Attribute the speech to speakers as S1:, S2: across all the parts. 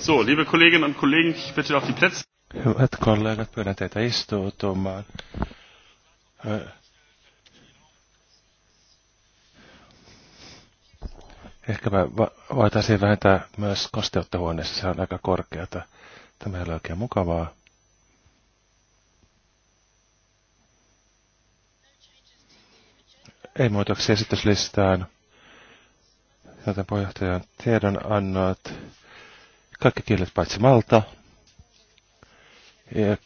S1: So, liebe Kolleginnen und Kollegen, ich bitte auf die Plätze.
S2: Hyvät kollegat, pyydän teitä istuutumaan. Äh. Ehkä me voitaisiin vähentää myös kosteutta huoneessa, se on aika korkeata. Tämä ei ole oikein mukavaa. Ei muutoksia esityslistaan, joten puheenjohtajan tiedonannot, kaikki kielet paitsi Malta, ja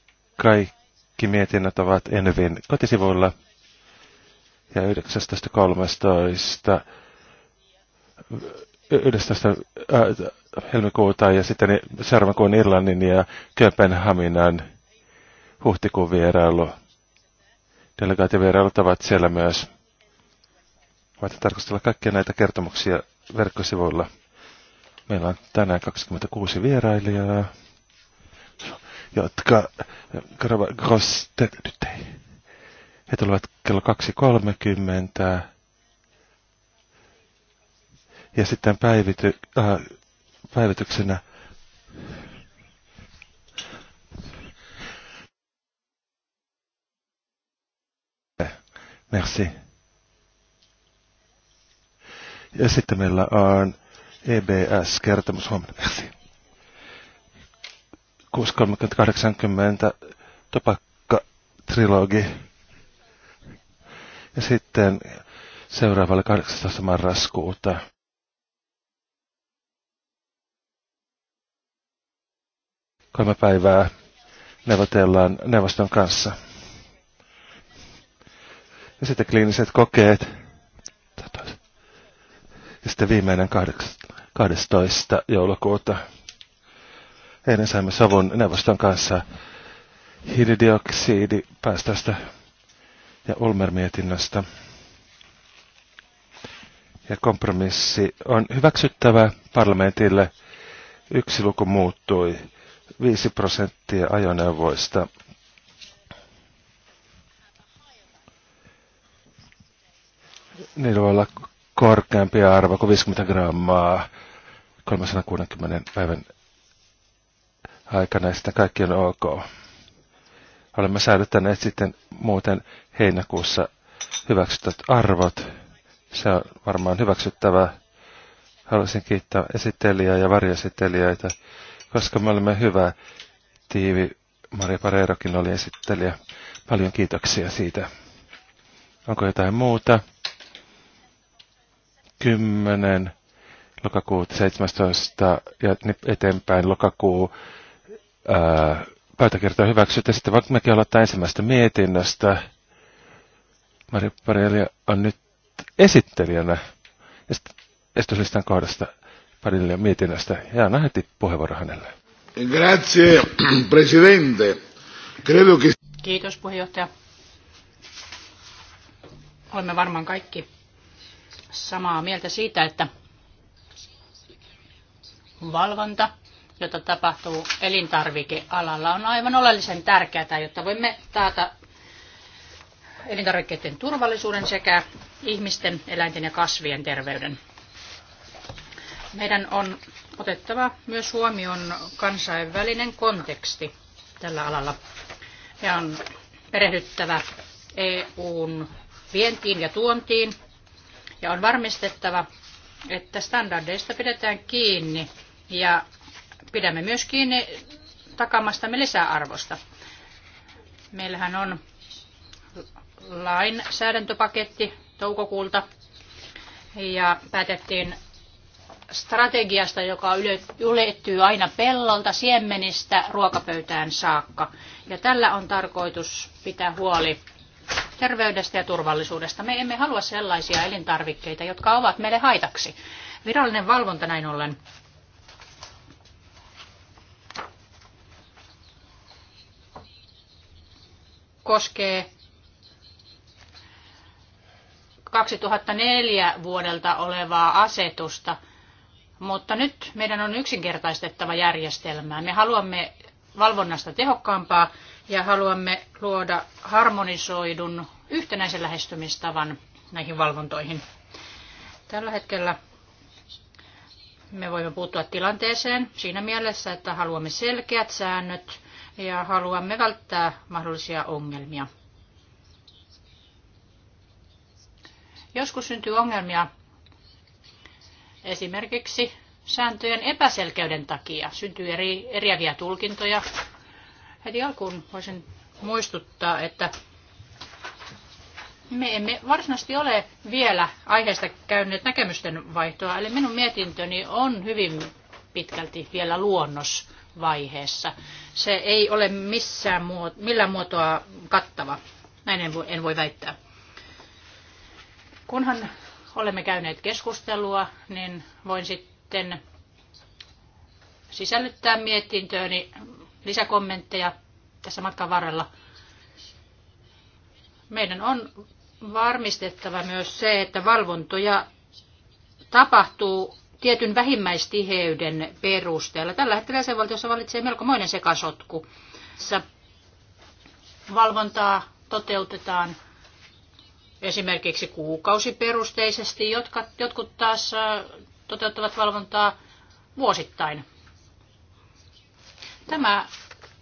S2: kaikki mietinnät ovat Envin kotisivuilla, ja 19.13. 11. helmikuuta ja sitten seuraavan kuun Irlannin ja Kööpenhaminan huhtikuun vierailu. Delegaatiovierailut ovat siellä myös. Voitte tarkastella kaikkia näitä kertomuksia verkkosivuilla. Meillä on tänään 26 vierailijaa, jotka nyt ei. He tulevat kello 2.30. Ja sitten päivity, äh, päivityksenä Merci. Ja sitten meillä on EBS-kertomus huomenna. 6.30-80 trilogi Ja sitten seuraavalle 18. marraskuuta. Kolme päivää neuvotellaan neuvoston kanssa. Ja sitten kliiniset kokeet ja sitten viimeinen 12. joulukuuta. Ennen saimme Savun neuvoston kanssa hiilidioksidipäästöstä ja Ulmer-mietinnöstä. Ja kompromissi on hyväksyttävä parlamentille. Yksi luku muuttui. 5 prosenttia ajoneuvoista niillä voi olla korkeampi arvo kuin 50 grammaa 360 päivän aikana, ja sitten kaikki on ok. Olemme säilyttäneet sitten muuten heinäkuussa hyväksytyt arvot. Se on varmaan hyväksyttävää. Haluaisin kiittää esittelijää ja varjoesittelijöitä, koska me olemme hyvä tiivi. Maria Pareirokin oli esittelijä. Paljon kiitoksia siitä. Onko jotain muuta? 10. lokakuu 17. ja eteenpäin lokakuu ää, pöytäkirjaa Sitten vaikka mekin aloittaa ensimmäistä mietinnöstä. Mari Parelia on nyt esittelijänä estoslistan kohdasta Parelia mietinnöstä. Ja anna heti puheenvuoro hänelle.
S1: Grazie,
S2: presidente. Credo che...
S3: Kiitos puheenjohtaja. Olemme varmaan kaikki samaa mieltä siitä, että valvonta, jota tapahtuu elintarvikealalla, on aivan oleellisen tärkeää, jotta voimme taata elintarvikkeiden turvallisuuden sekä ihmisten, eläinten ja kasvien terveyden. Meidän on otettava myös huomioon kansainvälinen konteksti tällä alalla ja on perehdyttävä EUn vientiin ja tuontiin ja on varmistettava, että standardeista pidetään kiinni ja pidämme myös kiinni takamastamme lisäarvosta. Meillähän on lainsäädäntöpaketti toukokuulta ja päätettiin strategiasta, joka ylettyy aina pellolta, siemenistä, ruokapöytään saakka. Ja tällä on tarkoitus pitää huoli terveydestä ja turvallisuudesta. Me emme halua sellaisia elintarvikkeita, jotka ovat meille haitaksi. Virallinen valvonta näin ollen koskee 2004 vuodelta olevaa asetusta, mutta nyt meidän on yksinkertaistettava järjestelmää. Me haluamme valvonnasta tehokkaampaa ja haluamme luoda harmonisoidun yhtenäisen lähestymistavan näihin valvontoihin. Tällä hetkellä me voimme puuttua tilanteeseen siinä mielessä, että haluamme selkeät säännöt ja haluamme välttää mahdollisia ongelmia. Joskus syntyy ongelmia esimerkiksi sääntöjen epäselkeyden takia. Syntyy eri, eriäviä tulkintoja, Heti alkuun voisin muistuttaa, että me emme varsinaisesti ole vielä aiheesta käyneet näkemysten vaihtoa, eli minun mietintöni on hyvin pitkälti vielä luonnosvaiheessa. Se ei ole missään muot, millään muotoa kattava, näin en voi, en voi väittää. Kunhan olemme käyneet keskustelua, niin voin sitten sisällyttää mietintööni lisäkommentteja tässä matkan varrella. Meidän on varmistettava myös se, että valvontoja tapahtuu tietyn vähimmäistiheyden perusteella. Tällä hetkellä se valtiossa valitsee melkomoinen sekasotku. Valvontaa toteutetaan esimerkiksi kuukausiperusteisesti, jotka, jotkut taas toteuttavat valvontaa vuosittain. Tämä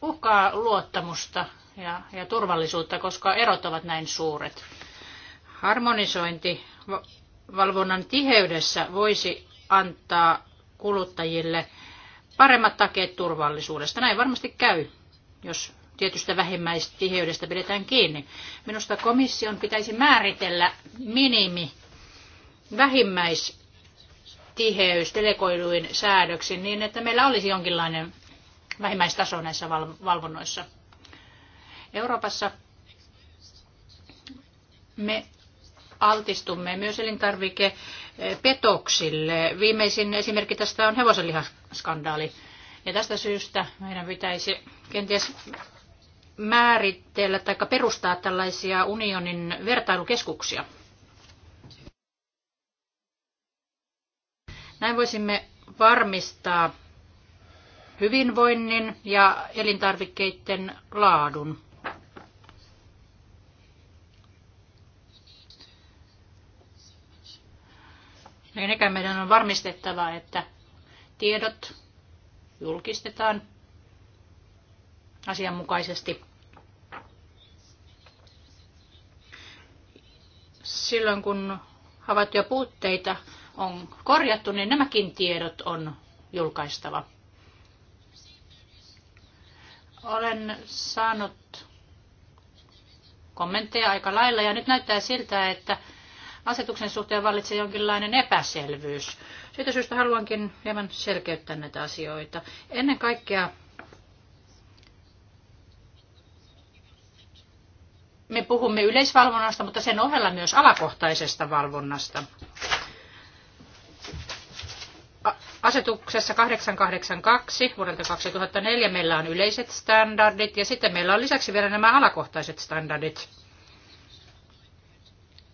S3: uhkaa luottamusta ja, ja turvallisuutta, koska erot ovat näin suuret. Harmonisointi valvonnan tiheydessä voisi antaa kuluttajille paremmat takeet turvallisuudesta. Näin varmasti käy, jos tietystä vähimmäistiheydestä pidetään kiinni. Minusta komission pitäisi määritellä minimi vähimmäistiheys delegoiduin säädöksi niin, että meillä olisi jonkinlainen vähimmäistaso näissä valvonnoissa. Euroopassa me altistumme myös elintarvikepetoksille. Viimeisin esimerkki tästä on hevosenlihaskandaali. Ja tästä syystä meidän pitäisi kenties määritellä tai perustaa tällaisia unionin vertailukeskuksia. Näin voisimme varmistaa hyvinvoinnin ja elintarvikkeiden laadun. Enekään meidän on varmistettava, että tiedot julkistetaan asianmukaisesti. Silloin kun havaittuja puutteita on korjattu, niin nämäkin tiedot on julkaistava. Olen saanut kommentteja aika lailla ja nyt näyttää siltä, että asetuksen suhteen vallitsee jonkinlainen epäselvyys. Siitä syystä haluankin hieman selkeyttää näitä asioita. Ennen kaikkea me puhumme yleisvalvonnasta, mutta sen ohella myös alakohtaisesta valvonnasta. Asetuksessa 882 vuodelta 2004 meillä on yleiset standardit ja sitten meillä on lisäksi vielä nämä alakohtaiset standardit.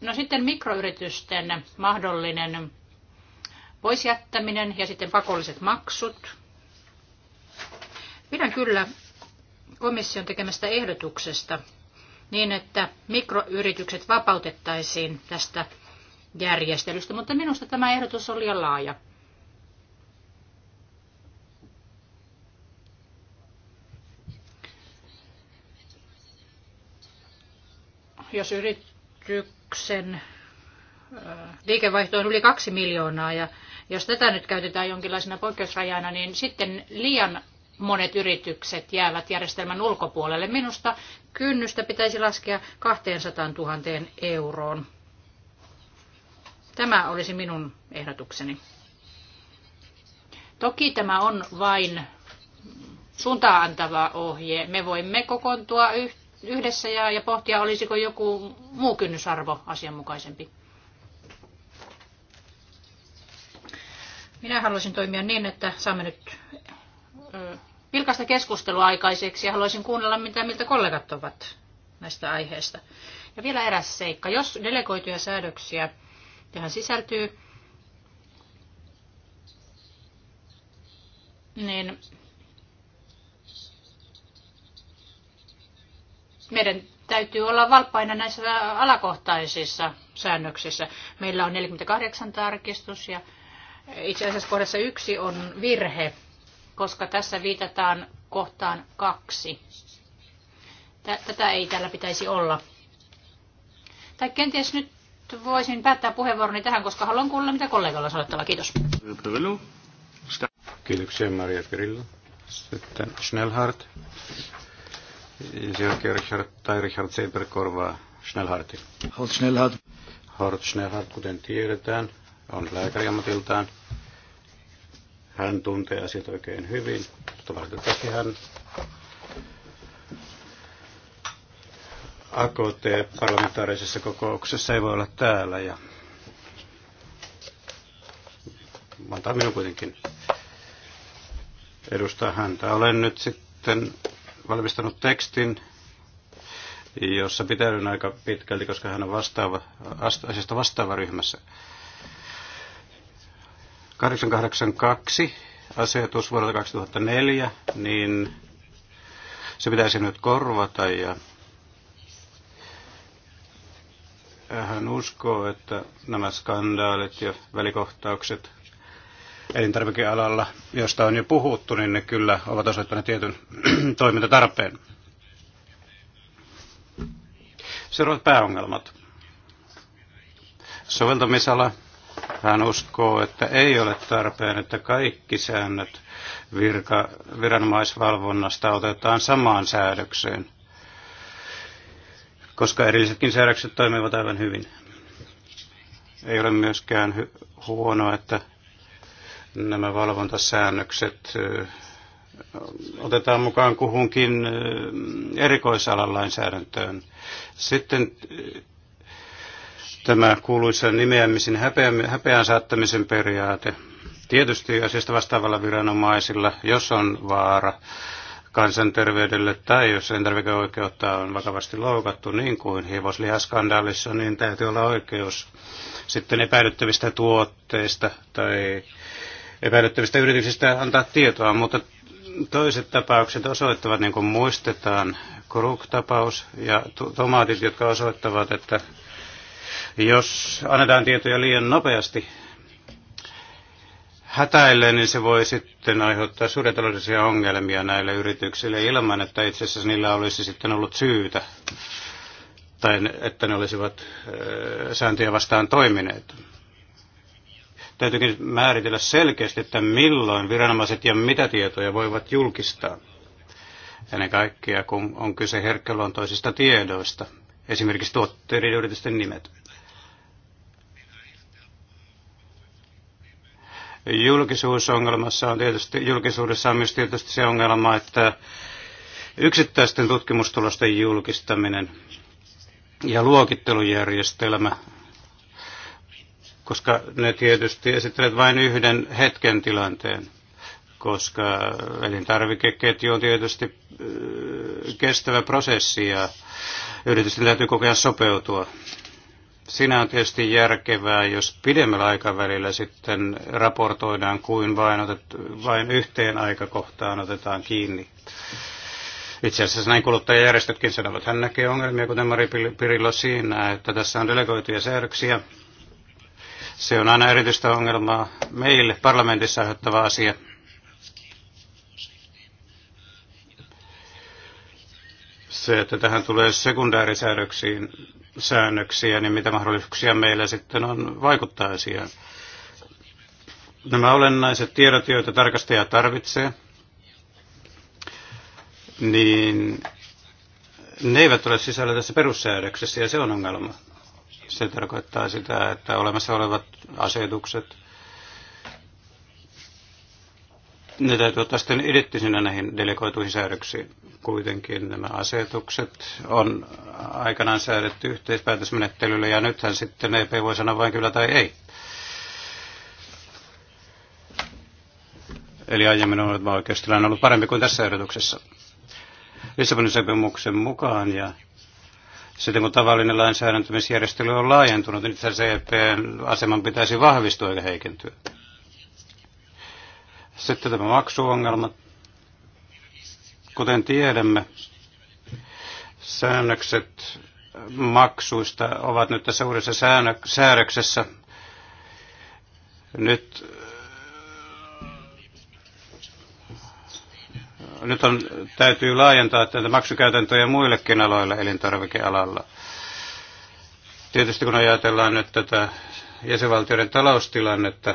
S3: No sitten mikroyritysten mahdollinen poisjättäminen ja sitten pakolliset maksut. Pidän kyllä komission tekemästä ehdotuksesta niin, että mikroyritykset vapautettaisiin tästä järjestelystä, mutta minusta tämä ehdotus on liian laaja. jos yrityksen liikevaihto on yli kaksi miljoonaa ja jos tätä nyt käytetään jonkinlaisena poikkeusrajana, niin sitten liian monet yritykset jäävät järjestelmän ulkopuolelle. Minusta kynnystä pitäisi laskea 200 000 euroon. Tämä olisi minun ehdotukseni. Toki tämä on vain suuntaan antava ohje. Me voimme kokoontua yhteen yhdessä ja, ja pohtia, olisiko joku muu kynnysarvo asianmukaisempi. Minä haluaisin toimia niin, että saamme nyt vilkasta keskustelua aikaiseksi ja haluaisin kuunnella, mitä miltä kollegat ovat näistä aiheista. Ja vielä eräs seikka. Jos delegoituja säädöksiä tähän sisältyy, niin Meidän täytyy olla valppaina näissä alakohtaisissa säännöksissä. Meillä on 48 tarkistus ja itse asiassa kohdassa yksi on virhe, koska tässä viitataan kohtaan kaksi. Tätä ei täällä pitäisi olla. Tai kenties nyt voisin päättää puheenvuoroni tähän, koska haluan kuulla, mitä kollegalla on sanottava. Kiitos.
S4: Kiitoksia Maria Pirillo. Sitten Schnellhardt sen er jälkeen Richard, tai Richard Seber korvaa Schnellhardin. Hort Schnellhard. Hort Schnellhard, kuten tiedetään, on lääkäriammatiltaan. Hän tuntee asiat oikein hyvin, mutta valitettavasti hän AKT-parlamentaarisessa eh, kokouksessa ei voi olla täällä ja antaa minun kuitenkin edustaa häntä. Olen nyt sitten valmistanut tekstin, jossa pitäydyn aika pitkälti, koska hän on vastaava, asiasta vastaava ryhmässä. 882 asetus vuodelta 2004, niin se pitäisi nyt korvata ja hän uskoo, että nämä skandaalit ja välikohtaukset elintarvikealalla, josta on jo puhuttu, niin ne kyllä ovat osoittaneet tietyn toimintatarpeen. Seuraavat pääongelmat. Soveltamisala. Hän uskoo, että ei ole tarpeen, että kaikki säännöt virka, viranomaisvalvonnasta otetaan samaan säädökseen, koska erillisetkin säädökset toimivat aivan hyvin. Ei ole myöskään huonoa, että nämä valvontasäännökset otetaan mukaan kuhunkin erikoisalan lainsäädäntöön. Sitten tämä kuuluisa nimeämisen häpeän saattamisen periaate. Tietysti asiasta vastaavalla viranomaisilla, jos on vaara kansanterveydelle tai jos oikeutta on vakavasti loukattu, niin kuin hevoslihaskandaalissa, niin täytyy olla oikeus sitten epäilyttävistä tuotteista tai epäilyttävistä yrityksistä antaa tietoa, mutta toiset tapaukset osoittavat, niin kuin muistetaan, Kruk-tapaus ja tomaatit, jotka osoittavat, että jos annetaan tietoja liian nopeasti hätäille, niin se voi sitten aiheuttaa suuria ongelmia näille yrityksille ilman, että itse asiassa niillä olisi sitten ollut syytä tai että ne olisivat sääntöjä vastaan toimineet. Täytyykin määritellä selkeästi, että milloin viranomaiset ja mitä tietoja voivat julkistaa. Ennen kaikkea, kun on kyse herkkäluontoisista tiedoista, esimerkiksi tuotteiden yritysten nimet. Julkisuusongelmassa on tietysti, julkisuudessa on myös tietysti se ongelma, että yksittäisten tutkimustulosten julkistaminen ja luokittelujärjestelmä koska ne tietysti esittelevät vain yhden hetken tilanteen, koska elintarvikeketju on tietysti äh, kestävä prosessi ja yritysten täytyy koko ajan sopeutua. Siinä on tietysti järkevää, jos pidemmällä aikavälillä sitten raportoidaan kuin vain, otet, vain yhteen aikakohtaan otetaan kiinni. Itse asiassa näin kuluttajajärjestötkin sanovat. Hän näkee ongelmia, kuten Mari Pirillo, siinä, että tässä on delegoituja säädöksiä, se on aina erityistä ongelmaa meille parlamentissa aiheuttava asia. Se, että tähän tulee sekundäärisäädöksiin säännöksiä, niin mitä mahdollisuuksia meillä sitten on vaikuttaa asiaan. Nämä olennaiset tiedot, joita tarkastaja tarvitsee, niin ne eivät ole sisällä tässä perussäädöksessä ja se on ongelma. Se tarkoittaa sitä, että olemassa olevat asetukset, ne täytyy ottaa sitten identtisinä näihin delegoituihin säädöksiin. Kuitenkin nämä asetukset on aikanaan säädetty yhteispäätösmenettelylle ja nythän sitten EP voi sanoa vain kyllä tai ei. Eli aiemmin on ollut oikeustilanne ollut parempi kuin tässä ehdotuksessa. Lissabonin sopimuksen mukaan ja sitten kun tavallinen lainsäädäntömisjärjestely on laajentunut, niin itse CPN aseman pitäisi vahvistua eikä heikentyä. Sitten tämä maksuongelma. Kuten tiedämme, säännökset maksuista ovat nyt tässä uudessa säännöksessä Nyt nyt on, täytyy laajentaa tätä maksukäytäntöjä muillekin aloille elintarvikealalla. Tietysti kun ajatellaan nyt tätä jäsenvaltioiden taloustilannetta,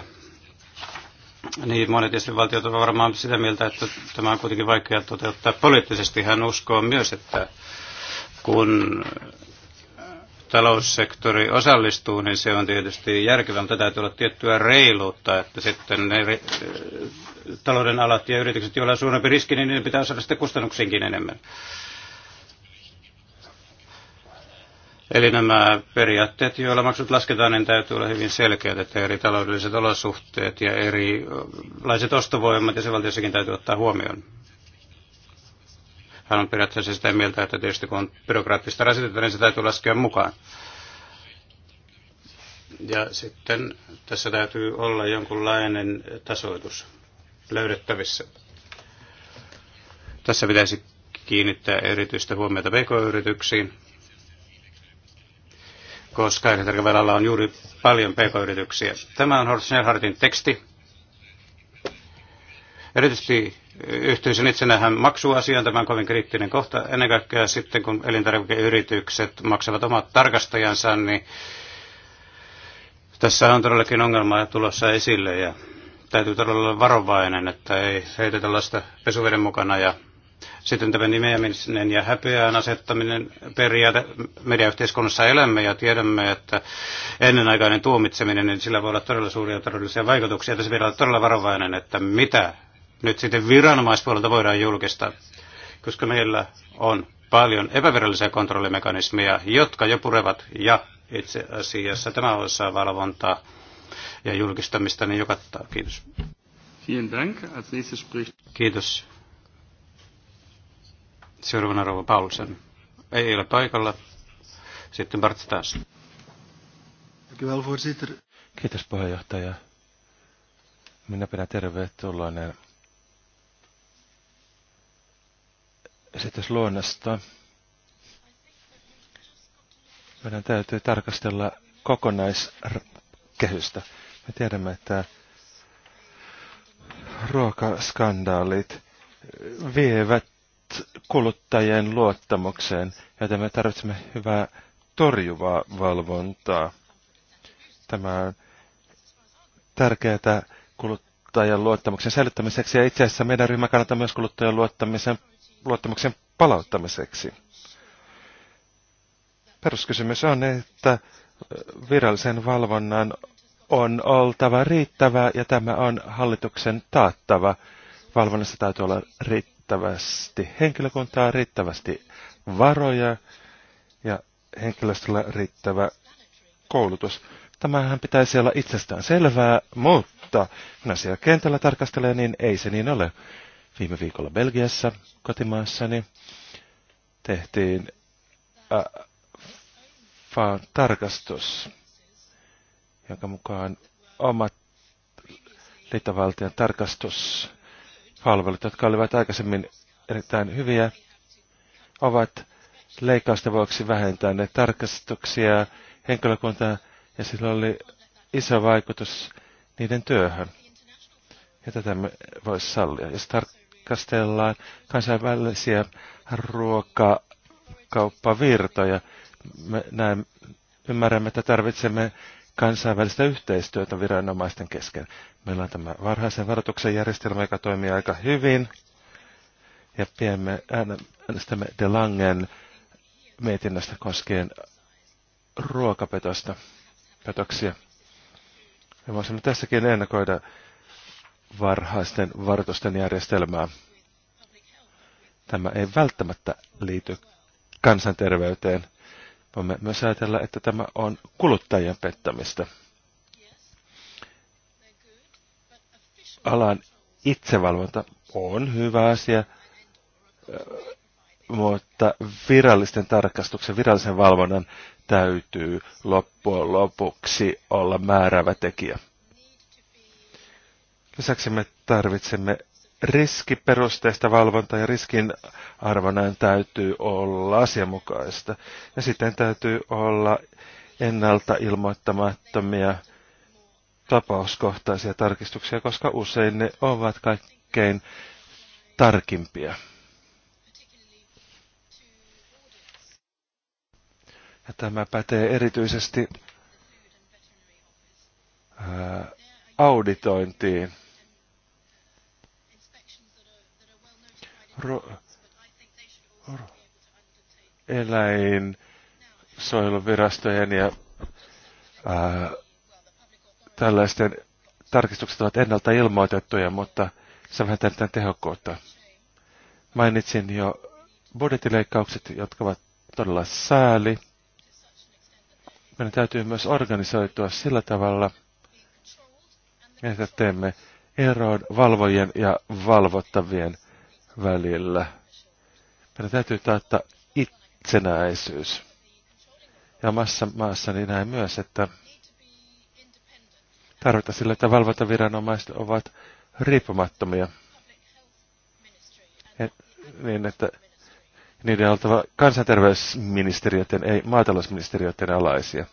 S4: niin monet jäsenvaltiot ovat varmaan sitä mieltä, että tämä on kuitenkin vaikea toteuttaa poliittisesti. Hän uskoo myös, että kun taloussektori osallistuu, niin se on tietysti järkevää, mutta täytyy olla tiettyä reiluutta, että sitten ne talouden alat ja yritykset, joilla on suurempi riski, niin niiden pitää saada sitten kustannuksiinkin enemmän. Eli nämä periaatteet, joilla maksut lasketaan, niin täytyy olla hyvin selkeät, että eri taloudelliset olosuhteet ja erilaiset ostovoimat ja se valtiossakin täytyy ottaa huomioon. Hän on periaatteessa sitä mieltä, että tietysti kun on byrokraattista rasitetta, niin se täytyy laskea mukaan. Ja sitten tässä täytyy olla jonkunlainen tasoitus löydettävissä. Tässä pitäisi kiinnittää erityistä huomiota pk-yrityksiin, koska elintarvikealalla on juuri paljon pk-yrityksiä. Tämä on Horst Schnellhardin teksti. Erityisesti yhtyisin itsenähän maksuasiaan, tämä on kovin kriittinen kohta. Ennen kaikkea sitten, kun elintarvikeyritykset maksavat omat tarkastajansa, niin tässä on todellakin ongelmaa tulossa esille ja täytyy todella olla varovainen, että ei heitetä lasta pesuveden mukana ja sitten tämä nimeäminen ja häpeään asettaminen periaate mediayhteiskunnassa elämme ja tiedämme, että ennenaikainen tuomitseminen, niin sillä voi olla todella suuria todellisia vaikutuksia. Tässä pitää olla todella varovainen, että mitä nyt sitten viranomaispuolelta voidaan julkistaa, koska meillä on paljon epävirallisia kontrollimekanismeja, jotka jo purevat ja itse asiassa tämä osaa valvontaa ja julkistamista, niin joka kattaa. Kiitos. Kiitos. Seuraavana rouva Paulsen. Ei ole paikalla. Sitten Bart taas.
S2: Kiitos puheenjohtaja. Minä pidän tervetulloinen luonnosta. Meidän täytyy tarkastella kokonaiskehystä. Me tiedämme, että ruokaskandaalit vievät kuluttajien luottamukseen, joten me tarvitsemme hyvää torjuvaa valvontaa. Tämä on tärkeää kuluttajan luottamuksen säilyttämiseksi ja itse asiassa meidän ryhmä kannattaa myös kuluttajan luottamisen, luottamuksen palauttamiseksi. Peruskysymys on, että virallisen valvonnan on oltava riittävä ja tämä on hallituksen taattava. Valvonnassa täytyy olla riittävästi henkilökuntaa, riittävästi varoja ja henkilöstöllä riittävä koulutus. Tämähän pitäisi olla itsestään selvää, mutta kun asia kentällä tarkastelee, niin ei se niin ole. Viime viikolla Belgiassa kotimaassani tehtiin äh, vaan tarkastus jonka mukaan omat liittovaltion tarkastuspalvelut, jotka olivat aikaisemmin erittäin hyviä, ovat leikkausten vuoksi vähentäneet tarkastuksia henkilökuntaa ja sillä oli iso vaikutus niiden työhön. Ja tätä me voisi sallia. Jos tarkastellaan kansainvälisiä ruokakauppavirtoja, me näemme, ymmärrämme, että tarvitsemme kansainvälistä yhteistyötä viranomaisten kesken. Meillä on tämä varhaisen varoituksen järjestelmä, joka toimii aika hyvin. Ja piemme, äänestämme De Langen mietinnöstä koskien ruokapetosta, petoksia. Me voisimme tässäkin ennakoida varhaisten varoitusten järjestelmää. Tämä ei välttämättä liity kansanterveyteen, Voimme myös ajatella, että tämä on kuluttajien pettämistä. Alan itsevalvonta on hyvä asia, mutta virallisten tarkastuksen, virallisen valvonnan täytyy loppujen lopuksi olla määräävä tekijä. Lisäksi me tarvitsemme riskiperusteista valvontaa ja riskin arvonnan täytyy olla asianmukaista. Ja sitten täytyy olla ennalta ilmoittamattomia tapauskohtaisia tarkistuksia, koska usein ne ovat kaikkein tarkimpia. Ja tämä pätee erityisesti auditointiin. ro- ro- eläinsuojeluvirastojen ja ää, tällaisten tarkistukset ovat ennalta ilmoitettuja, mutta se vähentää tehokkuutta. Mainitsin jo budjettileikkaukset, jotka ovat todella sääli. Meidän täytyy myös organisoitua sillä tavalla, että teemme eroon valvojien ja valvottavien välillä. Meidän täytyy taata itsenäisyys. Ja maassa maassa niin näin myös, että tarvitaan sillä, että valvontaviranomaiset ovat riippumattomia. Et, niin, että niiden on oltava kansanterveysministeriöiden, ei maatalousministeriöiden alaisia.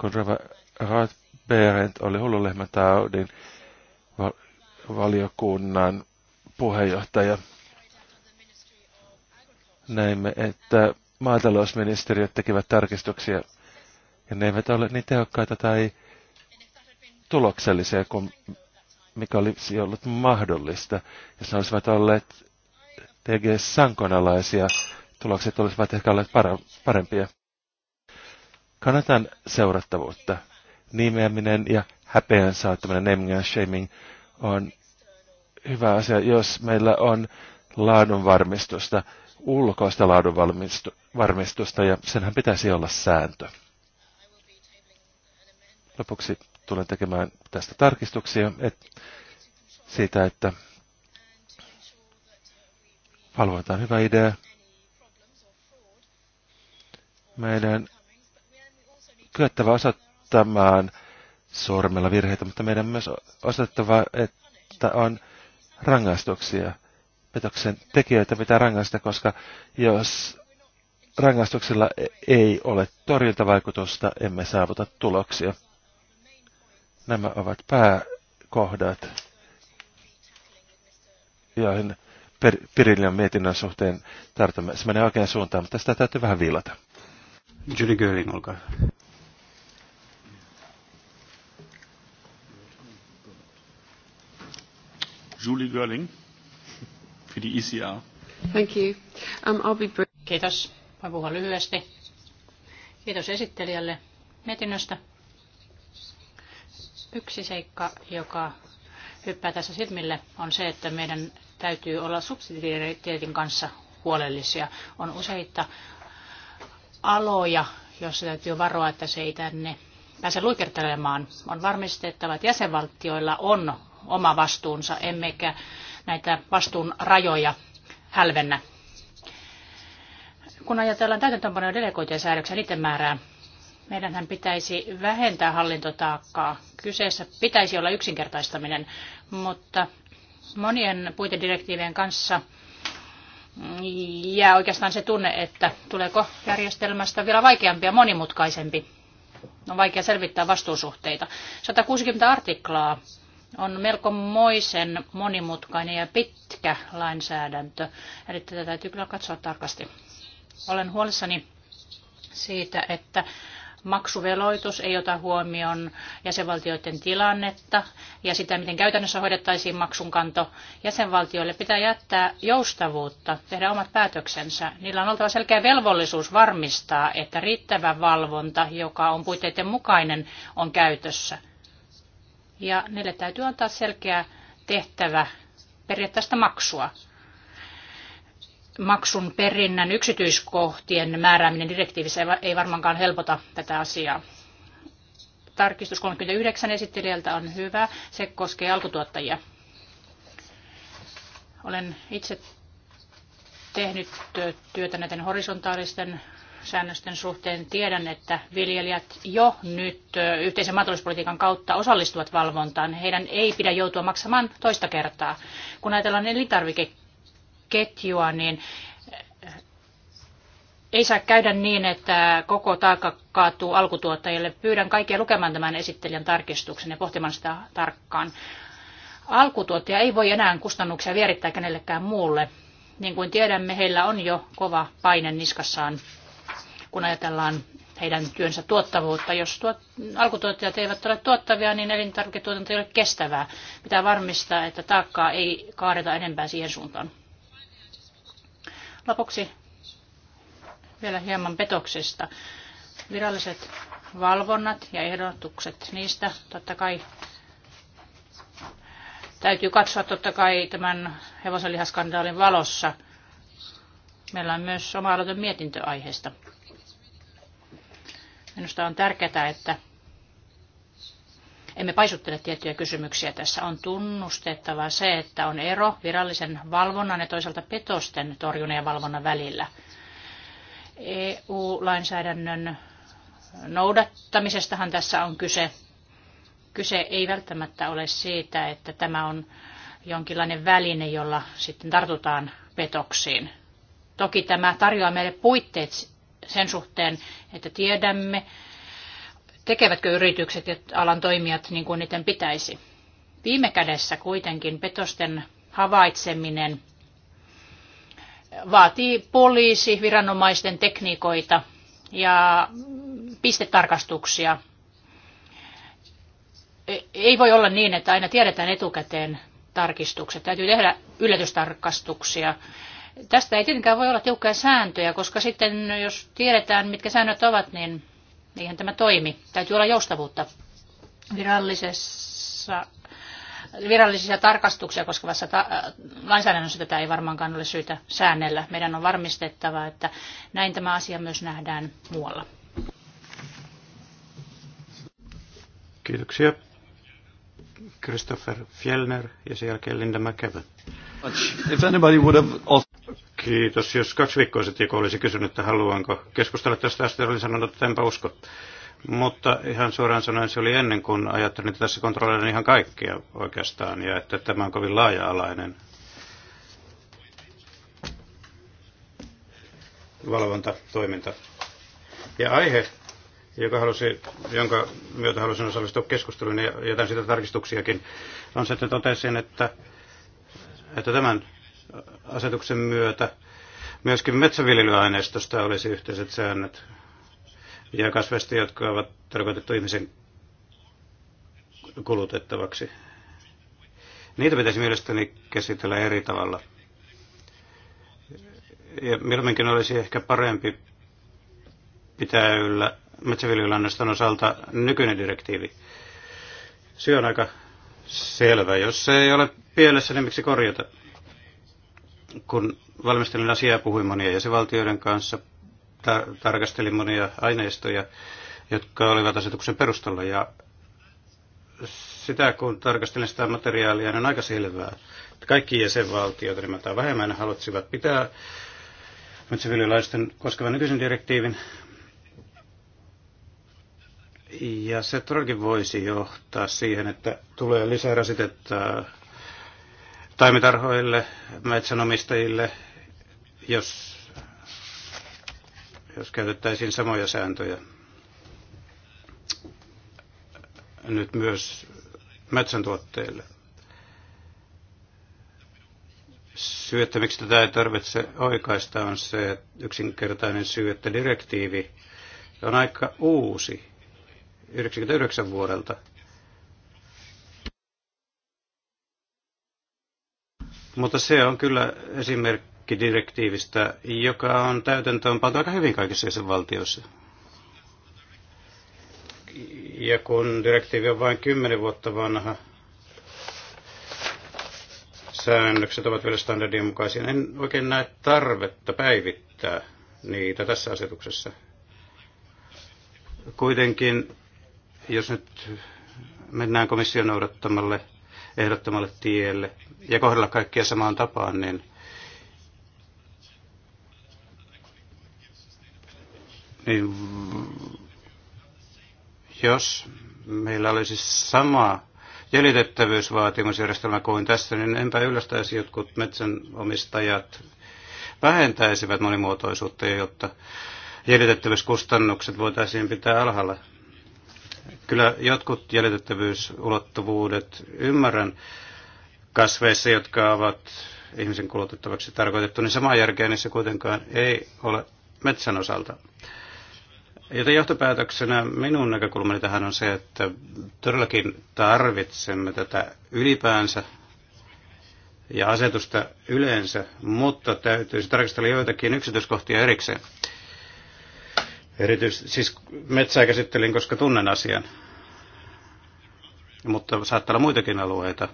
S2: Kun Rava Rath Berendt oli hullulehmän taudin valiokunnan puheenjohtaja. Näimme, että maatalousministeriöt tekevät tarkistuksia ja ne eivät ole niin tehokkaita tai tuloksellisia kuin mikä olisi ollut mahdollista. Jos ne olisivat olleet TG Sankonalaisia, tulokset olisivat ehkä olleet parempia. Kannatan seurattavuutta. Nimeäminen ja häpeän saattaminen, naming and shaming, on hyvä asia, jos meillä on laadunvarmistusta, ulkoista laadunvarmistusta, ja senhän pitäisi olla sääntö. Lopuksi tulen tekemään tästä tarkistuksia et, siitä, että valvonta on hyvä idea. Meidän kyettävä osoittamaan sormella virheitä, mutta meidän myös osoittava, että on rangaistuksia. Petoksen tekijöitä pitää rangaista, koska jos rangaistuksilla ei ole torjuntavaikutusta, emme saavuta tuloksia. Nämä ovat pääkohdat, joihin Pirilion mietinnön suhteen tartumme. Se menee oikein suuntaan, mutta sitä täytyy vähän viilata. Julie Görling, olkaa hyvä.
S4: Julie Görling für die ECR.
S3: Thank you. Um, I'll be Kiitos. Voin puhua lyhyesti. Kiitos esittelijälle mietinnöstä. Yksi seikka, joka hyppää tässä silmille, on se, että meidän täytyy olla subsidiariteetin kanssa huolellisia. On useita aloja, joissa täytyy varoa, että se ei tänne pääse luikertelemaan. On varmistettava, että jäsenvaltioilla on oma vastuunsa, emmekä näitä vastuun rajoja hälvennä. Kun ajatellaan täytäntöönpanoja delegoituja säädöksiä niiden määrää, meidänhän pitäisi vähentää hallintotaakkaa. Kyseessä pitäisi olla yksinkertaistaminen, mutta monien puitedirektiivien kanssa jää oikeastaan se tunne, että tuleeko järjestelmästä vielä vaikeampi ja monimutkaisempi. On vaikea selvittää vastuusuhteita. 160 artiklaa on melko moisen monimutkainen ja pitkä lainsäädäntö, eli tätä täytyy kyllä katsoa tarkasti. Olen huolissani siitä, että maksuveloitus ei ota huomioon jäsenvaltioiden tilannetta ja sitä, miten käytännössä hoidettaisiin maksunkanto. Jäsenvaltioille pitää jättää joustavuutta, tehdä omat päätöksensä. Niillä on oltava selkeä velvollisuus varmistaa, että riittävä valvonta, joka on puitteiden mukainen, on käytössä ja niille täytyy antaa selkeä tehtävä periaatteesta maksua. Maksun perinnän yksityiskohtien määrääminen direktiivissä ei varmaankaan helpota tätä asiaa. Tarkistus 39 esittelijältä on hyvä. Se koskee alkutuottajia. Olen itse tehnyt työtä näiden horisontaalisten säännösten suhteen tiedän, että viljelijät jo nyt yhteisen maatalouspolitiikan kautta osallistuvat valvontaan. Heidän ei pidä joutua maksamaan toista kertaa. Kun ajatellaan elintarvikeketjua, niin ei saa käydä niin, että koko taakka kaatuu alkutuottajille. Pyydän kaikkia lukemaan tämän esittelijän tarkistuksen ja pohtimaan sitä tarkkaan. Alkutuottaja ei voi enää kustannuksia vierittää kenellekään muulle. Niin kuin tiedämme, heillä on jo kova paine niskassaan kun ajatellaan heidän työnsä tuottavuutta. Jos tuot, alkutuottajat eivät ole tuottavia, niin elintarviketuotanto ei ole kestävää. Pitää varmistaa, että taakkaa ei kaareta enempää siihen suuntaan. Lopuksi vielä hieman petoksesta. Viralliset valvonnat ja ehdotukset niistä totta kai täytyy katsoa totta kai tämän hevosenlihaskandaalin valossa. Meillä on myös oma mietintö aiheesta. Minusta on tärkeää, että emme paisuttele tiettyjä kysymyksiä. Tässä on tunnustettava se, että on ero virallisen valvonnan ja toisaalta petosten torjunnan ja valvonnan välillä. EU-lainsäädännön noudattamisestahan tässä on kyse. Kyse ei välttämättä ole siitä, että tämä on jonkinlainen väline, jolla sitten tartutaan petoksiin. Toki tämä tarjoaa meille puitteet sen suhteen, että tiedämme, tekevätkö yritykset ja alan toimijat niin kuin niiden pitäisi. Viime kädessä kuitenkin petosten havaitseminen vaatii poliisi, viranomaisten tekniikoita ja pistetarkastuksia. Ei voi olla niin, että aina tiedetään etukäteen tarkistukset. Täytyy tehdä yllätystarkastuksia Tästä ei tietenkään voi olla tiukkoja sääntöjä, koska sitten jos tiedetään, mitkä säännöt ovat, niin eihän tämä toimi. Täytyy olla joustavuutta virallisessa virallisia tarkastuksia koskevassa ta- lainsäädännössä tätä ei varmaankaan ole syytä säännellä. Meidän on varmistettava, että näin tämä asia myös nähdään muualla.
S4: Kiitoksia. Christopher Fjellner ja sen jälkeen Linda McKevett. Kiitos. Jos kaksi viikkoa sitten joku olisi kysynyt, että haluanko keskustella tästä asiasta, niin olin sanonut, että enpä usko. Mutta ihan suoraan sanoen se oli ennen kuin ajattelin, että tässä kontrolloidaan ihan kaikkia oikeastaan ja että tämä on kovin laaja-alainen valvonta, toiminta. Ja aihe, joka halusi, jonka myötä halusin osallistua keskusteluun ja jätän sitä tarkistuksiakin, on se, että totesin, että että tämän asetuksen myötä myöskin metsäviljelyaineistosta olisi yhteiset säännöt ja kasveista, jotka ovat tarkoitettu ihmisen kulutettavaksi. Niitä pitäisi mielestäni käsitellä eri tavalla. Ja milloinkin olisi ehkä parempi pitää yllä metsäviljelyaineiston osalta nykyinen direktiivi. Syy on aika Selvä. Jos se ei ole pielessä, niin miksi korjata? Kun valmistelin asiaa, puhuin monia jäsenvaltioiden kanssa, tar- tarkastelin monia aineistoja, jotka olivat asetuksen perustalla. Ja sitä, kun tarkastelin sitä materiaalia, niin on aika selvää. Kaikki jäsenvaltiot, niin tai vähemmän, halutsivat pitää metsäviljelaisten koskevan nykyisen direktiivin, ja se todellakin voisi johtaa siihen, että tulee lisärasitetta taimitarhoille, metsänomistajille, jos, jos käytettäisiin samoja sääntöjä. Nyt myös metsäntuotteille. Syy, että miksi tätä ei tarvitse oikaista, on se yksinkertainen syy, että direktiivi on aika uusi 99 vuodelta. Mutta se on kyllä esimerkki direktiivistä, joka on täytäntöönpantu aika hyvin kaikissa valtioissa. Ja kun direktiivi on vain 10 vuotta vanha, säännökset ovat vielä standardien mukaisia. En oikein näe tarvetta päivittää niitä tässä asetuksessa. Kuitenkin jos nyt mennään komission noudattamalle ehdottamalle tielle ja kohdella kaikkia samaan tapaan, niin niin jos meillä olisi sama jäljitettävyysvaatimusjärjestelmä kuin tässä, niin enpä yllästäisi jotkut metsänomistajat vähentäisivät monimuotoisuutta, jotta jäljitettävyyskustannukset voitaisiin pitää alhaalla. Kyllä jotkut jäljitettävyysulottuvuudet ymmärrän kasveissa, jotka ovat ihmisen kulutettavaksi tarkoitettu, niin samaa järkeä niissä kuitenkaan ei ole metsän osalta. Joten johtopäätöksenä minun näkökulmani tähän on se, että todellakin tarvitsemme tätä ylipäänsä ja asetusta yleensä, mutta täytyisi tarkastella joitakin yksityiskohtia erikseen. Erityisesti siis metsää käsittelin, koska tunnen asian. Mutta saattaa olla muitakin alueita.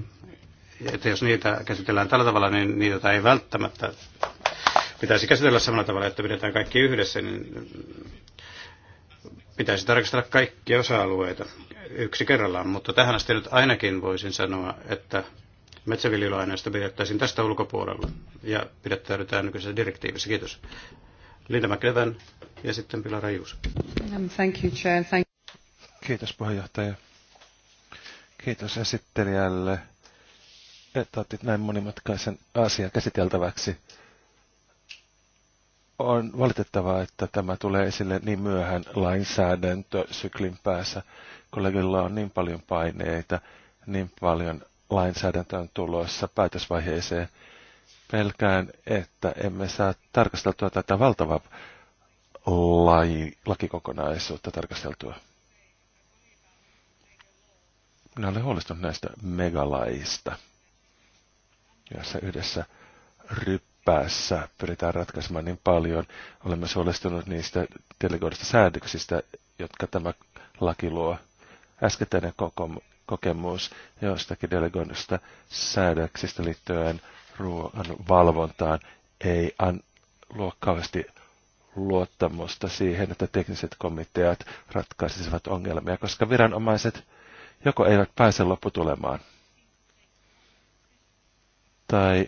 S4: Että jos niitä käsitellään tällä tavalla, niin niitä ei välttämättä pitäisi käsitellä samalla tavalla, että pidetään kaikki yhdessä, niin pitäisi tarkastella kaikkia osa-alueita yksi kerrallaan. Mutta tähän asti nyt ainakin voisin sanoa, että metsäviljelyaineista pidettäisiin tästä ulkopuolella ja pidettäydytään nykyisessä direktiivissä. Kiitos. Linda McEvan ja sitten Pilar Ajus.
S2: Um, thank you, Chair. Thank Kiitos puheenjohtaja. Kiitos esittelijälle, että otit näin monimutkaisen asian käsiteltäväksi. On valitettavaa, että tämä tulee esille niin myöhään lainsäädäntösyklin päässä. Kollegilla on niin paljon paineita, niin paljon lainsäädäntöön tulossa päätösvaiheeseen, Pelkään, että emme saa tarkasteltua tätä valtavaa lai, lakikokonaisuutta tarkasteltua. Minä olen huolestunut näistä megalaista, joissa yhdessä ryppäässä pyritään ratkaisemaan niin paljon. Olemme huolestunut niistä delegoidusta säädöksistä, jotka tämä laki luo. Äskettäinen kokemus joistakin delegoidusta säädöksistä liittyen – ruoan valvontaan ei an, luokkaavasti luottamusta siihen, että tekniset komiteat ratkaisisivat ongelmia, koska viranomaiset joko eivät pääse lopputulemaan tai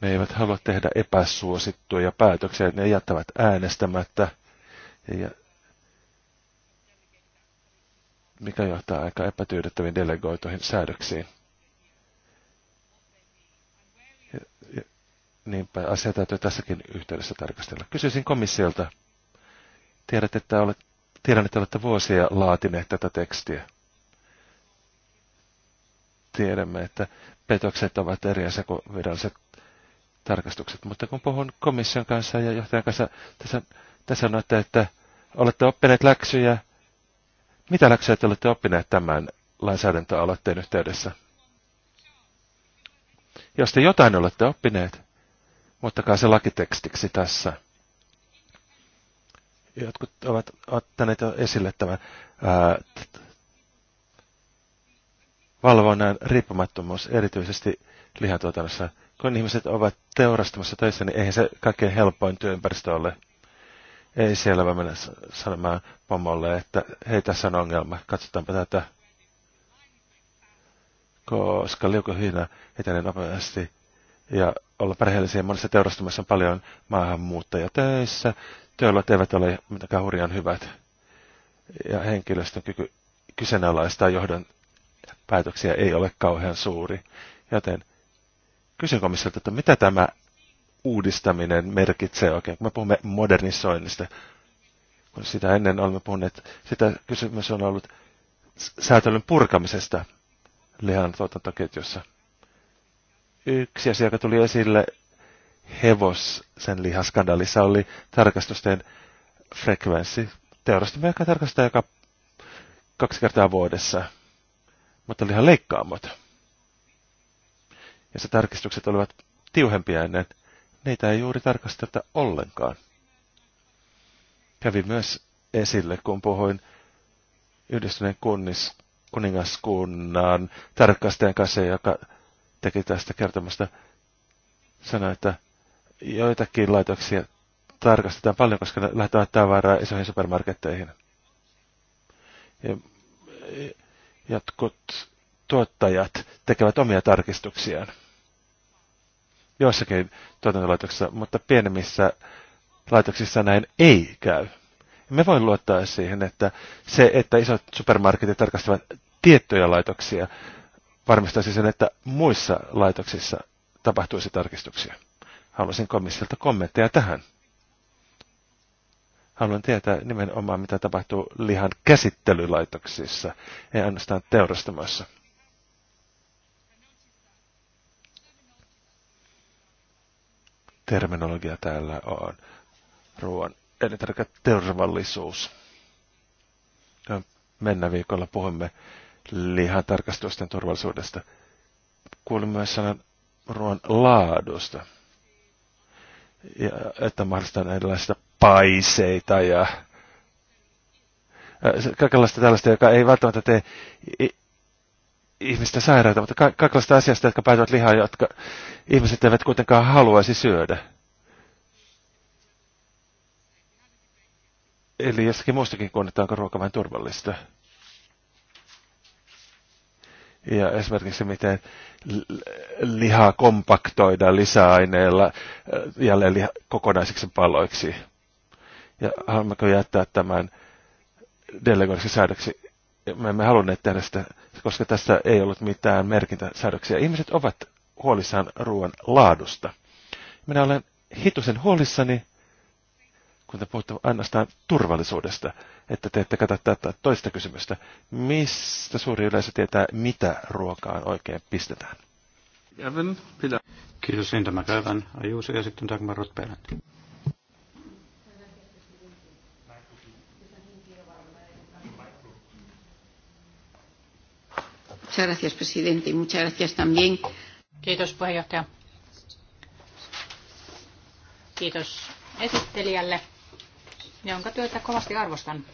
S2: ne eivät halua tehdä epäsuosittuja päätöksiä, ne jättävät äänestämättä, ja mikä johtaa aika epätyydyttäviin delegoituihin säädöksiin. Ja, ja, niinpä asia täytyy tässäkin yhteydessä tarkastella. Kysyisin komissiolta. Tiedät, että olet, tiedän, että olette vuosia laatineet tätä tekstiä. Tiedämme, että petokset ovat eri asia kuin viralliset tarkastukset, mutta kun puhun komission kanssa ja johtajan kanssa, tässä, tässä sanoitte, että olette oppineet läksyjä. Mitä läksyjä te olette oppineet tämän lainsäädäntöaloitteen yhteydessä? jos te jotain olette oppineet, muuttakaa se lakitekstiksi tässä. Jotkut ovat ottaneet jo esille tämän ää, valvonnan riippumattomuus, erityisesti lihantuotannossa. Kun ihmiset ovat teurastamassa töissä, niin eihän se kaikkein helpoin työympäristö ole. Ei siellä mennä sanomaan pomolle, että hei, tässä on ongelma, katsotaanpa tätä koska liukohina etenee nopeasti ja olla perheellisiä. Monessa teurastumassa on paljon maahanmuuttajia töissä. Työolot eivät ole mitenkään hurjan hyvät. Ja henkilöstön kyky kyseenalaistaa johdon päätöksiä ei ole kauhean suuri. Joten kysyn komissiolta, että mitä tämä uudistaminen merkitsee oikein, kun me puhumme modernisoinnista. Kun sitä ennen olemme puhuneet, sitä kysymys on ollut säätelyn purkamisesta – lihan tuotantoketjussa. Yksi asia, joka tuli esille hevosen lihaskandaalissa, oli tarkastusten frekvenssi. Teurastamme ehkä tarkastaa joka kaksi kertaa vuodessa, mutta lihan leikkaamot. Ja se tarkistukset olivat tiuhempia ennen. Niitä ei juuri tarkasteta ollenkaan. Kävi myös esille, kun puhuin yhdistyneen kunnis, kuningaskunnan tarkastajan kanssa, joka teki tästä kertomasta, sanoi, että joitakin laitoksia tarkastetaan paljon, koska ne lähtevät tavaraa isoihin supermarketteihin. Ja jotkut tuottajat tekevät omia tarkistuksiaan joissakin tuotantolaitoksissa, mutta pienemmissä laitoksissa näin ei käy. Me voin luottaa siihen, että se, että isot supermarketit tarkastavat tiettyjä laitoksia, varmistaisi sen, että muissa laitoksissa tapahtuisi tarkistuksia. Haluaisin komissilta kommentteja tähän. Haluan tietää nimenomaan, mitä tapahtuu lihan käsittelylaitoksissa, ei ainoastaan teurastamoissa. Terminologia täällä on ruoan elintarviketurvallisuus. Mennä viikolla puhumme tarkastusten turvallisuudesta. Kuulimme myös sanan ruoan laadusta. Ja, että mahdollistetaan erilaisia paiseita ja kaikenlaista tällaista, joka ei välttämättä tee ihmistä sairaita, mutta kaikenlaista asiasta, jotka päätyvät lihaa jotka ihmiset eivät kuitenkaan haluaisi syödä. Eli jossakin muistakin kuin, että onko ruoka vain turvallista. Ja esimerkiksi miten lihaa kompaktoidaan lisäaineilla äh, jälleen liha, kokonaisiksi paloiksi. Ja haluammeko jättää tämän delegoinniksi säädöksi? Me emme halunneet tehdä sitä, koska tässä ei ollut mitään merkintäsäädöksiä. Ihmiset ovat huolissaan ruoan laadusta. Minä olen hitusen huolissani kun te puhutte ainoastaan turvallisuudesta, että te ette kata tätä toista kysymystä. Mistä suuri yleisö tietää, mitä ruokaan oikein pistetään?
S1: Jäven, pidä.
S4: Kiitos mä käyvän. Ajuusi ja sitten Dagmar Rotpelän.
S3: Muchas gracias, presidente. Muchas gracias también. Kiitos puheenjohtaja. Kiitos esittelijälle jonka työtä kovasti arvostan.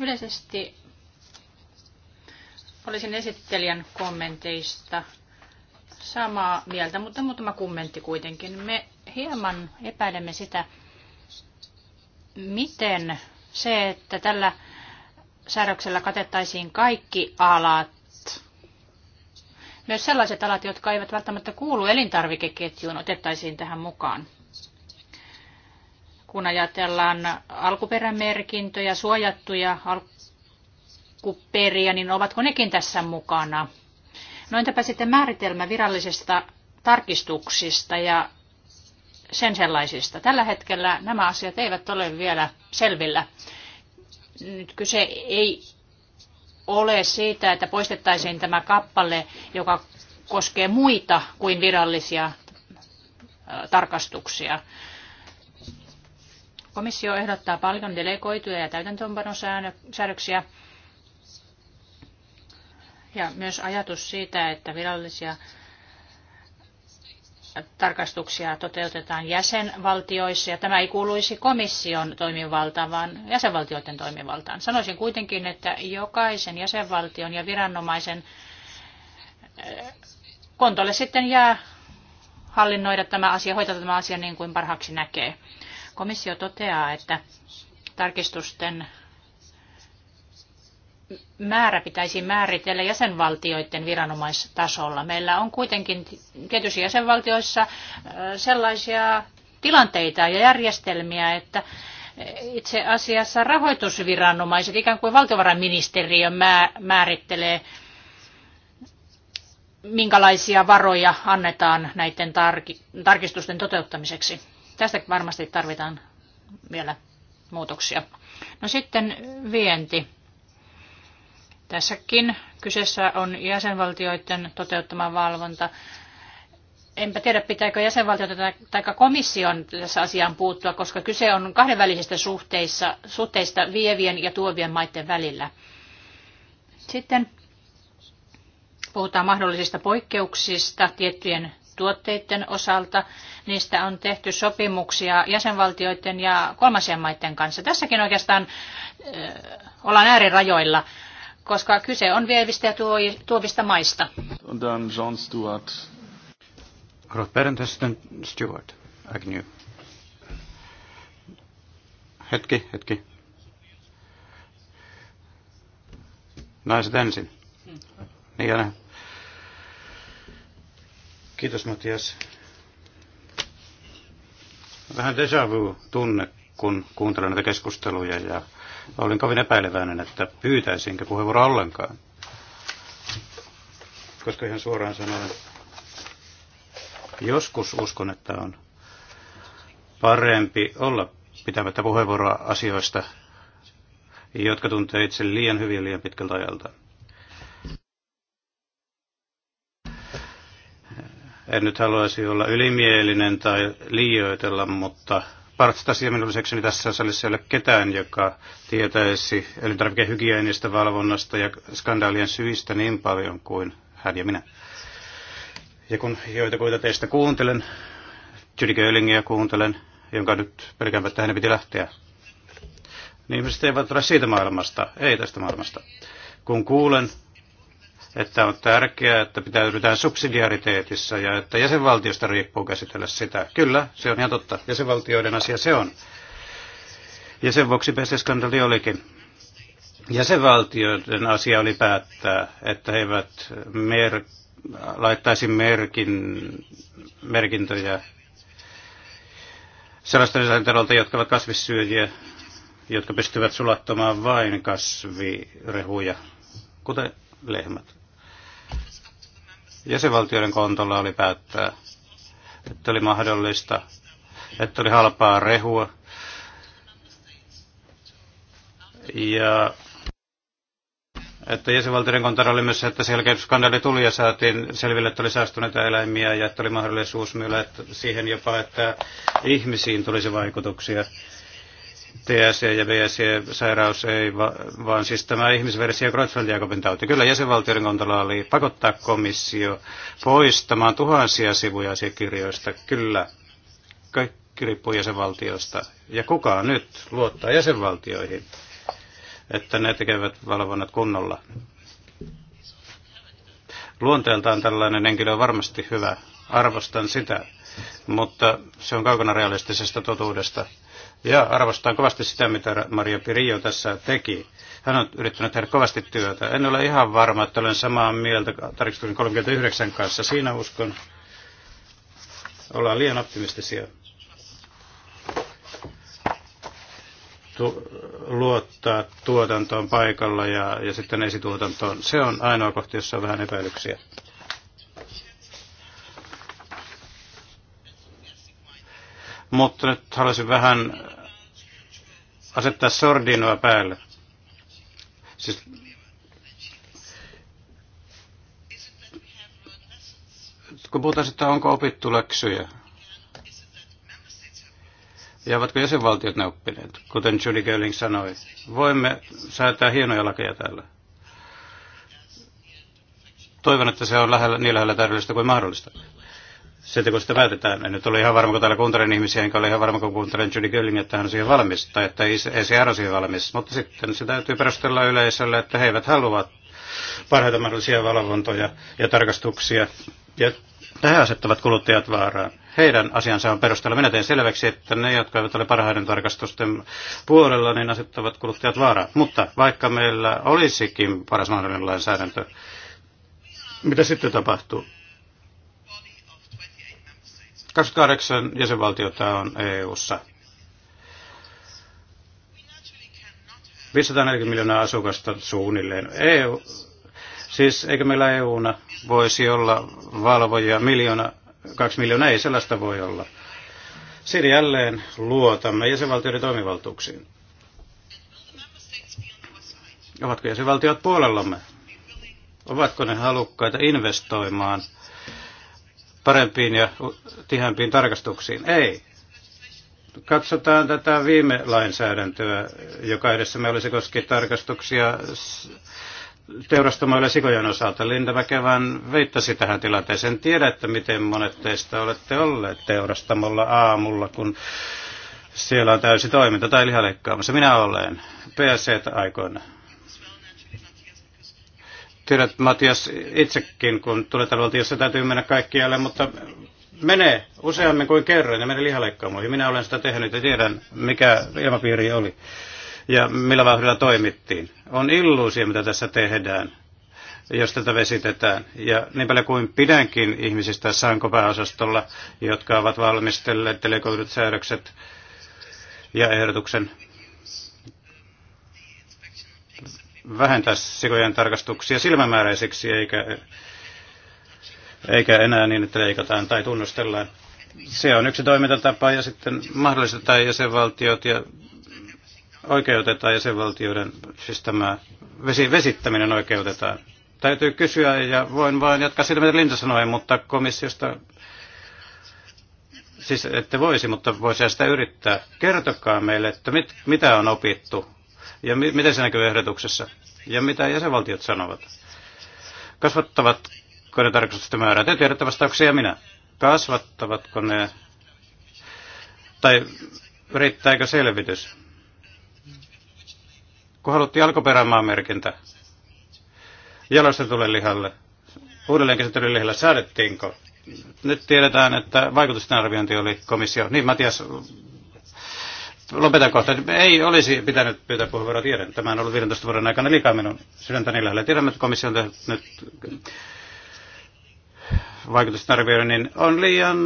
S3: Yleisesti olisin esittelijän kommenteista samaa mieltä, mutta muutama kommentti kuitenkin. Me hieman epäilemme sitä, miten se, että tällä säädöksellä katettaisiin kaikki alat, myös sellaiset alat, jotka eivät välttämättä kuulu elintarvikeketjuun, otettaisiin tähän mukaan. Kun ajatellaan alkuperämerkintöjä, suojattuja alkuperiä, niin ovatko nekin tässä mukana? No entäpä sitten määritelmä virallisista tarkistuksista ja sen sellaisista. Tällä hetkellä nämä asiat eivät ole vielä selvillä. Nyt kyse ei ole siitä, että poistettaisiin tämä kappale, joka koskee muita kuin virallisia äh, tarkastuksia. Komissio ehdottaa paljon delegoituja ja säädöksiä. ja myös ajatus siitä, että virallisia tarkastuksia toteutetaan jäsenvaltioissa ja tämä ei kuuluisi komission toimivaltaan, vaan jäsenvaltioiden toimivaltaan. Sanoisin kuitenkin, että jokaisen jäsenvaltion ja viranomaisen eh, kontolle sitten jää hallinnoida tämä asia, hoitaa tämä asia niin kuin parhaaksi näkee. Komissio toteaa, että tarkistusten määrä pitäisi määritellä jäsenvaltioiden viranomaistasolla. Meillä on kuitenkin tietyissä jäsenvaltioissa sellaisia tilanteita ja järjestelmiä, että itse asiassa rahoitusviranomaiset, ikään kuin valtiovarainministeriö määrittelee, minkälaisia varoja annetaan näiden tarkistusten toteuttamiseksi. Tästä varmasti tarvitaan vielä muutoksia. No sitten vienti. Tässäkin kyseessä on jäsenvaltioiden toteuttama valvonta. Enpä tiedä, pitääkö jäsenvaltioita tai komission tässä asiaan puuttua, koska kyse on kahdenvälisistä suhteista, suhteista vievien ja tuovien maiden välillä. Sitten puhutaan mahdollisista poikkeuksista tiettyjen tuotteiden osalta. Niistä on tehty sopimuksia jäsenvaltioiden ja kolmansien maiden kanssa. Tässäkin oikeastaan äh, ollaan äärirajoilla koska kyse on vievistä ja tuovista maista.
S4: Und dann John Stewart. Rod Berentesten Agnew. Hetki, hetki. Naiset ensin. Hmm. Niin ja Kiitos Matias. Vähän deja vu tunne, kun kuuntelen näitä keskusteluja ja Olin kovin epäileväinen, että pyytäisinkö puheenvuoro ollenkaan. Koska ihan suoraan sanoen, joskus uskon, että on parempi olla pitämättä puheenvuoroa asioista, jotka tuntee itse liian hyvin liian pitkältä ajalta. En nyt haluaisi olla ylimielinen tai liioitella, mutta Partsat asia tässä salissa ei ole ketään, joka tietäisi elintarvikehygienistä valvonnasta ja skandaalien syistä niin paljon kuin hän ja minä. Ja kun joitakuita teistä kuuntelen, Judy Gölingiä kuuntelen, jonka nyt pelkäänpä, että hänen piti lähteä. Niin ihmiset eivät ole siitä maailmasta, ei tästä maailmasta. Kun kuulen että on tärkeää, että pitää yritetään subsidiariteetissa ja että jäsenvaltiosta riippuu käsitellä sitä. Kyllä, se on ihan totta. Jäsenvaltioiden asia se on. Ja sen vuoksi PC-skandali olikin. Jäsenvaltioiden asia oli päättää, että he eivät mer- laittaisi merkin, merkintöjä sellaisten eläinterolta, jotka ovat kasvissyöjiä, jotka pystyvät sulattamaan vain kasvirehuja, kuten lehmät jäsenvaltioiden kontolla oli päättää, että oli mahdollista, että oli halpaa rehua. Ja että jäsenvaltioiden kontolla oli myös, että selkeysskandaali tuli ja saatiin selville, että oli saastuneita eläimiä ja että oli mahdollisuus myydä siihen jopa, että ihmisiin tulisi vaikutuksia. TSE ja VSE-sairaus ei, va, vaan siis tämä ja Creutzfeldt-Jakobin tauti. Kyllä jäsenvaltioiden kontolla oli pakottaa komissio poistamaan tuhansia sivuja asiakirjoista. Kyllä, kaikki riippuu jäsenvaltiosta. Ja kuka nyt luottaa jäsenvaltioihin, että ne tekevät valvonnat kunnolla? Luonteeltaan tällainen henkilö on varmasti hyvä. Arvostan sitä, mutta se on kaukana realistisesta totuudesta ja arvostan kovasti sitä, mitä Maria Pirillo tässä teki. Hän on yrittänyt tehdä kovasti työtä. En ole ihan varma, että olen samaa mieltä tarkistuksen 39 kanssa. Siinä uskon, ollaan liian optimistisia. Tu- luottaa tuotantoon paikalla ja, ja sitten esituotantoon. Se on ainoa kohti, jossa on vähän epäilyksiä. Mutta nyt haluaisin vähän asettaa sordinoa päälle. Siis kun puhutaan että onko opittu läksyjä, ja ovatko jäsenvaltiot ne oppineet, kuten Judy Gerling sanoi. Voimme säätää hienoja lakeja täällä. Toivon, että se on lähellä, niin lähellä täydellistä kuin mahdollista sieltä kun sitä päätetään. En nyt ole ihan varma, kun täällä kuuntelen ihmisiä, enkä ole ihan varma, kun kuuntelen Judy Gölling, että hän on siihen valmis, tai että ECR on siihen valmis. Mutta sitten se täytyy perustella yleisölle, että he eivät halua parhaita mahdollisia valvontoja ja tarkastuksia. Ja tähän asettavat kuluttajat vaaraan. Heidän asiansa on perustella Minä teen selväksi, että ne, jotka eivät ole parhaiden tarkastusten puolella, niin asettavat kuluttajat vaaraan. Mutta vaikka meillä olisikin paras mahdollinen lainsäädäntö, mitä sitten tapahtuu? 28 jäsenvaltiota on EU-ssa. 540 miljoonaa asukasta suunnilleen. EU, siis eikö meillä EUna voisi olla valvoja miljoona, kaksi miljoonaa, ei sellaista voi olla. Siinä jälleen luotamme jäsenvaltioiden toimivaltuuksiin. Ovatko jäsenvaltiot puolellamme? Ovatko ne halukkaita investoimaan parempiin ja tiheämpiin tarkastuksiin. Ei. Katsotaan tätä viime lainsäädäntöä, joka me olisi koski tarkastuksia teurastamoille sikojen osalta. Linda Väkevän viittasi tähän tilanteeseen. Tiedä, että miten monet teistä olette olleet teurastamolla aamulla, kun siellä on täysi toiminta tai lihaleikkaamassa. Minä olen PSC aikoina Tiedät, Matias, itsekin, kun tulet se täytyy mennä kaikkialle, mutta mene useammin kuin kerran ja mene lihalaikkaamoihin. Minä olen sitä tehnyt ja tiedän, mikä ilmapiiri oli ja millä vauhdilla toimittiin. On illuusia, mitä tässä tehdään, jos tätä vesitetään. Ja niin paljon kuin pidänkin ihmisistä sankopääosastolla, jotka ovat valmistelleet telekoidut säädökset ja ehdotuksen vähentää sikojen tarkastuksia silmämääräisiksi eikä, eikä enää niin, että leikataan tai tunnustellaan. Se on yksi toimintatapa ja sitten mahdollistetaan jäsenvaltiot ja oikeutetaan jäsenvaltioiden, siis tämä vesi, vesittäminen oikeutetaan. Täytyy kysyä ja voin vain jatkaa siitä, mitä Linda sanoi, mutta komissiosta, siis ette voisi, mutta voisi sitä yrittää. Kertokaa meille, että mit, mitä on opittu ja mi- miten se näkyy ehdotuksessa? Ja mitä jäsenvaltiot sanovat? Kasvattavat ne tarkastusten määrää? Te tiedätte vastauksia minä. Kasvattavatko ne, tai riittääkö selvitys? Kun haluttiin alkuperämaan merkintä jalostetulle lihalle, uudelleenkäsittelyn lihalle, säädettiinko? Nyt tiedetään, että vaikutusten arviointi oli komissio. Niin, Matias, Lopetan kohta. Ei olisi pitänyt pyytää puheenvuoroa tiedän. Tämä on ollut 15 vuoden aikana liikaa minun sydäntäni lähellä. Tiedämme, että komissio on nyt niin on liian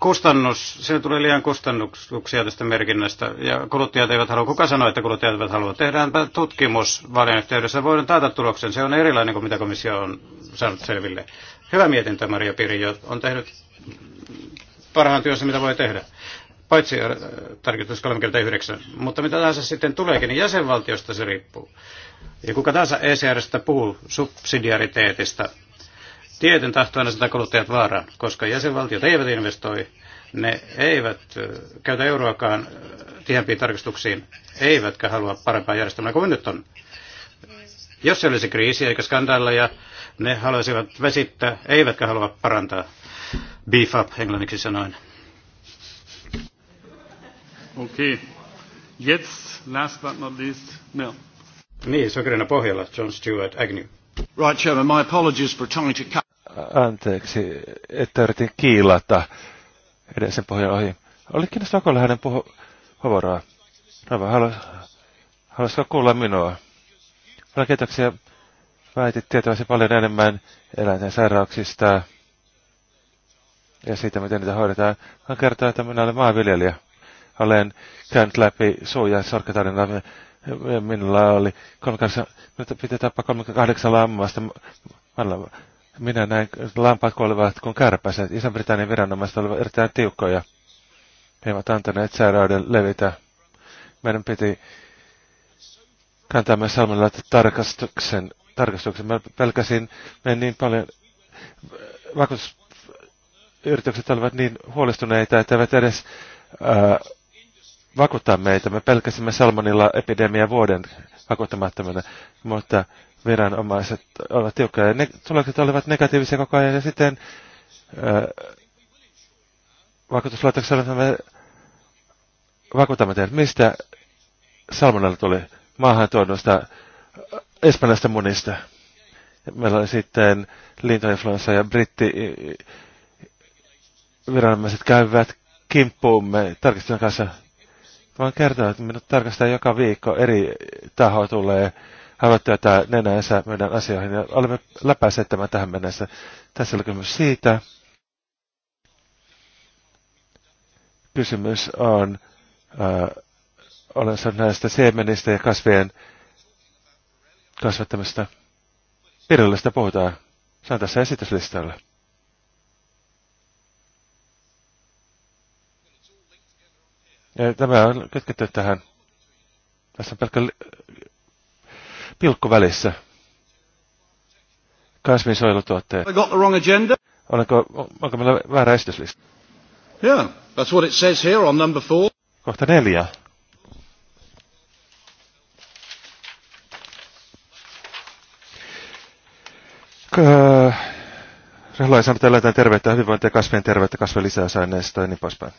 S4: kustannus, se tulee liian kustannuksia tästä merkinnästä, ja kuluttajat eivät halua, kuka sanoo, että kuluttajat eivät halua, tehdään tutkimus vaalien yhteydessä, voidaan taata tuloksen, se on erilainen kuin mitä komissio on saanut selville. Hyvä mietintö Maria Pirjo on tehnyt parhaan työssä, mitä voi tehdä paitsi äh, tarkoitus 39, mutta mitä tahansa sitten tuleekin, niin jäsenvaltiosta se riippuu. Ja kuka tahansa ECRstä puhuu subsidiariteetista, tieten tahtoina sitä kuluttajat vaaraan, koska jäsenvaltiot eivät investoi, ne eivät äh, käytä euroakaan äh, tihempiin tarkistuksiin, eivätkä halua parempaa järjestelmää kuin nyt on. Jos se olisi kriisi eikä skandaaleja, ne haluaisivat vesittää, eivätkä halua parantaa. Beef up, englanniksi sanoin. Okei. Okay. Jetzt, last but not least, Mel. Niin, sokerina pohjalla, John Stewart Agnew. Right, Chairman, my apologies
S2: for trying to cut... Anteeksi, että yritin kiilata edellisen pohjan ohi. Oli kiinnostavaa hänen puheenvuoroa. Rava, halu, haluaisitko kuulla minua? Olen kiitoksia. Väitit tietäväsi paljon enemmän eläinten sairauksista ja siitä, miten niitä hoidetaan. Hän kertoo, että minä olen maanviljelijä olen käynyt läpi suuja ja sorkkatarinaa. Minulla oli 38, piti tappaa 38 lammasta. Minä näin lampaat kuolivat kuin kärpäset. isän britannian viranomaiset olivat erittäin tiukkoja. He eivät antaneet sairauden levitä. Meidän piti kantaa myös salmilla tarkastuksen. tarkastuksen. Mä pelkäsin, me niin paljon vakuutusyritykset olivat niin huolestuneita, että eivät edes ää, vakuuttaa meitä. Me pelkäsimme salmonilla epidemia vuoden vakuuttamattomana, mutta viranomaiset ovat tiukkoja. ne tulokset olivat negatiivisia koko ajan ja sitten vakuutuslaitoksella me vakuutamme teille. mistä salmonella tuli maahan tuonnosta espanjasta munista. Meillä oli sitten lintoinfluenssa ja britti viranomaiset käyvät kimppuumme tarkistuksen kanssa Voin kertoa, että minut tarkastaa joka viikko eri taho tulee havaittua tämä nenänsä meidän asioihin ja olemme läpäiseet tämän tähän mennessä. Tässä oli kysymys siitä. Kysymys on, äh, olen sanonut näistä siemenistä ja kasvien kasvattamista. Virallista puhutaan. Se on tässä esityslistalla. Ja tämä on kytketty tähän. Tässä on pelkkä pilkku välissä. Kasvinsuojelutuotteet. I got the wrong agenda. Olenko, onko meillä väärä esityslista?
S4: Yeah, that's what it says here on number four.
S2: Kohta neljä. Rehulla ei saanut eläintään terveyttä, hyvinvointia, kasvien terveyttä, kasvien lisäysaineista ja niin poispäin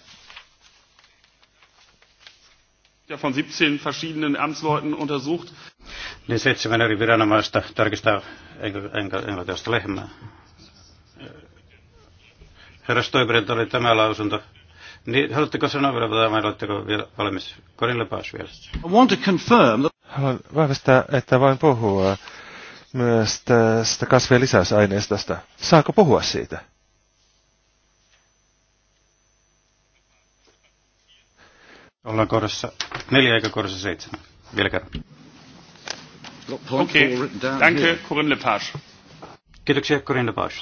S2: ja von 17 verschiedenen Amtsleuten untersucht.
S4: Niin seitsemän eri viranomaista tarkistaa englantilaista lehmää. Herra Stoiberin oli tämä lausunto. Niin, haluatteko sanoa vielä vai oletteko vielä valmis? Korin lepaus vielä.
S2: I want to confirm that... Haluan vahvistaa, että voin puhua myös tästä kasvien lisäysaineistosta. Saako puhua siitä? Ollaan kohdassa
S4: neljä eikä kohdassa seitsemän. Vielä kerran.
S1: Okei, okay. danke Corinne Lepage.
S4: Kiitoksia Corinne Lepage.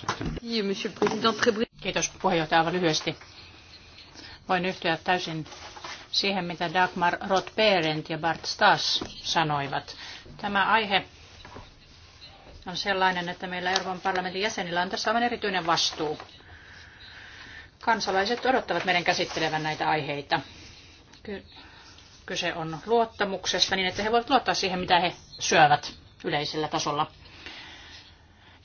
S3: Kiitos puheenjohtaja aivan lyhyesti. Voin yhtyä täysin siihen, mitä Dagmar Rothberent ja Bart Stas sanoivat. Tämä aihe on sellainen, että meillä Euroopan parlamentin jäsenillä on tässä aivan erityinen vastuu. Kansalaiset odottavat meidän käsittelevän näitä aiheita. Kyse on luottamuksesta niin, että he voivat luottaa siihen, mitä he syövät yleisellä tasolla.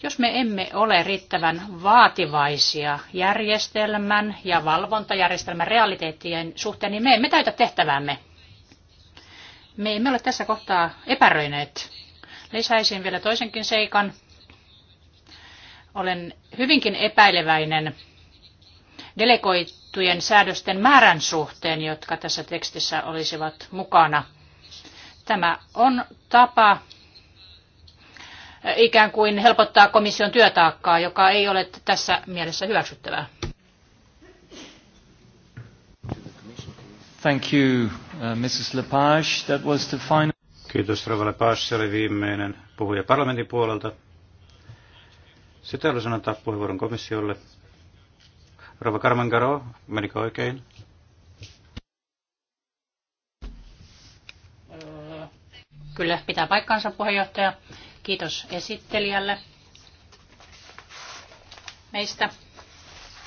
S3: Jos me emme ole riittävän vaativaisia järjestelmän ja valvontajärjestelmän realiteettien suhteen, niin me emme täytä tehtäväämme. Me emme ole tässä kohtaa epäröineet. Lisäisin vielä toisenkin seikan. Olen hyvinkin epäileväinen delegoitu mainittujen säädösten määrän suhteen, jotka tässä tekstissä olisivat mukana. Tämä on tapa eh, ikään kuin helpottaa komission työtaakkaa, joka ei ole tässä mielessä hyväksyttävää.
S1: Thank you, uh, Mrs. Lepage. That was the final...
S4: Kiitos, Rova Lepage. Se oli viimeinen puhuja parlamentin puolelta. Sitten haluan antaa puheenvuoron komissiolle. Rova Carmen Garo, menikö oikein?
S3: Kyllä, pitää paikkansa puheenjohtaja. Kiitos esittelijälle meistä.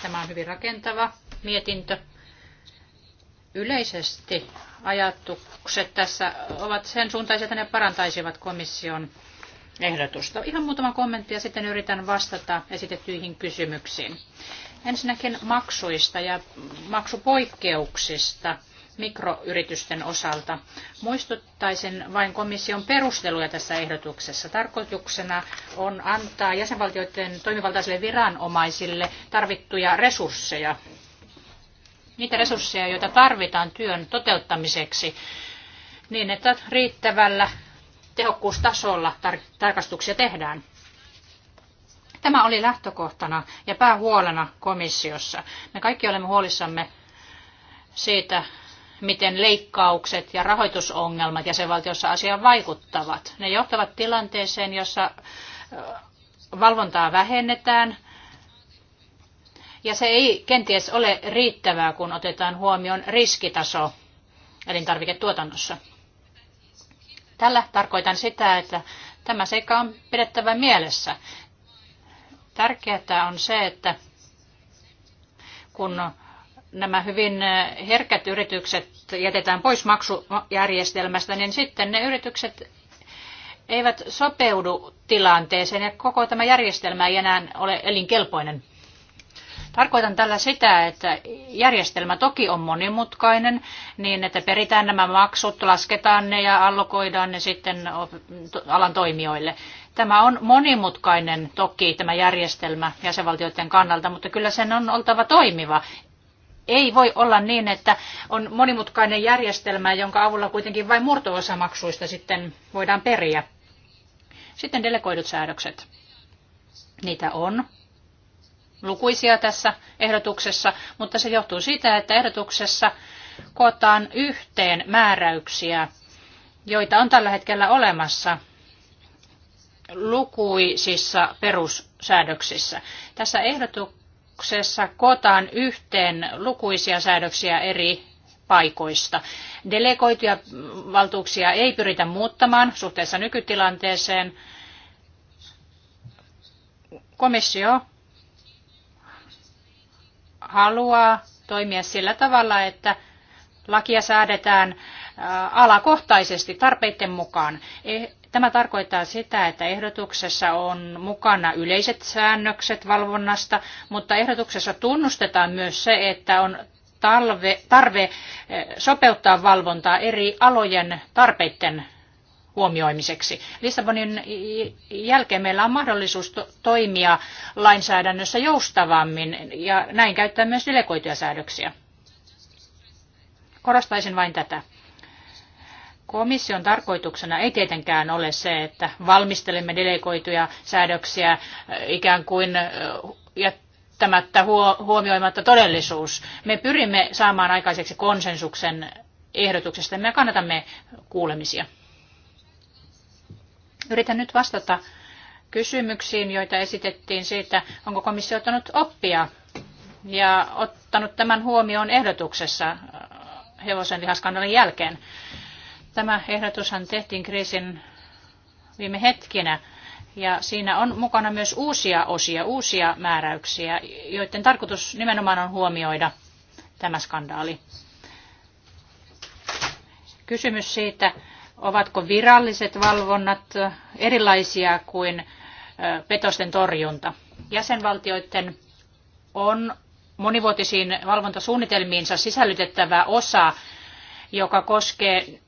S3: Tämä on hyvin rakentava mietintö. Yleisesti ajatukset tässä ovat sen suuntaisia, että ne parantaisivat komission ehdotusta. Ihan muutama kommentti ja sitten yritän vastata esitettyihin kysymyksiin. Ensinnäkin maksuista ja maksupoikkeuksista mikroyritysten osalta. Muistuttaisin vain komission perusteluja tässä ehdotuksessa. Tarkoituksena on antaa jäsenvaltioiden toimivaltaisille viranomaisille tarvittuja resursseja. Niitä resursseja, joita tarvitaan työn toteuttamiseksi niin, että riittävällä tehokkuustasolla tar- tarkastuksia tehdään. Tämä oli lähtökohtana ja päähuolena komissiossa. Me kaikki olemme huolissamme siitä, miten leikkaukset ja rahoitusongelmat jäsenvaltiossa asiaan vaikuttavat. Ne johtavat tilanteeseen, jossa valvontaa vähennetään, ja se ei kenties ole riittävää, kun otetaan huomioon riskitaso elintarviketuotannossa. Tällä tarkoitan sitä, että tämä seikka on pidettävä mielessä. Tärkeää on se, että kun nämä hyvin herkät yritykset jätetään pois maksujärjestelmästä, niin sitten ne yritykset eivät sopeudu tilanteeseen ja koko tämä järjestelmä ei enää ole elinkelpoinen. Tarkoitan tällä sitä, että järjestelmä toki on monimutkainen, niin että peritään nämä maksut, lasketaan ne ja allokoidaan ne sitten alan toimijoille. Tämä on monimutkainen toki tämä järjestelmä jäsenvaltioiden kannalta, mutta kyllä sen on oltava toimiva. Ei voi olla niin, että on monimutkainen järjestelmä, jonka avulla kuitenkin vain murto-osa maksuista sitten voidaan periä. Sitten delegoidut säädökset. Niitä on lukuisia tässä ehdotuksessa, mutta se johtuu siitä, että ehdotuksessa kootaan yhteen määräyksiä, joita on tällä hetkellä olemassa lukuisissa perussäädöksissä. Tässä ehdotuksessa kootaan yhteen lukuisia säädöksiä eri paikoista. Delegoituja valtuuksia ei pyritä muuttamaan suhteessa nykytilanteeseen. Komissio haluaa toimia sillä tavalla, että lakia säädetään alakohtaisesti tarpeiden mukaan. Eh, Tämä tarkoittaa sitä, että ehdotuksessa on mukana yleiset säännökset valvonnasta, mutta ehdotuksessa tunnustetaan myös se, että on talve, tarve eh, sopeuttaa valvontaa eri alojen tarpeiden huomioimiseksi. Lissabonin jälkeen meillä on mahdollisuus toimia lainsäädännössä joustavammin ja näin käyttää myös delegoituja säädöksiä. Korostaisin vain tätä. Komission tarkoituksena ei tietenkään ole se, että valmistelemme delegoituja säädöksiä äh, ikään kuin äh, jättämättä huomioimatta todellisuus. Me pyrimme saamaan aikaiseksi konsensuksen ehdotuksesta. Me kannatamme kuulemisia. Yritän nyt vastata kysymyksiin, joita esitettiin siitä, onko komissio ottanut oppia ja ottanut tämän huomioon ehdotuksessa äh, hevosen lihaskandalin jälkeen. Tämä ehdotushan tehtiin kriisin viime hetkinä ja siinä on mukana myös uusia osia, uusia määräyksiä, joiden tarkoitus nimenomaan on huomioida tämä skandaali. Kysymys siitä, ovatko viralliset valvonnat erilaisia kuin petosten torjunta. Jäsenvaltioiden on monivuotisiin valvontasuunnitelmiinsa sisällytettävä osa, joka koskee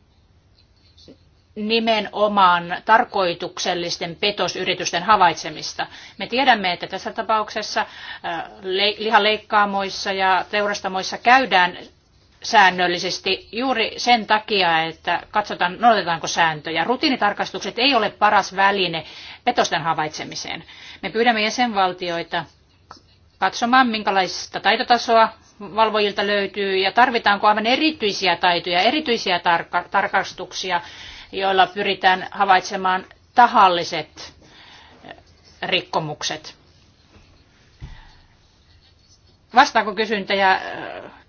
S3: nimenomaan tarkoituksellisten petosyritysten havaitsemista. Me tiedämme, että tässä tapauksessa äh, lihaleikkaamoissa ja teurastamoissa käydään säännöllisesti juuri sen takia, että katsotaan, noudatetaanko sääntöjä. Rutiinitarkastukset ei ole paras väline petosten havaitsemiseen. Me pyydämme jäsenvaltioita katsomaan, minkälaista taitotasoa valvojilta löytyy ja tarvitaanko aivan erityisiä taitoja, erityisiä tarkastuksia joilla pyritään havaitsemaan tahalliset rikkomukset. Vastaako kysyntä ja,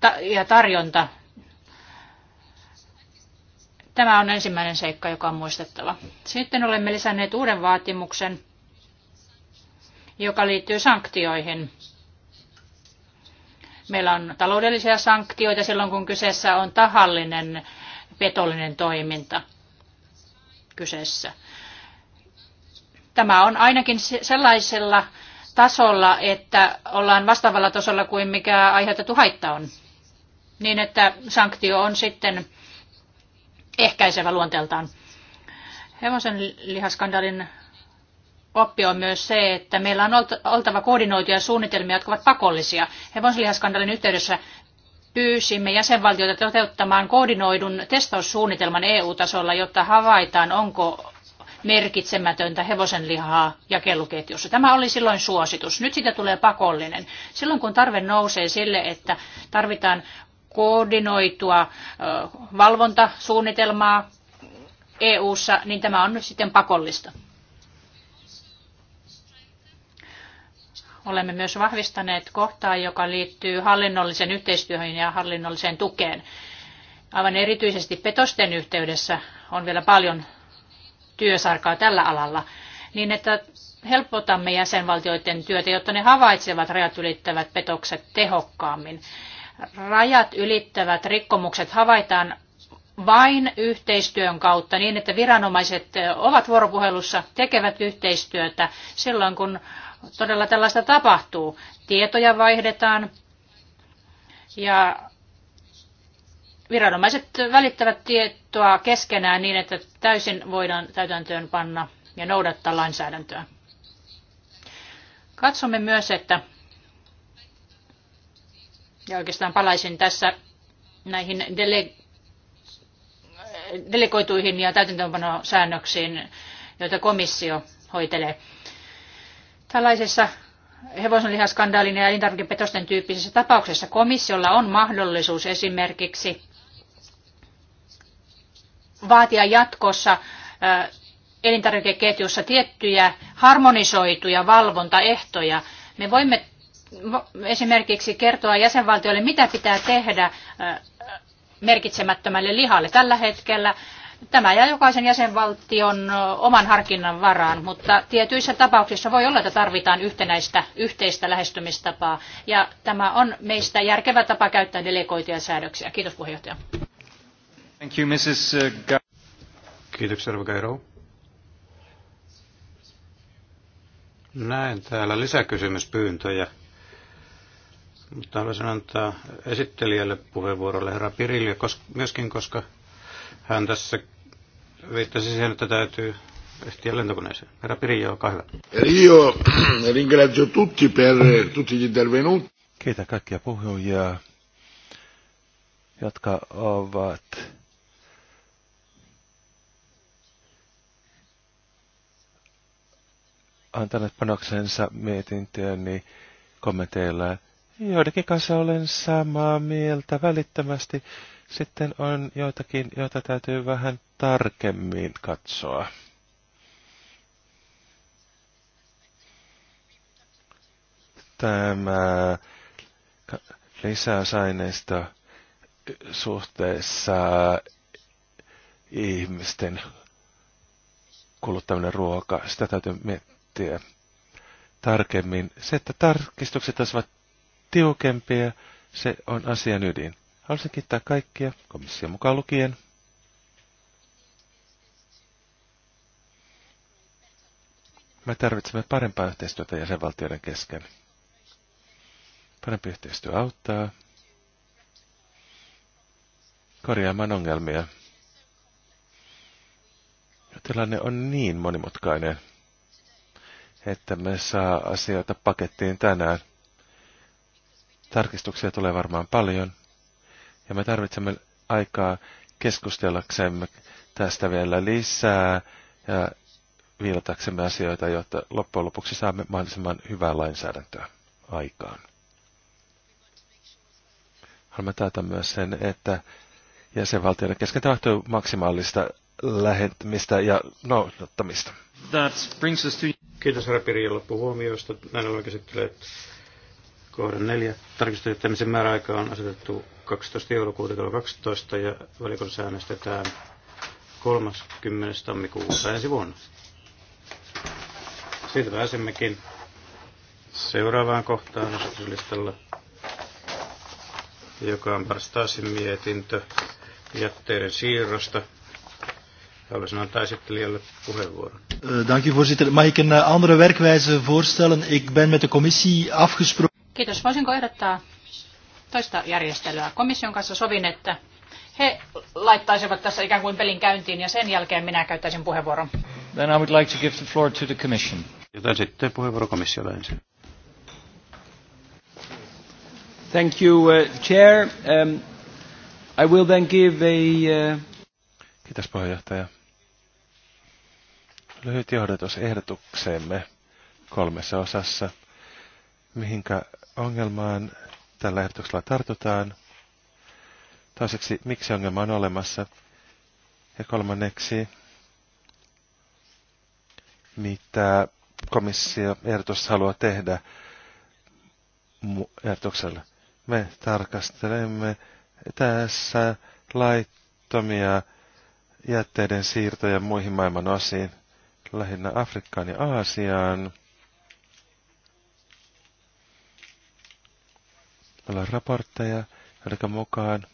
S3: ta, ja tarjonta? Tämä on ensimmäinen seikka, joka on muistettava. Sitten olemme lisänneet uuden vaatimuksen, joka liittyy sanktioihin. Meillä on taloudellisia sanktioita silloin, kun kyseessä on tahallinen petollinen toiminta kyseessä. Tämä on ainakin sellaisella tasolla, että ollaan vastaavalla tasolla kuin mikä aiheutettu haitta on. Niin, että sanktio on sitten ehkäisevä luonteeltaan. Hevosen lihaskandalin oppi on myös se, että meillä on oltava koordinoituja suunnitelmia, jotka ovat pakollisia. lihaskandalin yhteydessä pyysimme jäsenvaltioita toteuttamaan koordinoidun testaussuunnitelman EU-tasolla, jotta havaitaan, onko merkitsemätöntä hevosenlihaa jakeluketjussa. Tämä oli silloin suositus. Nyt siitä tulee pakollinen. Silloin kun tarve nousee sille, että tarvitaan koordinoitua valvontasuunnitelmaa EU-ssa, niin tämä on nyt sitten pakollista. olemme myös vahvistaneet kohtaa, joka liittyy hallinnolliseen yhteistyöhön ja hallinnolliseen tukeen. Aivan erityisesti petosten yhteydessä on vielä paljon työsarkaa tällä alalla, niin että helpotamme jäsenvaltioiden työtä, jotta ne havaitsevat rajat ylittävät petokset tehokkaammin. Rajat ylittävät rikkomukset havaitaan vain yhteistyön kautta niin, että viranomaiset ovat vuoropuhelussa, tekevät yhteistyötä silloin, kun todella tällaista tapahtuu. Tietoja vaihdetaan ja viranomaiset välittävät tietoa keskenään niin, että täysin voidaan täytäntöön panna ja noudattaa lainsäädäntöä. Katsomme myös, että, ja oikeastaan palaisin tässä näihin dele, delegoituihin ja täytäntöönpanosäännöksiin, joita komissio hoitelee. Tällaisessa hevosenlihaskandaalin ja elintarvikepetosten tyyppisessä tapauksessa komissiolla on mahdollisuus esimerkiksi vaatia jatkossa äh, elintarvikeketjussa tiettyjä harmonisoituja valvontaehtoja. Me voimme esimerkiksi kertoa jäsenvaltioille, mitä pitää tehdä äh, merkitsemättömälle lihalle. Tällä hetkellä Tämä jää jokaisen jäsenvaltion oman harkinnan varaan, mutta tietyissä tapauksissa voi olla, että tarvitaan yhtenäistä yhteistä lähestymistapaa. Ja tämä on meistä järkevä tapa käyttää delegoituja säädöksiä. Kiitos puheenjohtaja.
S4: Thank you, Mrs. Uh, Ga- Kiitoksia, Gairo. Näen täällä lisäkysymyspyyntöjä, mutta haluaisin antaa esittelijälle puheenvuorolle herra Pirille, myöskin koska hän tässä viittasi siihen, että täytyy ehtiä lentokoneeseen. Herra Pirjo, olkaa hyvä.
S2: Rio, ringrazio tutti per tutti gli intervenuti. Kiitän kaikkia puhujia, jotka ovat antaneet panoksensa mietintööni kommenteilla. Joidenkin kanssa olen samaa mieltä välittömästi sitten on joitakin, joita täytyy vähän tarkemmin katsoa. Tämä lisäysaineisto suhteessa ihmisten kuluttaminen ruoka, sitä täytyy miettiä tarkemmin. Se, että tarkistukset olisivat tiukempia, se on asian ydin. Haluaisin kiittää kaikkia, komission mukaan lukien. Me tarvitsemme parempaa yhteistyötä jäsenvaltioiden kesken. Parempi yhteistyö auttaa korjaamaan ongelmia. Tilanne on niin monimutkainen, että me saa asioita pakettiin tänään. Tarkistuksia tulee varmaan paljon. Ja me tarvitsemme aikaa keskustellaksemme tästä vielä lisää ja viilataksemme asioita, jotta loppujen lopuksi saamme mahdollisimman hyvää lainsäädäntöä aikaan. Haluamme taata myös sen, että jäsenvaltioiden kesken tapahtuu maksimaalista lähentämistä ja noudattamista.
S4: That brings us to... Kiitos herra Pirjo huomioista. Näin ollen käsittelee kohdan neljä. että määräaika on asetettu 12. joulukuuta kello 12 ja valiokunnassa äänestetään 30. tammikuuta ensi vuonna. Siitä pääsemmekin seuraavaan kohtaan esityslistalla, joka on Barstasin mietintö jätteiden siirrosta. Haluaisin antaa esittelijälle puheenvuoron.
S2: Eh, dank u voorzitter. Mag ik een eh, andere werkwijze voorstellen? Ik ben met de
S3: commissie afgesproken. Kiitos. Voisinko ehdottaa toista järjestelyä. Komission kanssa sovin, että he laittaisivat tässä ikään kuin pelin käyntiin ja sen jälkeen minä käyttäisin puheenvuoron.
S4: Then I would like to give the floor to the commission. Joten sitten puheenvuoro komissiolle ensin.
S1: Thank you, uh, Chair. Um,
S2: I will then give a... Uh... Kiitos puheenjohtaja. Lyhyt johdatus ehdotukseemme kolmessa osassa. Mihinkä ongelmaan tällä ehdotuksella tartutaan. Toiseksi, miksi ongelma on olemassa. Ja kolmanneksi, mitä komissio ehdotus haluaa tehdä ehdotuksella. Me tarkastelemme tässä laittomia jätteiden siirtoja muihin maailman osiin, lähinnä Afrikkaan ja Aasiaan. Meillä on raportteja, jotka mukaan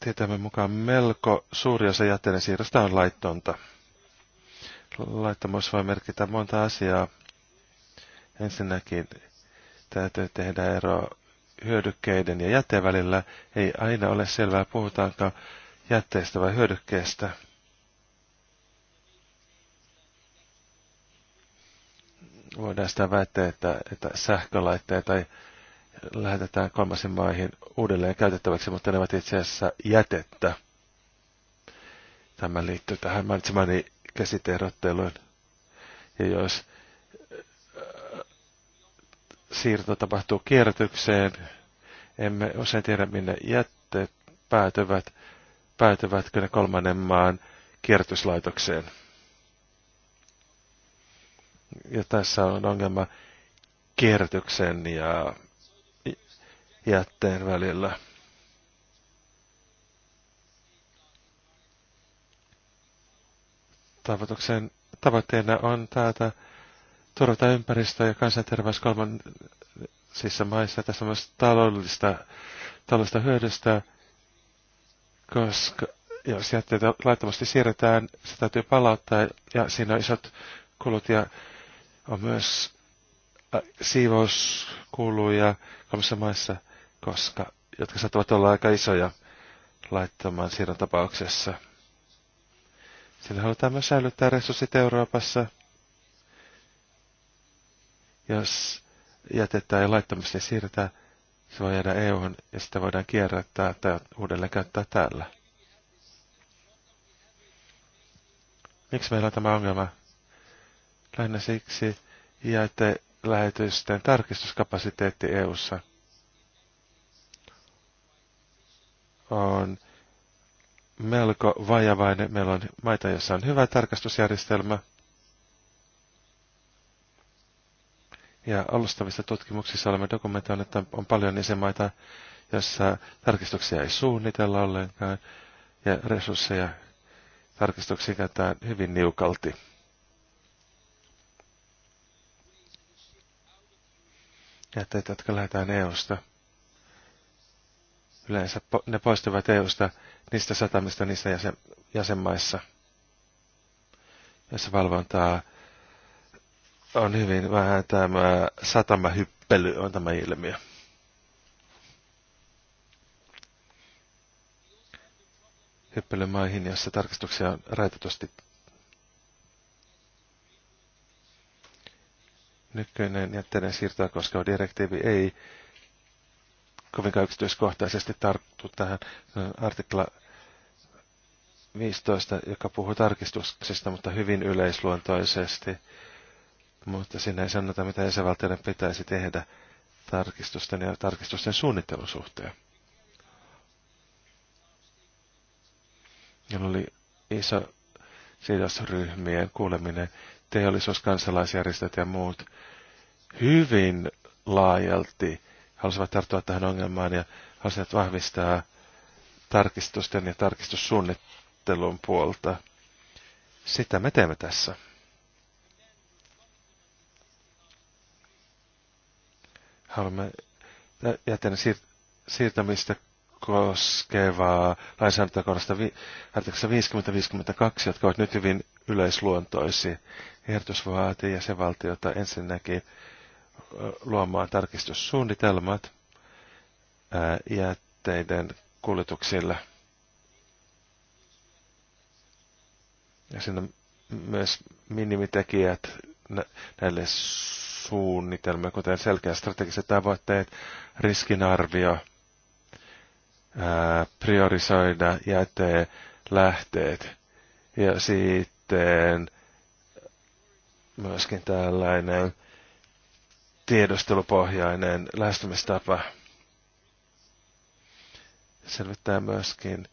S2: tietämme mukaan melko suuri osa jätteiden siirrosta on laittonta. Laittomuus voi merkitä monta asiaa. Ensinnäkin täytyy tehdä ero hyödykkeiden ja jätteen välillä. Ei aina ole selvää, puhutaanko jätteestä vai hyödykkeestä. voidaan sitä väittää, että, että sähkölaitteita lähetetään kolmasin maihin uudelleen käytettäväksi, mutta ne ovat itse asiassa jätettä. Tämä liittyy tähän mainitsemani käsiteerotteluun. Ja jos äh, siirto tapahtuu kierrätykseen, emme usein tiedä minne jätteet päätyvät, päätyvätkö ne kolmannen maan kierrätyslaitokseen. Ja tässä on ongelma kierrätyksen ja jätteen välillä. Tavoituksen tavoitteena on täältä turvata ympäristö ja kansanterveys kolmansissa maissa. Tässä on myös taloudellista, taloudellista hyödystä, koska jos jätteitä laittomasti siirretään, se täytyy palauttaa ja siinä on isot kulut ja on myös äh, siivouskuluja kolmessa maissa, koska, jotka saattavat olla aika isoja laittamaan siirron tapauksessa. Sillä halutaan myös säilyttää resurssit Euroopassa. Jos jätetään ja laittomasti siirretään, se voi jäädä eu ja sitä voidaan kierrättää tai uudelleen käyttää täällä. Miksi meillä on tämä ongelma? lähinnä siksi, ja että lähetysten tarkistuskapasiteetti EU:ssa on melko vajavainen. Meillä on maita, joissa on hyvä tarkastusjärjestelmä. Ja alustavissa tutkimuksissa olemme dokumentoineet, että on paljon jäsenmaita, jossa tarkistuksia ei suunnitella ollenkaan ja resursseja tarkistuksiin käytetään hyvin niukalti. jätteet, jotka lähdetään EUsta. Yleensä ne poistuvat EUsta niistä satamista niissä jäsen, jäsenmaissa, jossa valvontaa on hyvin vähän tämä satamahyppely on tämä ilmiö. Hyppelymaihin, jossa tarkastuksia on raitetusti nykyinen jätteiden siirtoa koskeva direktiivi ei kovinkaan yksityiskohtaisesti tarttu tähän artikla 15, joka puhuu tarkistuksista, mutta hyvin yleisluontoisesti. Mutta siinä ei sanota, mitä jäsenvaltioiden pitäisi tehdä tarkistusten ja tarkistusten suunnittelun suhteen. Meillä oli iso sidosryhmien kuuleminen teollisuus, kansalaisjärjestöt ja muut hyvin laajalti halusivat tarttua tähän ongelmaan ja halusivat vahvistaa tarkistusten ja tarkistussuunnittelun puolta. Sitä me teemme tässä. Haluamme jätän siirtämistä koskevaa lainsäädäntökohdasta 50-52, jotka ovat nyt hyvin yleisluontoisia. Ehdotus vaatii jäsenvaltiota ensinnäkin luomaan tarkistussuunnitelmat jätteiden kuljetuksille. Ja siinä myös minimitekijät näille suunnitelmille, kuten selkeät strategiset tavoitteet, riskinarvio, priorisoida priorisoida jätelähteet. Ja sitten myöskin tällainen tiedostelupohjainen lähestymistapa selvittää myöskin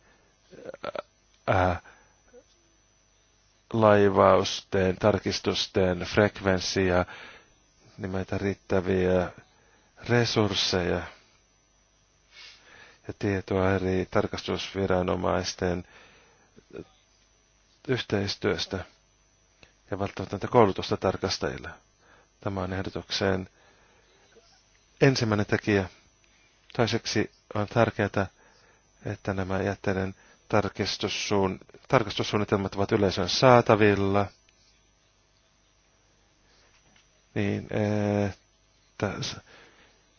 S2: ää, laivausten, tarkistusten frekvenssia, nimeltä riittäviä resursseja – ja tietoa eri tarkastusviranomaisten yhteistyöstä ja välttämättä koulutusta tarkastajille. Tämä on ehdotukseen ensimmäinen tekijä. Toiseksi on tärkeää, että nämä jätteiden tarkistussuun, tarkastussuunnitelmat ovat yleisön saatavilla, niin että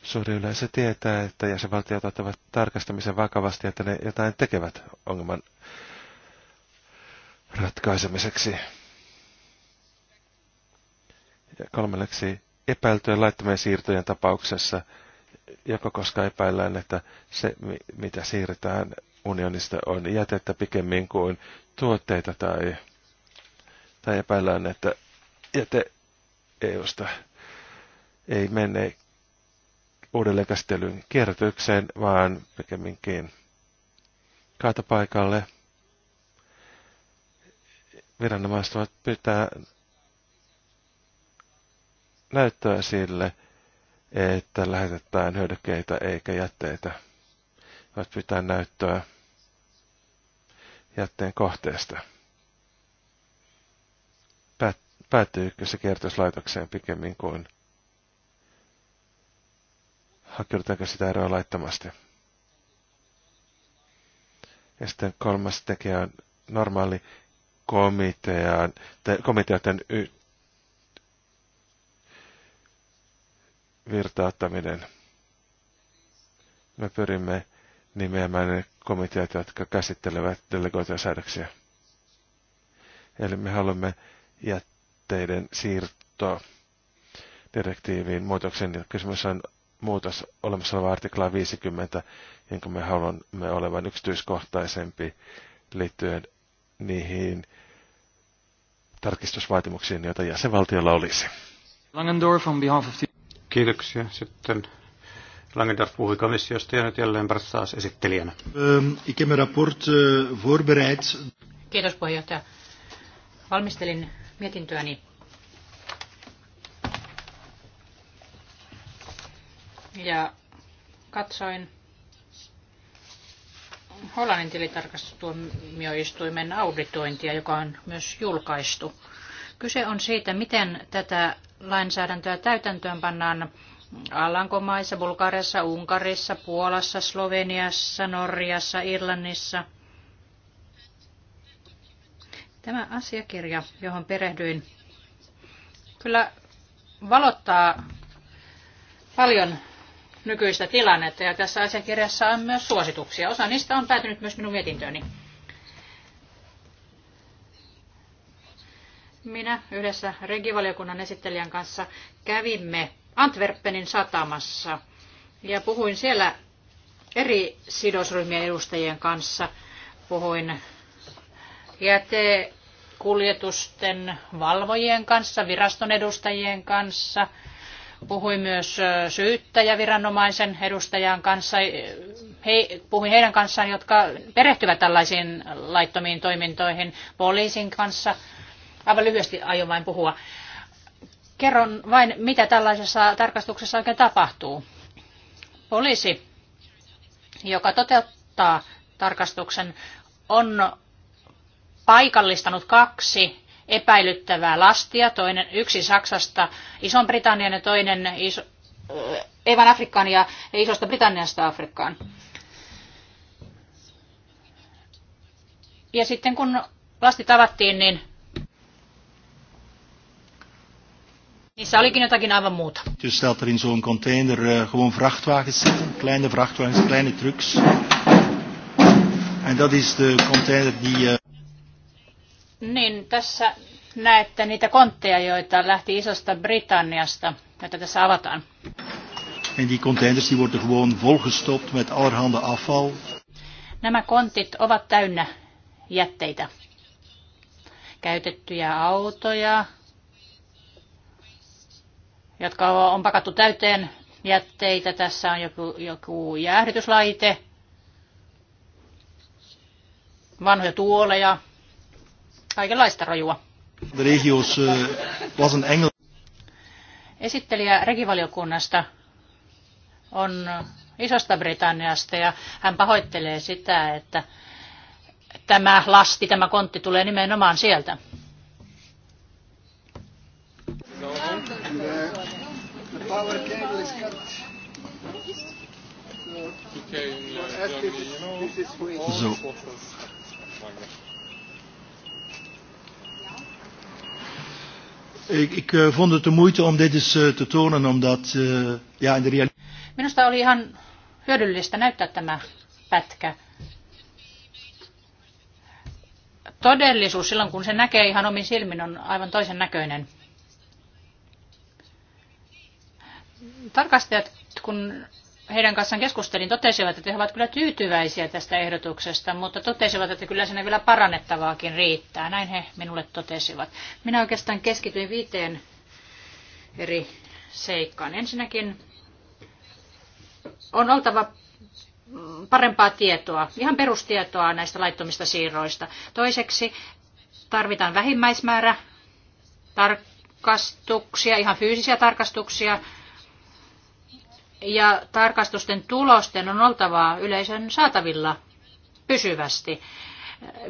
S2: Suuri yleisö tietää, että jäsenvaltiot ottavat tarkastamisen vakavasti, että ne jotain tekevät ongelman ratkaisemiseksi. Ja kolmanneksi epäiltyjen laittomien siirtojen tapauksessa, joko koska epäillään, että se, mitä siirretään unionista, on jätettä pikemmin kuin tuotteita tai, tai epäillään, että jäte EUsta ei mene uudelleenkäsittelyn kierrätykseen, vaan pikemminkin kaatopaikalle. Viranomaiset voivat pitää näyttöä sille, että lähetetään hyödykkeitä eikä jätteitä. Voivat pyytää näyttöä jätteen kohteesta. Päättyykö se kiertoslaitokseen pikemmin kuin hakeudutaanko sitä eroa laittomasti. Ja sitten kolmas tekijä on normaali komitean, te, komiteoiden y, virtauttaminen. Me pyrimme nimeämään ne komiteat, jotka käsittelevät delegoituja säädöksiä. Eli me haluamme jätteiden siirtoa direktiiviin muutoksen. Kysymys on muutos olemassa oleva artikla 50, jonka me haluamme olevan yksityiskohtaisempi liittyen niihin tarkistusvaatimuksiin, joita jäsenvaltiolla olisi. Langendorf on behalf of the...
S4: Kiitoksia. Sitten Langendorf puhui komissiosta ja nyt jälleen taas esittelijänä.
S1: Ehm, ik rapport eh, voorbereid.
S3: Kiitos puheenjohtaja. Valmistelin mietintöäni ja katsoin Hollannin tilitarkastustuomioistuimen auditointia, joka on myös julkaistu. Kyse on siitä, miten tätä lainsäädäntöä täytäntöön pannaan Alankomaissa, Bulgariassa, Unkarissa, Puolassa, Sloveniassa, Norjassa, Irlannissa. Tämä asiakirja, johon perehdyin, kyllä valottaa paljon nykyistä tilannetta ja tässä asiakirjassa on myös suosituksia. Osa niistä on päätynyt myös minun mietintööni. Minä yhdessä regivaliokunnan esittelijän kanssa kävimme Antwerpenin satamassa ja puhuin siellä eri sidosryhmien edustajien kanssa. Puhuin jätekuljetusten valvojien kanssa, viraston edustajien kanssa – Puhuin myös syyttäjäviranomaisen edustajan kanssa, he, puhuin heidän kanssaan, jotka perehtyvät tällaisiin laittomiin toimintoihin poliisin kanssa. Aivan lyhyesti aion vain puhua. Kerron vain, mitä tällaisessa tarkastuksessa oikein tapahtuu. Poliisi, joka toteuttaa tarkastuksen, on paikallistanut kaksi epäilyttävää lastia, toinen yksi Saksasta Ison-Britannian ja toinen iso, Evan Afrikkaan ja Isosta Britanniasta Afrikkaan. Ja sitten kun lasti tavattiin, niin niissä olikin jotakin aivan muuta.
S2: Dus stelt er in zo'n container uh, gewoon vrachtwagens zitten, kleine vrachtwagens, kleine trucks. En dat is de container die uh,
S3: niin, tässä näette niitä kontteja, joita lähti isosta Britanniasta, joita tässä avataan.
S2: En die containers die worden gewoon volgestopt met allerhande afval.
S3: Nämä kontit ovat täynnä jätteitä. Käytettyjä autoja, jotka on pakattu täyteen jätteitä. Tässä on joku, joku jäähdytyslaite, vanhoja tuoleja, kaikenlaista rajua.
S2: De regio's eh, was an
S3: Esittelijä regivaliokunnasta on isosta Britanniasta ja hän pahoittelee sitä, että tämä lasti, tämä kontti tulee nimenomaan sieltä.
S4: So.
S2: Ik, ik eh, vond het de moeite om dit eens eh, te tonen, omdat uh, ja, in de realiteit...
S3: Minusta oli ihan hyödyllistä näyttää tämä pätkä. Todellisuus silloin, kun se näkee ihan omin silmin, on aivan toisen näköinen. Tarkastajat, kun heidän kanssaan keskustelin, totesivat, että he ovat kyllä tyytyväisiä tästä ehdotuksesta, mutta totesivat, että kyllä siinä vielä parannettavaakin riittää. Näin he minulle totesivat. Minä oikeastaan keskityin viiteen eri seikkaan. Ensinnäkin on oltava parempaa tietoa, ihan perustietoa näistä laittomista siirroista. Toiseksi tarvitaan vähimmäismäärä tarkastuksia, ihan fyysisiä tarkastuksia ja tarkastusten tulosten on oltava yleisön saatavilla pysyvästi.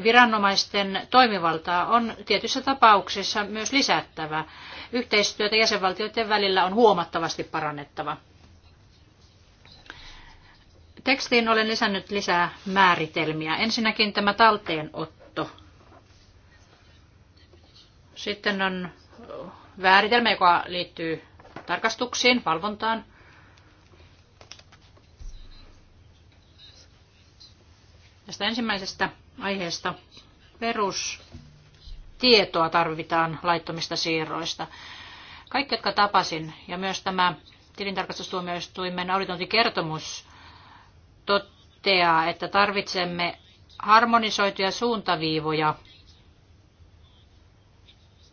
S3: Viranomaisten toimivaltaa on tietyissä tapauksissa myös lisättävä. Yhteistyötä jäsenvaltioiden välillä on huomattavasti parannettava. Tekstiin olen lisännyt lisää määritelmiä. Ensinnäkin tämä talteenotto. Sitten on määritelmä, joka liittyy tarkastuksiin, valvontaan – Tästä ensimmäisestä aiheesta perustietoa tarvitaan laittomista siirroista. Kaikki, jotka tapasin, ja myös tämä tilintarkastustuomioistuimen auditointikertomus toteaa, että tarvitsemme harmonisoituja suuntaviivoja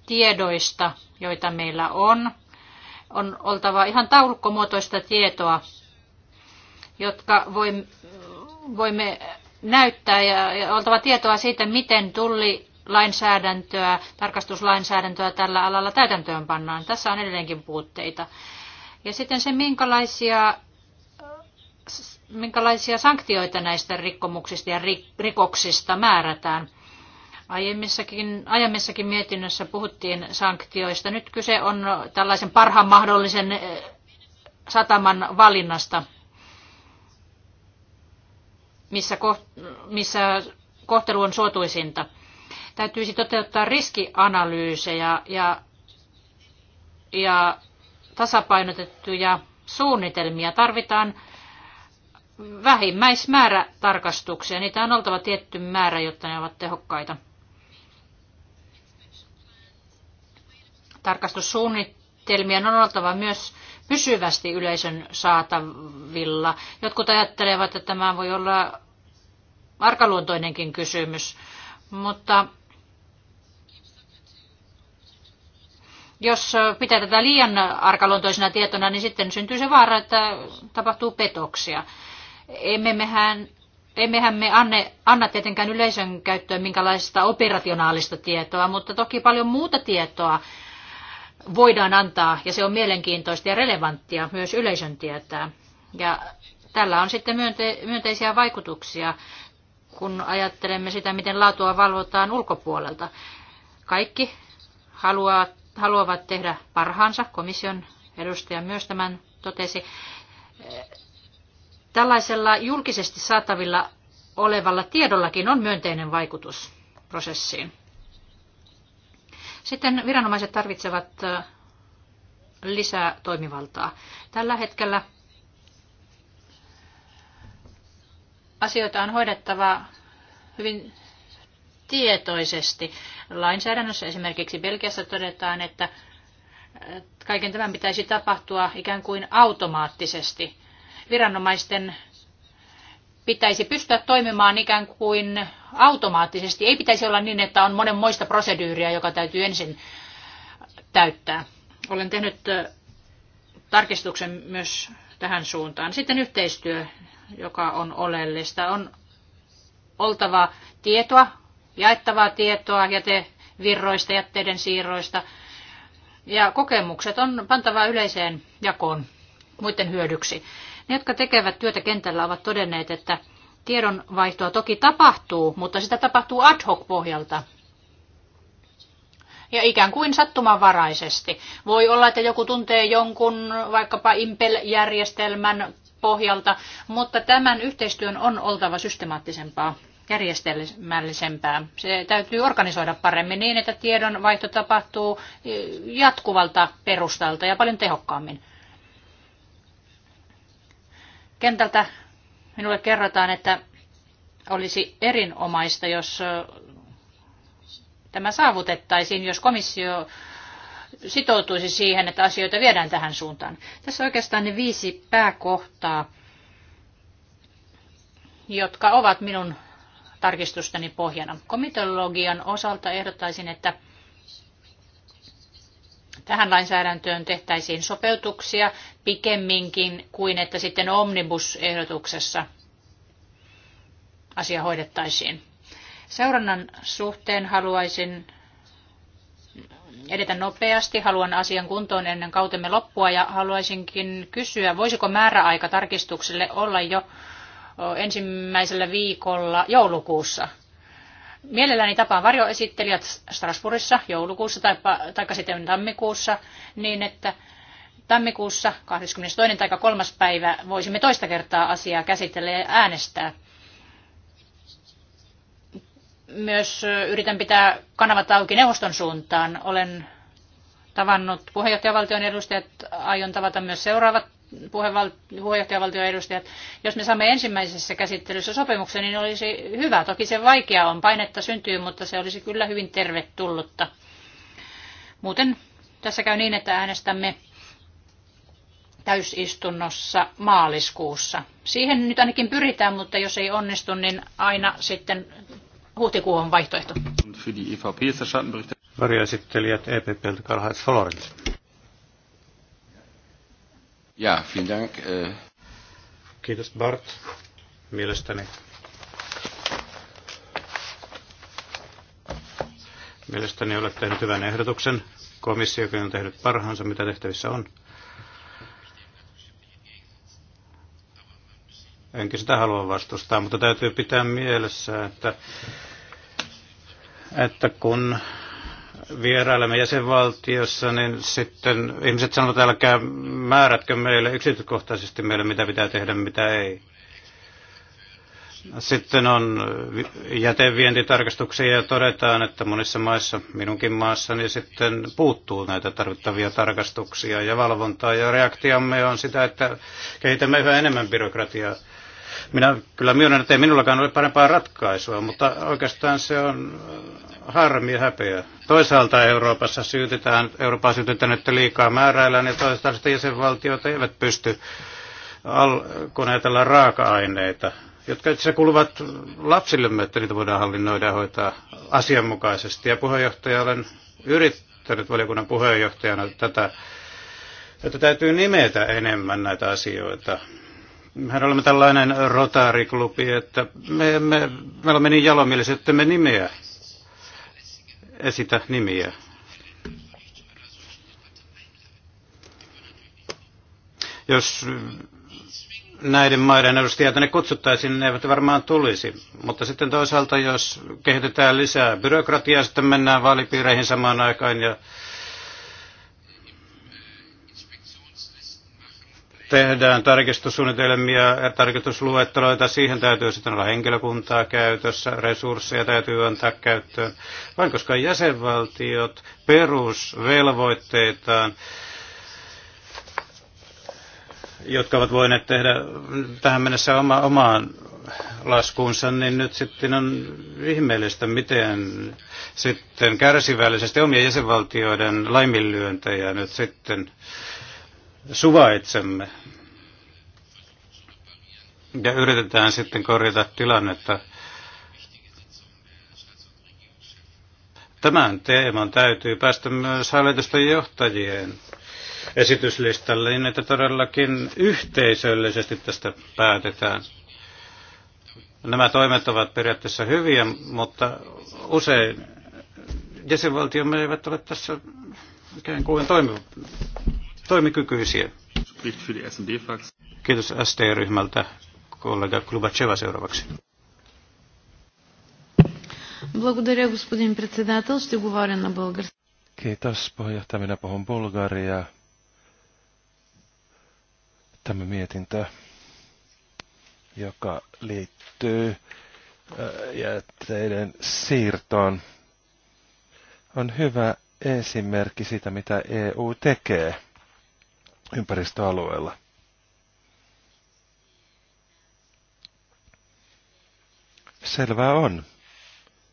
S3: tiedoista, joita meillä on. On oltava ihan taulukkomuotoista tietoa, jotka voimme näyttää ja, ja oltava tietoa siitä, miten tulli lainsäädäntöä, tarkastuslainsäädäntöä tällä alalla täytäntöön pannaan. Tässä on edelleenkin puutteita. Ja sitten se, minkälaisia, minkälaisia sanktioita näistä rikkomuksista ja rikoksista määrätään. Aiemmissakin, aiemmissakin mietinnössä puhuttiin sanktioista. Nyt kyse on tällaisen parhaan mahdollisen eh, sataman valinnasta missä, missä kohtelu on suotuisinta. Täytyisi toteuttaa riskianalyysejä ja, ja tasapainotettuja suunnitelmia. Tarvitaan vähimmäismäärä tarkastuksia. Niitä on oltava tietty määrä, jotta ne ovat tehokkaita. Tarkastussuunnitelmien on oltava myös pysyvästi yleisön saatavilla. Jotkut ajattelevat, että tämä voi olla arkaluontoinenkin kysymys, mutta jos pitää tätä liian arkaluontoisena tietona, niin sitten syntyy se vaara, että tapahtuu petoksia. Emme mehän, emmehän me anne, anna tietenkään yleisön käyttöön minkälaista operationaalista tietoa, mutta toki paljon muuta tietoa voidaan antaa, ja se on mielenkiintoista ja relevanttia myös yleisön tietää. Ja tällä on sitten myönte- myönteisiä vaikutuksia kun ajattelemme sitä, miten laatua valvotaan ulkopuolelta. Kaikki haluaa, haluavat tehdä parhaansa, komission edustaja myös tämän totesi. Tällaisella julkisesti saatavilla olevalla tiedollakin on myönteinen vaikutus prosessiin. Sitten viranomaiset tarvitsevat lisää toimivaltaa. Tällä hetkellä asioita on hoidettava hyvin tietoisesti. Lainsäädännössä esimerkiksi Belgiassa todetaan, että kaiken tämän pitäisi tapahtua ikään kuin automaattisesti. Viranomaisten pitäisi pystyä toimimaan ikään kuin automaattisesti. Ei pitäisi olla niin, että on monenmoista proseduuria, joka täytyy ensin täyttää. Olen tehnyt äh, tarkistuksen myös tähän suuntaan. Sitten yhteistyö joka on oleellista. On oltava tietoa, jaettavaa tietoa jätevirroista, jätteiden siirroista ja kokemukset on pantava yleiseen jakoon muiden hyödyksi. Ne, jotka tekevät työtä kentällä, ovat todenneet, että tiedonvaihtoa toki tapahtuu, mutta sitä tapahtuu ad hoc pohjalta. Ja ikään kuin sattumanvaraisesti. Voi olla, että joku tuntee jonkun vaikkapa Impel-järjestelmän pohjalta, mutta tämän yhteistyön on oltava systemaattisempaa järjestelmällisempää. Se täytyy organisoida paremmin niin, että tiedonvaihto tapahtuu eh, jatkuvalta perustalta ja paljon tehokkaammin. Kentältä minulle kerrotaan, että olisi erinomaista, jos eh, tämä saavutettaisiin, jos komissio sitoutuisi siihen, että asioita viedään tähän suuntaan. Tässä oikeastaan ne viisi pääkohtaa, jotka ovat minun tarkistusteni pohjana. Komitologian osalta ehdottaisin, että tähän lainsäädäntöön tehtäisiin sopeutuksia pikemminkin kuin että sitten omnibusehdotuksessa asia hoidettaisiin. Seurannan suhteen haluaisin edetä nopeasti. Haluan asian kuntoon ennen kautemme loppua ja haluaisinkin kysyä, voisiko määräaika tarkistukselle olla jo ensimmäisellä viikolla joulukuussa? Mielelläni tapaan varjoesittelijät Strasbourgissa joulukuussa tai, tai sitten tammikuussa niin, että tammikuussa 22. tai 3. päivä voisimme toista kertaa asiaa käsitellä ja äänestää myös yritän pitää kanavat auki neuvoston suuntaan. Olen tavannut puheenjohtajavaltion edustajat, aion tavata myös seuraavat puheenjohtajavaltion edustajat. Jos me saamme ensimmäisessä käsittelyssä sopimuksen, niin olisi hyvä. Toki se vaikea on, painetta syntyy, mutta se olisi kyllä hyvin tervetullutta. Muuten tässä käy niin, että äänestämme täysistunnossa maaliskuussa. Siihen nyt ainakin pyritään, mutta jos ei onnistu, niin aina sitten huhtikuu on vaihtoehto.
S4: E Varjoesittelijät EPPltä Karl-Heinz
S1: Ja, vielen dank. Äh.
S4: Kiitos Bart. Mielestäni Mielestäni olet tehnyt hyvän ehdotuksen. Komissio on tehnyt parhaansa, mitä tehtävissä on. Enkä sitä halua vastustaa, mutta täytyy pitää mielessä, että, että kun vierailemme jäsenvaltiossa, niin sitten ihmiset sanovat, että älkää määrätkö meille yksityiskohtaisesti meille, mitä pitää tehdä, mitä ei. Sitten on jätevientitarkastuksia ja todetaan, että monissa maissa, minunkin maassani, niin sitten puuttuu näitä tarvittavia tarkastuksia ja valvontaa. Ja reaktiomme on sitä, että kehitämme yhä enemmän byrokratiaa minä kyllä myönnän, että ei minullakaan ole parempaa ratkaisua, mutta oikeastaan se on äh, harmi ja häpeä. Toisaalta Euroopassa syytetään, Euroopan syytetään, liikaa määräillään ja toisaalta jäsenvaltiot eivät pysty, kun ajatellaan raaka-aineita, jotka itse asiassa kuuluvat lapsillemme, että niitä voidaan hallinnoida ja hoitaa asianmukaisesti. Ja puheenjohtaja olen yrittänyt valiokunnan puheenjohtajana tätä, että täytyy nimetä enemmän näitä asioita Mehän olemme tällainen rotaariklubi, että me, me, me olemme niin jalomieliset, että me nimeä esitä nimiä. Jos näiden maiden edustajia tänne kutsuttaisiin, niin ne eivät varmaan tulisi. Mutta sitten toisaalta, jos kehitetään lisää byrokratiaa, sitten mennään vaalipiireihin samaan aikaan ja tehdään tarkistussuunnitelmia, tarkistusluetteloita, siihen täytyy sitten olla henkilökuntaa käytössä, resursseja täytyy antaa käyttöön, vain koska jäsenvaltiot perusvelvoitteitaan jotka ovat voineet tehdä tähän mennessä oma, omaan laskuunsa, niin nyt sitten on ihmeellistä, miten sitten kärsivällisesti omien jäsenvaltioiden laiminlyöntejä nyt sitten äh, suvaitsemme. Ja yritetään sitten korjata tilannetta. Tämän teeman täytyy päästä myös hallitusten johtajien esityslistalle, niin että todellakin yhteisöllisesti tästä päätetään. Nämä toimet ovat periaatteessa hyviä, mutta usein jäsenvaltiomme eivät ole tässä ikään kuin toimivat toimikykyisiä. Kiitos ST-ryhmältä kollega Klubacheva seuraavaksi.
S2: Kiitos, puheenjohtaja. Minä puhun Bulgaria. Tämä mietintö, joka liittyy äh, jätteiden siirtoon, on hyvä esimerkki siitä, mitä EU tekee – ympäristöalueella. Selvää on,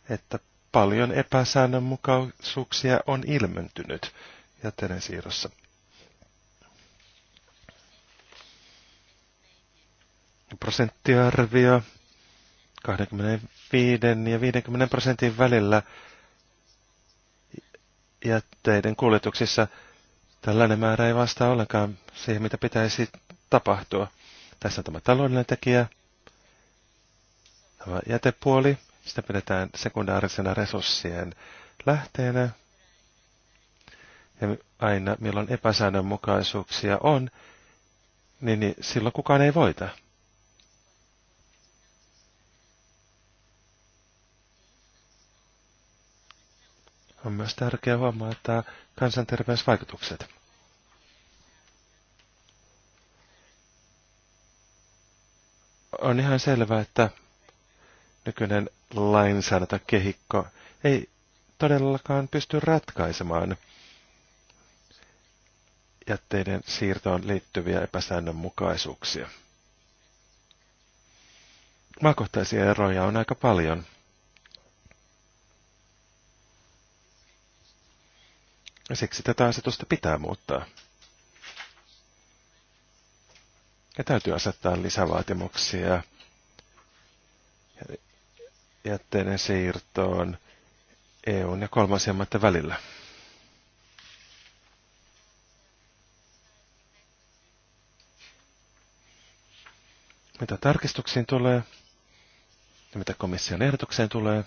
S2: että paljon epäsäännönmukaisuuksia on ilmentynyt jätteiden siirrossa. Prosenttiarvio 25 ja 50 prosentin välillä jätteiden kuljetuksissa – Tällainen määrä ei vastaa ollenkaan siihen, mitä pitäisi tapahtua. Tässä on tämä taloudellinen tekijä, tämä jätepuoli, sitä pidetään sekundaarisena resurssien lähteenä. Ja aina milloin epäsäännönmukaisuuksia on, niin, niin silloin kukaan ei voita. On myös tärkeää huomata kansanterveysvaikutukset. On ihan selvää, että nykyinen lainsäädäntökehikko ei todellakaan pysty ratkaisemaan jätteiden siirtoon liittyviä epäsäännönmukaisuuksia. Maakohtaisia eroja on aika paljon – Ja siksi tätä asetusta pitää muuttaa. Ja täytyy asettaa lisävaatimuksia jätteiden siirtoon EUn ja kolmansien maiden välillä. Mitä tarkistuksiin tulee ja mitä komission ehdotukseen tulee,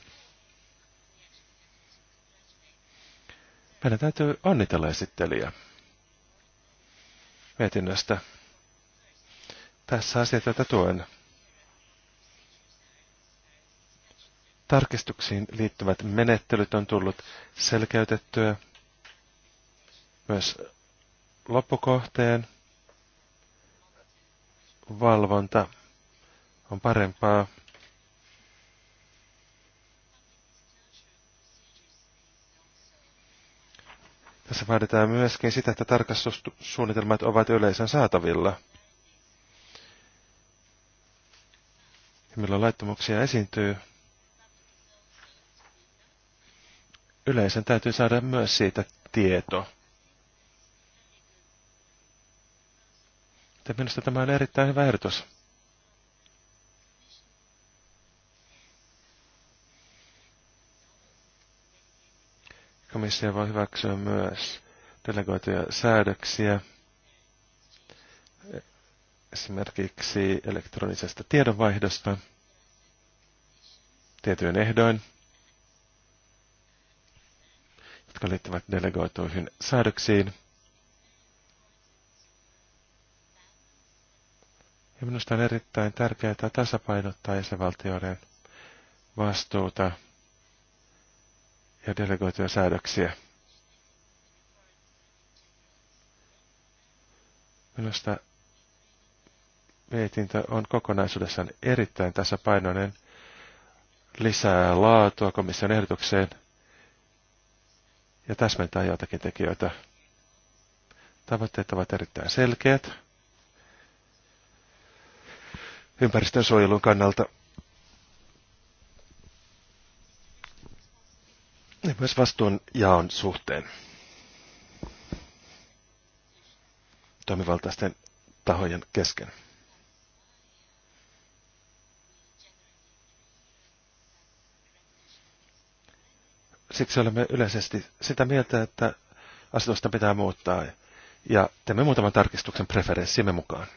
S2: Meidän täytyy onnitella esittelijä mietinnöstä. Tässä asiaa tuen. Tarkistuksiin liittyvät menettelyt on tullut selkeytettyä. Myös loppukohteen valvonta on parempaa. Tässä vaaditaan myöskin sitä, että tarkastussuunnitelmat ovat yleisön saatavilla. Ja milloin laittomuuksia esiintyy, yleisön täytyy saada myös siitä tieto. minusta tämä on erittäin hyvä ehdotus. Komissio voi hyväksyä myös delegoituja säädöksiä esimerkiksi elektronisesta tiedonvaihdosta tietyin ehdoin, jotka liittyvät delegoituihin säädöksiin. Ja minusta on erittäin tärkeää tasapainottaa jäsenvaltioiden vastuuta ja delegoituja säädöksiä. Minusta mietintö on kokonaisuudessaan erittäin tasapainoinen, lisää laatua komission ehdotukseen ja täsmentää joitakin tekijöitä. Tavoitteet ovat erittäin selkeät suojelun kannalta – ja myös jaon suhteen. toimivaltaisten tahojen kesken. Siksi olemme yleisesti sitä mieltä, että asetusta pitää muuttaa ja teemme muutaman tarkistuksen preferenssimme mukaan.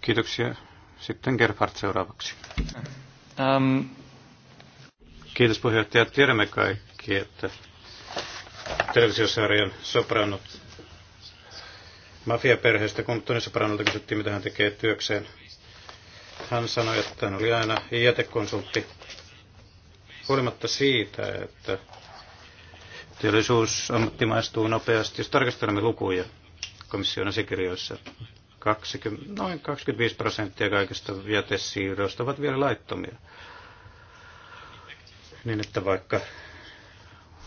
S4: Kiitoksia. Sitten Gerhard seuraavaksi. Um, Kiitos puheenjohtaja. Tiedämme kaikki, että televisiosarjan sopranot mafiaperheestä, kun Toni Sopranolta kysyttiin, mitä hän tekee työkseen. Hän sanoi, että hän oli aina jätekonsultti, huolimatta siitä, että teollisuus ammattimaistuu nopeasti. Jos tarkastelemme lukuja komission asiakirjoissa, 20, noin 25 prosenttia kaikista jätesiirroista ovat vielä laittomia niin että vaikka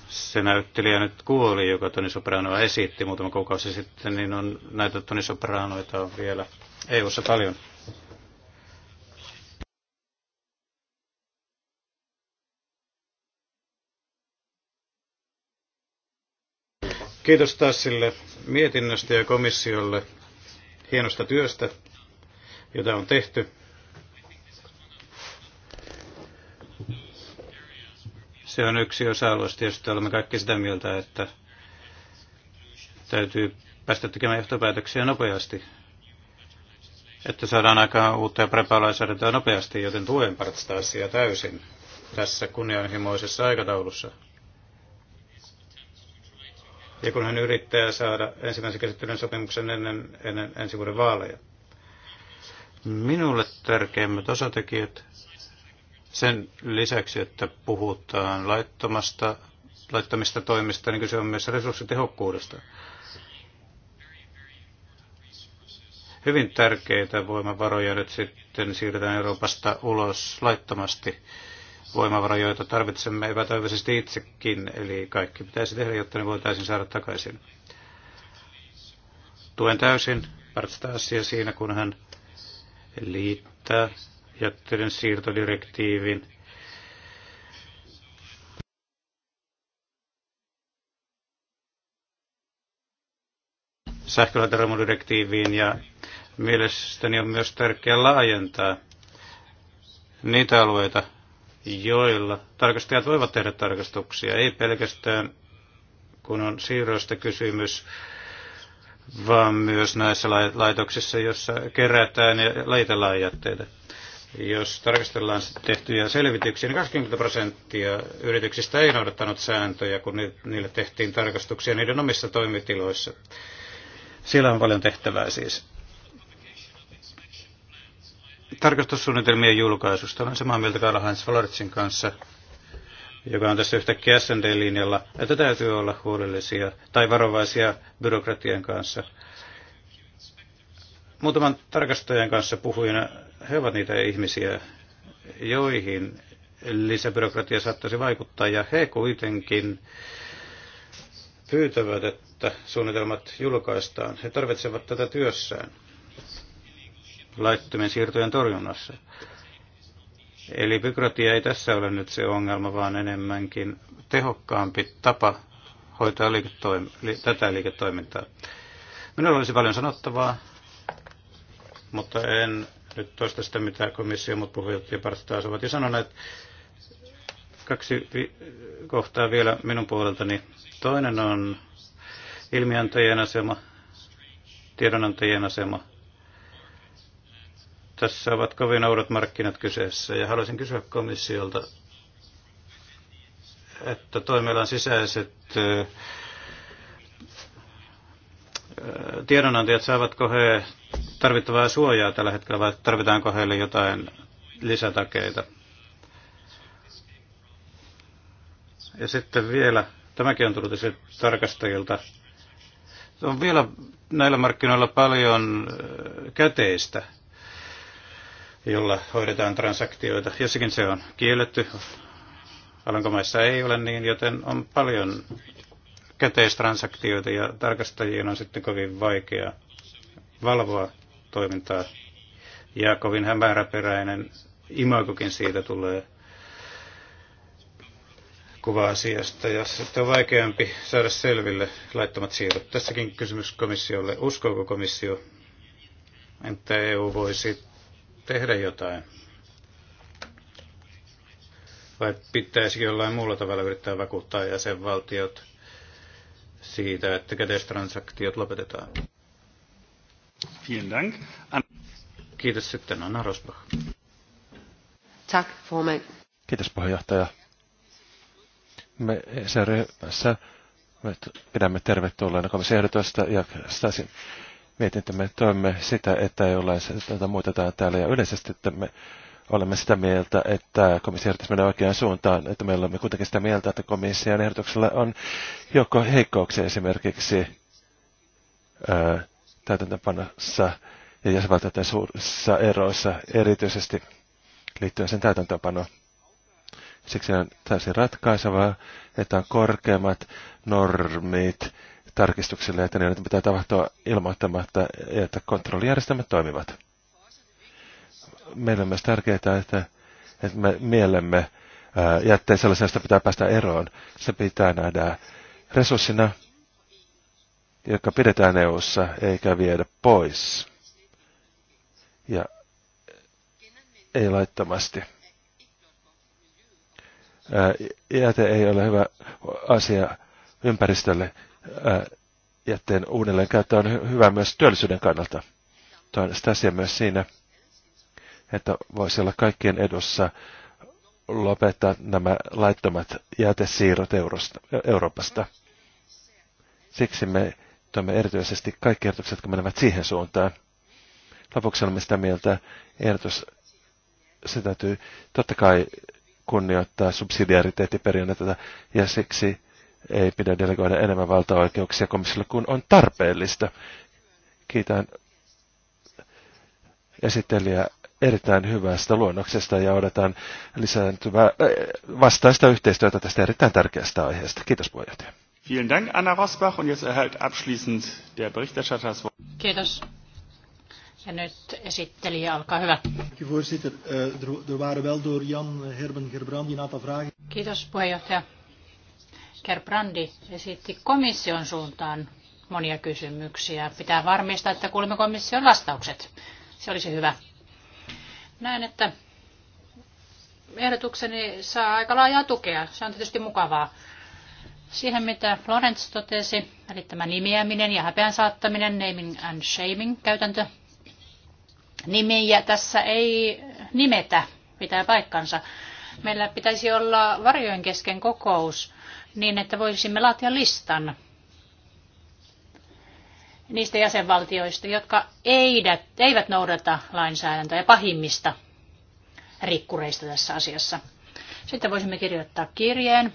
S4: se näyttelijä nyt kuoli, joka Toni Sopranoa esitti muutama kuukausi sitten, niin on näitä Toni Sopranoita on vielä EU-ssa paljon. Kiitos taas sille mietinnöstä ja komissiolle hienosta työstä, jota on tehty. Se on yksi osa-alueesta, josta olemme kaikki sitä mieltä, että täytyy päästä tekemään johtopäätöksiä nopeasti, että saadaan aikaan uutta ja parempaa lainsäädäntöä nopeasti, joten tuen partista asiaa täysin tässä kunnianhimoisessa aikataulussa. Ja kun hän yrittää saada ensimmäisen käsittelyn sopimuksen ennen, ennen ensi vuoden vaaleja. Minulle tärkeimmät osatekijät sen lisäksi, että puhutaan laittomasta, laittomista toimista, niin kyse on myös resurssitehokkuudesta. Hyvin tärkeitä voimavaroja nyt sitten siirretään Euroopasta ulos laittomasti voimavaroja, joita tarvitsemme epätoivoisesti itsekin, eli kaikki pitäisi tehdä, jotta ne voitaisiin saada takaisin. Tuen täysin Bartsta asia siinä, kun hän liittää jätteiden siirtodirektiivin. sähkölaiteromodirektiiviin ja mielestäni on myös tärkeää laajentaa niitä alueita, joilla tarkastajat voivat tehdä tarkastuksia, ei pelkästään kun on siirroista kysymys, vaan myös näissä laitoksissa, joissa kerätään ja laitellaan jätteitä. Jos tarkastellaan tehtyjä selvityksiä, niin 20 prosenttia yrityksistä ei noudattanut sääntöjä, kun niille tehtiin tarkastuksia niiden omissa toimitiloissa. Siellä on paljon tehtävää siis. Tarkastussuunnitelmien julkaisusta olen samaa mieltä Karl-Heinz Floritsin kanssa joka on tässä yhtäkkiä sd linjalla että täytyy olla huolellisia tai varovaisia byrokratian kanssa, Muutaman tarkastajan kanssa puhuin, he ovat niitä ihmisiä, joihin lisäbyrokratia saattaisi vaikuttaa, ja he kuitenkin pyytävät, että suunnitelmat julkaistaan. He tarvitsevat tätä työssään laittomien siirtojen torjunnassa. Eli byrokratia ei tässä ole nyt se ongelma, vaan enemmänkin tehokkaampi tapa hoitaa liiketoim- li- tätä liiketoimintaa. Minulla olisi paljon sanottavaa, mutta en nyt toista sitä, mitä komissio muut puheenjohtajat ja taas ovat jo sanoneet. Kaksi kohtaa vielä minun puoleltani. Toinen on ilmiantajien asema, tiedonantajien asema. Tässä ovat kovin oudot markkinat kyseessä ja haluaisin kysyä komissiolta, että toimialan sisäiset tiedonantajat, saavatko he tarvittavaa suojaa tällä hetkellä vai tarvitaanko heille jotain lisätakeita? Ja sitten vielä, tämäkin on tullut tarkastajilta, on vielä näillä markkinoilla paljon äh, käteistä, jolla hoidetaan transaktioita. Jossakin se on kielletty, Alankomaissa ei ole niin, joten on paljon käteistransaktioita ja tarkastajien on sitten kovin vaikea valvoa toimintaa. Ja kovin hämäräperäinen imagokin siitä tulee kuva-asiasta ja sitten on vaikeampi saada selville laittomat siirrot. Tässäkin kysymys komissiolle. Uskooko komissio, että EU voisi tehdä jotain? Vai pitäisikö jollain muulla tavalla yrittää vakuuttaa jäsenvaltiot siitä, että käteistransaktiot lopetetaan.
S2: Vielen Dank. Kiitos
S4: sitten Anna Rosbach.
S2: Tack, Kiitos puheenjohtaja. Me seuraavassa me pidämme tervetulleena komission ehdotusta ja Stasin mietintömme toimme sitä, että ei ole tätä täällä ja yleisesti että me olemme sitä mieltä, että komission ehdotus menee oikeaan suuntaan, että meillä olemme kuitenkin sitä mieltä, että komission ehdotuksella on joko heikkouksia esimerkiksi ää, täytäntöpanossa ja jäsenvaltioiden suurissa eroissa erityisesti liittyen sen täytäntöpanoon. Siksi on täysin ratkaisevaa, että on korkeammat normit tarkistuksille, että niiden pitää tapahtua ilmoittamatta, että kontrollijärjestelmät toimivat meille on myös tärkeää, että, että me mielemme jätteen sellaisesta pitää päästä eroon. Se pitää nähdä resurssina, joka pidetään EU:ssa eikä viedä pois. Ja ei laittomasti. Jäte ei ole hyvä asia ympäristölle. Jätteen uudelleen käyttö on hyvä myös työllisyyden kannalta. Tämä on sitä asia myös siinä, että voisi olla kaikkien edussa lopettaa nämä laittomat jätesiirrot Eurosta, Euroopasta. Siksi me tuomme erityisesti kaikki ehdotukset, jotka menevät siihen suuntaan. Lopuksi olemme sitä mieltä, ehdotus, se täytyy totta kai kunnioittaa subsidiariteettiperiaatetta, ja siksi ei pidä delegoida enemmän valtaoikeuksia komissiolle kuin on tarpeellista. Kiitän esittelijää erittäin hyvästä luonnoksesta ja odotan lisääntyvää äh, vastaista yhteistyötä tästä erittäin tärkeästä aiheesta. Kiitos puheenjohtaja.
S1: Vielen Dank, Anna Rosbach. Und jetzt erhält abschließend der Berichterstatter
S3: Kiitos. Ja nyt esittelijä, olkaa hyvä. Eh,
S2: er, er
S3: Kiitos puheenjohtaja. Gerbrandi esitti komission suuntaan monia kysymyksiä. Pitää varmistaa, että kuulemme komission vastaukset. Se olisi hyvä. Näen, että ehdotukseni saa aika laajaa tukea. Se on tietysti mukavaa. Siihen, mitä Florence totesi, eli tämä nimeäminen ja häpeän saattaminen, naming and shaming käytäntö. Nimiä tässä ei nimetä, pitää paikkansa. Meillä pitäisi olla varjojen kesken kokous niin, että voisimme laatia listan niistä jäsenvaltioista, jotka eivät, eivät noudata lainsäädäntöä ja pahimmista rikkureista tässä asiassa. Sitten voisimme kirjoittaa kirjeen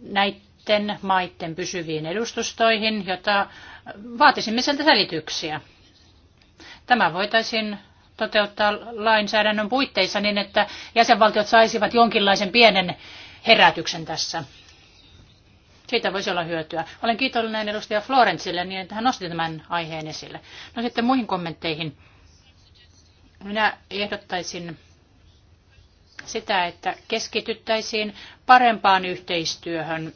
S3: näiden maiden pysyviin edustustoihin, jota vaatisimme sieltä selityksiä. Tämä voitaisiin toteuttaa lainsäädännön puitteissa niin, että jäsenvaltiot saisivat jonkinlaisen pienen herätyksen tässä siitä voisi olla hyötyä. Olen kiitollinen edustaja Florentsille niin, että hän nosti tämän aiheen esille. No sitten muihin kommentteihin. Minä ehdottaisin sitä, että keskityttäisiin parempaan yhteistyöhön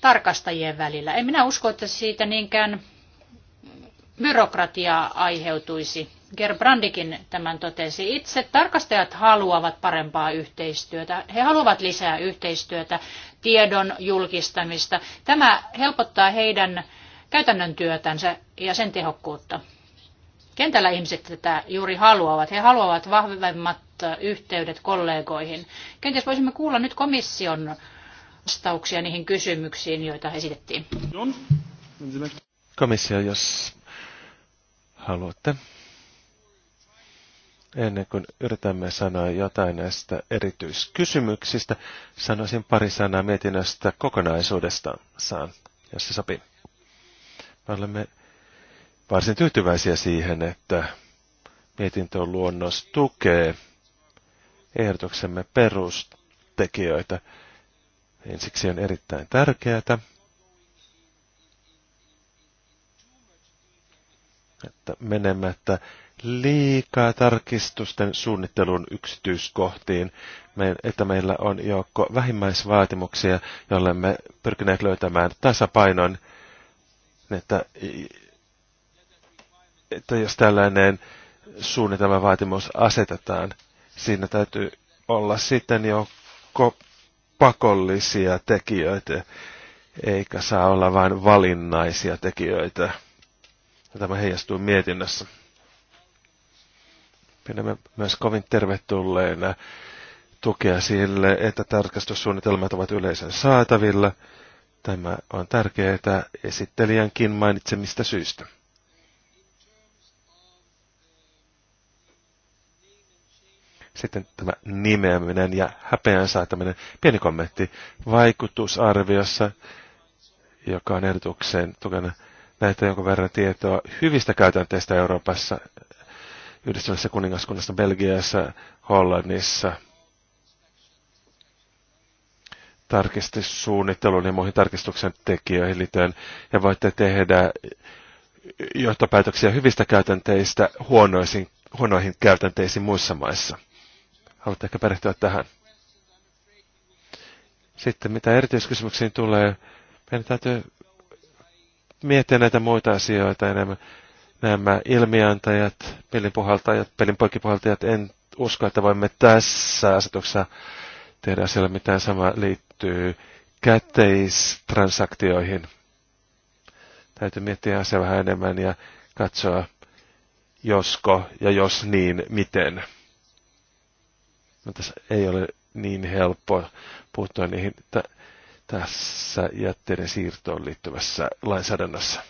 S3: tarkastajien välillä. En minä usko, että siitä niinkään byrokratiaa aiheutuisi Gerbrandikin tämän totesi. Itse tarkastajat haluavat parempaa yhteistyötä. He haluavat lisää yhteistyötä, tiedon julkistamista. Tämä helpottaa heidän käytännön työtänsä ja sen tehokkuutta. Kentällä ihmiset tätä juuri haluavat. He haluavat vahvemmat yhteydet kollegoihin. Kenties voisimme kuulla nyt komission vastauksia niihin kysymyksiin, joita esitettiin.
S2: Komissio, jos haluatte. Ennen kuin yritämme sanoa jotain näistä erityiskysymyksistä, sanoisin pari sanaa mietinnöstä saan, jos se sopii. Me olemme varsin tyytyväisiä siihen, että mietintöön luonnos tukee ehdotuksemme perustekijöitä. Ensiksi on erittäin tärkeää, että menemättä liikaa tarkistusten suunnittelun yksityiskohtiin, että meillä on joukko vähimmäisvaatimuksia, jolle me pyrkineet löytämään tasapainon, että, että jos tällainen suunnitelmavaatimus asetetaan, siinä täytyy olla sitten joukko pakollisia tekijöitä, eikä saa olla vain valinnaisia tekijöitä. Tämä heijastuu mietinnössä. Pidämme myös kovin tervetulleena tukea sille, että tarkastussuunnitelmat ovat yleisön saatavilla. Tämä on tärkeää esittelijänkin mainitsemista syistä. Sitten tämä nimeäminen ja häpeän saattaminen. Pieni kommentti. Vaikutusarviossa, joka on ehdotuksen tukena, näitä jonkun verran tietoa hyvistä käytänteistä Euroopassa, yhdistyneessä kuningaskunnassa, Belgiassa, Hollannissa tarkistussuunnitteluun ja muihin tarkistuksen tekijöihin liittyen, ja voitte tehdä johtopäätöksiä hyvistä käytänteistä huonoisiin, huonoihin käytänteisiin muissa maissa. Haluatte ehkä perehtyä tähän. Sitten mitä erityiskysymyksiin tulee, meidän täytyy miettiä näitä muita asioita enemmän nämä ilmiantajat, pelinpohjaltajat, pelinpoikipohjaltajat, en usko, että voimme tässä asetuksessa tehdä siellä mitään. Sama liittyy käteistransaktioihin. Täytyy miettiä asiaa vähän enemmän ja katsoa, josko ja jos niin, miten. Mutta no, tässä ei ole niin helppo puuttua niihin tässä jätteiden siirtoon liittyvässä lainsäädännössä.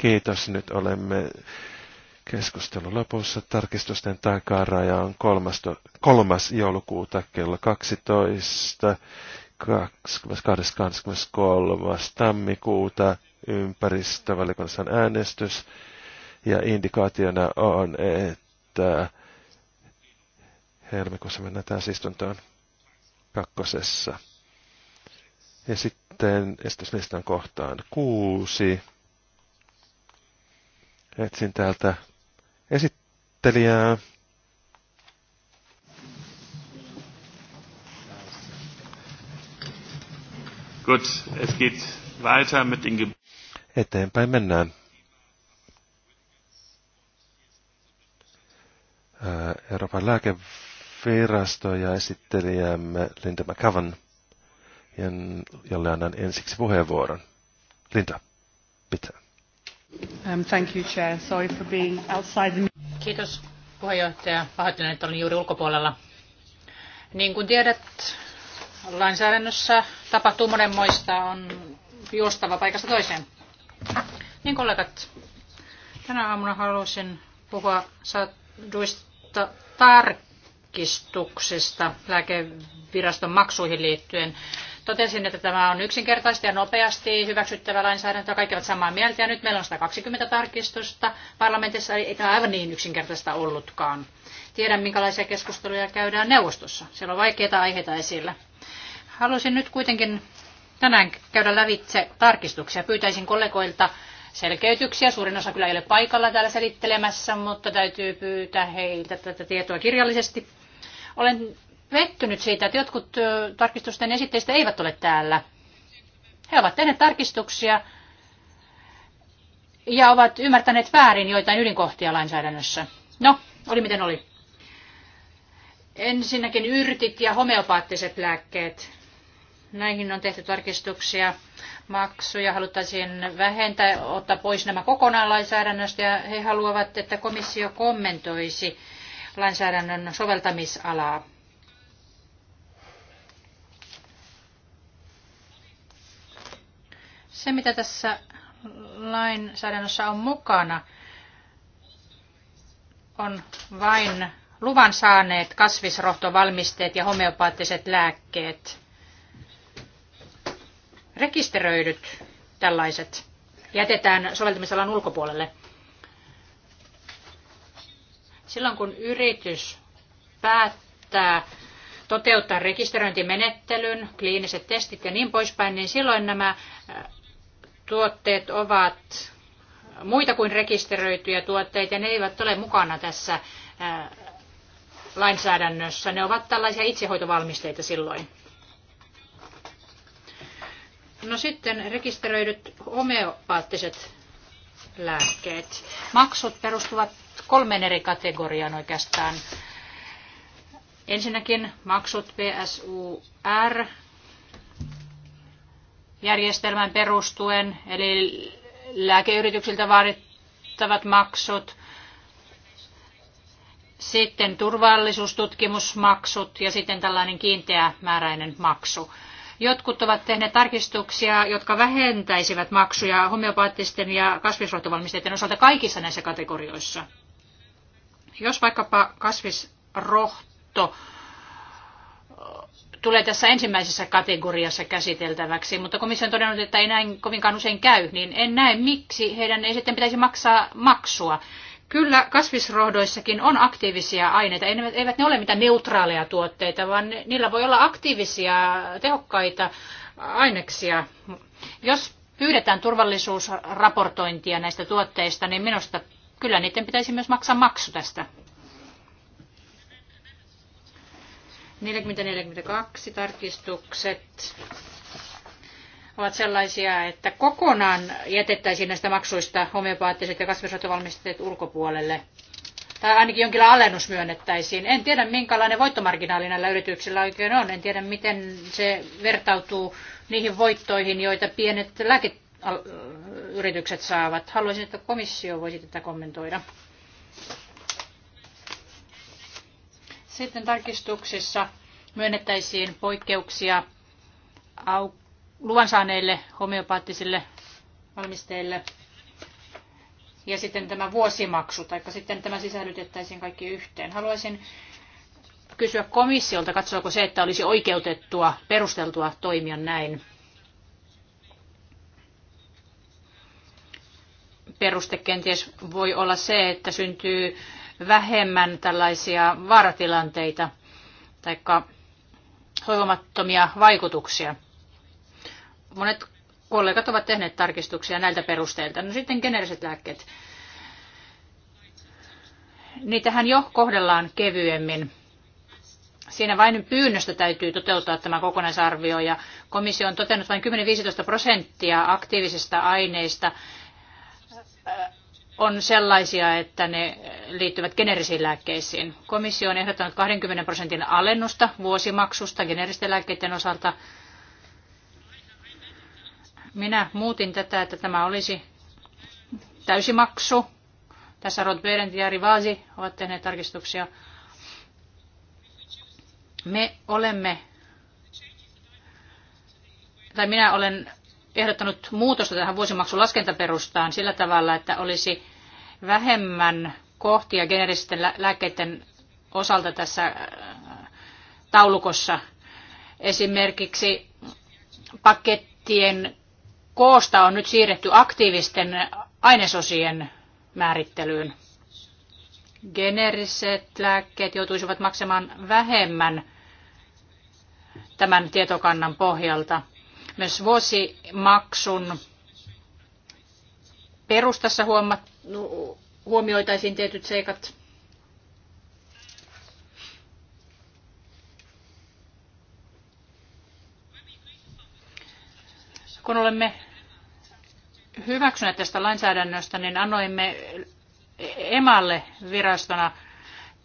S2: Kiitos. Nyt olemme keskustelun lopussa. Tarkistusten takaraja on kolmas, kolmas joulukuuta kello 12. 23. tammikuuta ympäristövaliokunnassa äänestys. Ja indikaationa on, että helmikuussa mennään istuntoon kakkosessa. Ja sitten esityslistan kohtaan kuusi. Etsin täältä esittelijää.
S1: Gut, es geht weiter mit den
S2: Eteenpäin mennään. Äh, Euroopan lääkevirasto ja esittelijämme Linda McCavan, jolle annan ensiksi puheenvuoron. Linda, pitää.
S3: Um, thank you, Chair. Sorry for being outside the... Kiitos puheenjohtaja. Pahoittelen, että olin juuri ulkopuolella. Niin kuin tiedät, lainsäädännössä tapahtuu monenmoista, on juostava paikasta toiseen. Niin kollegat, tänä aamuna halusin puhua saaduista tarkistuksista lääkeviraston maksuihin liittyen. Totesin, että tämä on yksinkertaisesti ja nopeasti hyväksyttävä lainsäädäntö, kaikki ovat samaa mieltä ja nyt meillä on 120 tarkistusta parlamentissa, ei tämä aivan niin yksinkertaista ollutkaan. Tiedän, minkälaisia keskusteluja käydään neuvostossa. Siellä on vaikeita aiheita esillä. Haluaisin nyt kuitenkin tänään käydä lävitse tarkistuksia. Pyytäisin kollegoilta selkeytyksiä. Suurin osa kyllä ei ole paikalla täällä selittelemässä, mutta täytyy pyytää heiltä tätä tietoa kirjallisesti. Olen pettynyt siitä, että jotkut tarkistusten esitteistä eivät ole täällä. He ovat tehneet tarkistuksia ja ovat ymmärtäneet väärin joitain ydinkohtia lainsäädännössä. No, oli miten oli. Ensinnäkin yrtit ja homeopaattiset lääkkeet. Näihin on tehty tarkistuksia. Maksuja haluttaisiin vähentää, ottaa pois nämä kokonaan lainsäädännöstä ja he haluavat, että komissio kommentoisi lainsäädännön soveltamisalaa. Se, mitä tässä lainsäädännössä on mukana, on vain luvan saaneet kasvisrohtovalmisteet ja homeopaattiset lääkkeet. Rekisteröidyt tällaiset jätetään soveltamisalan ulkopuolelle. Silloin kun yritys päättää toteuttaa rekisteröintimenettelyn, kliiniset testit ja niin poispäin, niin silloin nämä tuotteet ovat muita kuin rekisteröityjä tuotteita, ja ne eivät ole mukana tässä lainsäädännössä. Ne ovat tällaisia itsehoitovalmisteita silloin. No sitten rekisteröidyt homeopaattiset lääkkeet. Maksut perustuvat kolmeen eri kategoriaan oikeastaan. Ensinnäkin maksut PSUR, järjestelmän perustuen, eli lääkeyrityksiltä vaadittavat maksut, sitten turvallisuustutkimusmaksut ja sitten tällainen määräinen maksu. Jotkut ovat tehneet tarkistuksia, jotka vähentäisivät maksuja homeopaattisten ja kasvisrohtovalmisteiden osalta kaikissa näissä kategorioissa. Jos vaikkapa kasvisrohto tulee tässä ensimmäisessä kategoriassa käsiteltäväksi, mutta komissio on todennut, että ei näin kovinkaan usein käy, niin en näe miksi heidän ei sitten pitäisi maksaa maksua. Kyllä kasvisrohdoissakin on aktiivisia aineita, eivät ne ole mitään neutraaleja tuotteita, vaan niillä voi olla aktiivisia, tehokkaita aineksia. Jos pyydetään turvallisuusraportointia näistä tuotteista, niin minusta kyllä niiden pitäisi myös maksaa maksu tästä. 40-42 tarkistukset ovat sellaisia, että kokonaan jätettäisiin näistä maksuista homeopaattiset ja kasvisrotovalmisteet ulkopuolelle. Tai ainakin jonkinlainen alennus myönnettäisiin. En tiedä, minkälainen voittomarginaali näillä yrityksillä oikein on. En tiedä, miten se vertautuu niihin voittoihin, joita pienet lääkeyritykset saavat. Haluaisin, että komissio voisi tätä kommentoida. Sitten tarkistuksissa myönnettäisiin poikkeuksia au- luvan saaneille homeopaattisille valmisteille. Ja sitten tämä vuosimaksu, tai sitten tämä sisällytettäisiin kaikki yhteen. Haluaisin kysyä komissiolta, katsoako se, että olisi oikeutettua, perusteltua toimia näin. Peruste kenties voi olla se, että syntyy vähemmän tällaisia vaaratilanteita tai hoivamattomia vaikutuksia. Monet kollegat ovat tehneet tarkistuksia näiltä perusteilta. No sitten generiset lääkkeet. Niitähän jo kohdellaan kevyemmin. Siinä vain pyynnöstä täytyy toteuttaa tämä kokonaisarvio ja komissio on totenut vain 10-15 prosenttia aktiivisista aineista on sellaisia, että ne liittyvät generisiin lääkkeisiin. Komissio on ehdottanut 20 prosentin alennusta vuosimaksusta generisten lääkkeiden osalta. Minä muutin tätä, että tämä olisi täysimaksu. Tässä Rod Berend ja Rivasi ovat tehneet tarkistuksia. Me olemme, tai minä olen ehdottanut muutosta tähän vuosimaksun laskentaperustaan sillä tavalla, että olisi vähemmän kohtia geneeristen lääkkeiden osalta tässä äh, taulukossa. Esimerkiksi pakettien koosta on nyt siirretty aktiivisten ainesosien määrittelyyn. Geneeriset lääkkeet joutuisivat maksamaan vähemmän tämän tietokannan pohjalta. Myös vuosimaksun perustassa huomat, huomioitaisiin tietyt seikat. Kun olemme hyväksyneet tästä lainsäädännöstä, niin annoimme emalle virastona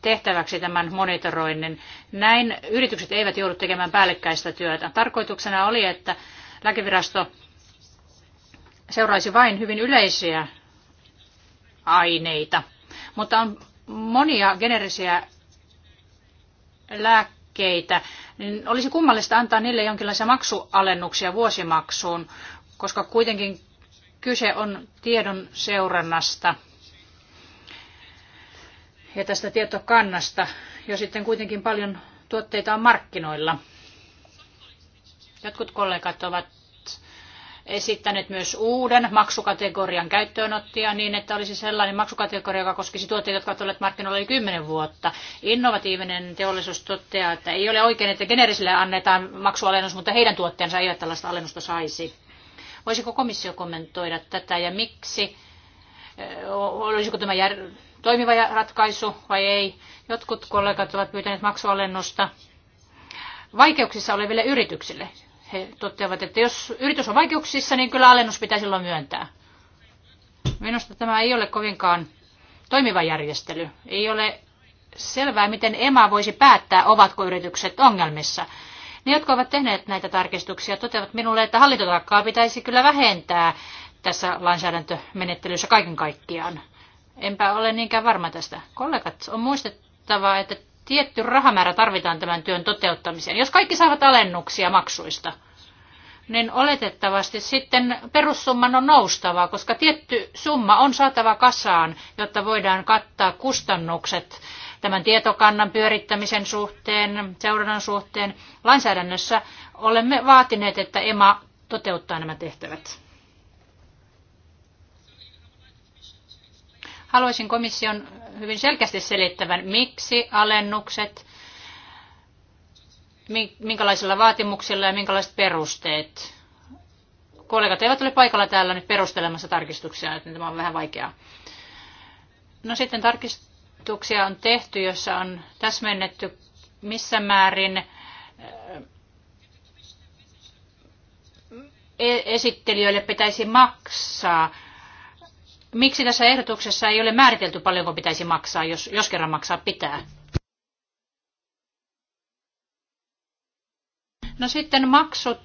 S3: tehtäväksi tämän monitoroinnin. Näin yritykset eivät joudu tekemään päällekkäistä työtä. Tarkoituksena oli, että lääkevirasto seuraisi vain hyvin yleisiä aineita. Mutta on monia generisiä lääkkeitä, niin olisi kummallista antaa niille jonkinlaisia maksualennuksia vuosimaksuun, koska kuitenkin kyse on tiedon seurannasta ja tästä tietokannasta, jo sitten kuitenkin paljon tuotteita on markkinoilla. Jotkut kollegat ovat esittäneet myös uuden maksukategorian käyttöönottia niin, että olisi sellainen maksukategoria, joka koskisi tuotteita, jotka ovat olleet markkinoilla yli kymmenen vuotta. Innovatiivinen teollisuus toteaa, että ei ole oikein, että generisille annetaan maksualennus, mutta heidän tuotteensa eivät tällaista alennusta saisi. Voisiko komissio kommentoida tätä ja miksi? Olisiko tämä jär- toimiva ratkaisu vai ei? Jotkut kollegat ovat pyytäneet maksualennusta vaikeuksissa oleville yrityksille. He toteavat, että jos yritys on vaikeuksissa, niin kyllä alennus pitää silloin myöntää. Minusta tämä ei ole kovinkaan toimiva järjestely. Ei ole selvää, miten EMA voisi päättää, ovatko yritykset ongelmissa. Ne, jotka ovat tehneet näitä tarkistuksia, toteavat minulle, että hallintotaakkaa pitäisi kyllä vähentää tässä lainsäädäntömenettelyssä kaiken kaikkiaan. Enpä ole niinkään varma tästä. Kollegat, on muistettava, että tietty rahamäärä tarvitaan tämän työn toteuttamiseen. Jos kaikki saavat alennuksia maksuista, niin oletettavasti sitten perussumman on noustava, koska tietty summa on saatava kasaan, jotta voidaan kattaa kustannukset tämän tietokannan pyörittämisen suhteen, seurannan suhteen. Lainsäädännössä olemme vaatineet, että EMA toteuttaa nämä tehtävät. Haluaisin komission hyvin selkeästi selittävän, miksi alennukset, minkälaisilla vaatimuksilla ja minkälaiset perusteet. Kollegat eivät ole paikalla täällä nyt perustelemassa tarkistuksia, että tämä on vähän vaikeaa. No sitten tarkistuksia on tehty, jossa on täsmennetty missä määrin e, esittelijöille pitäisi maksaa miksi tässä ehdotuksessa ei ole määritelty paljonko pitäisi maksaa, jos, jos kerran maksaa pitää? No sitten maksut,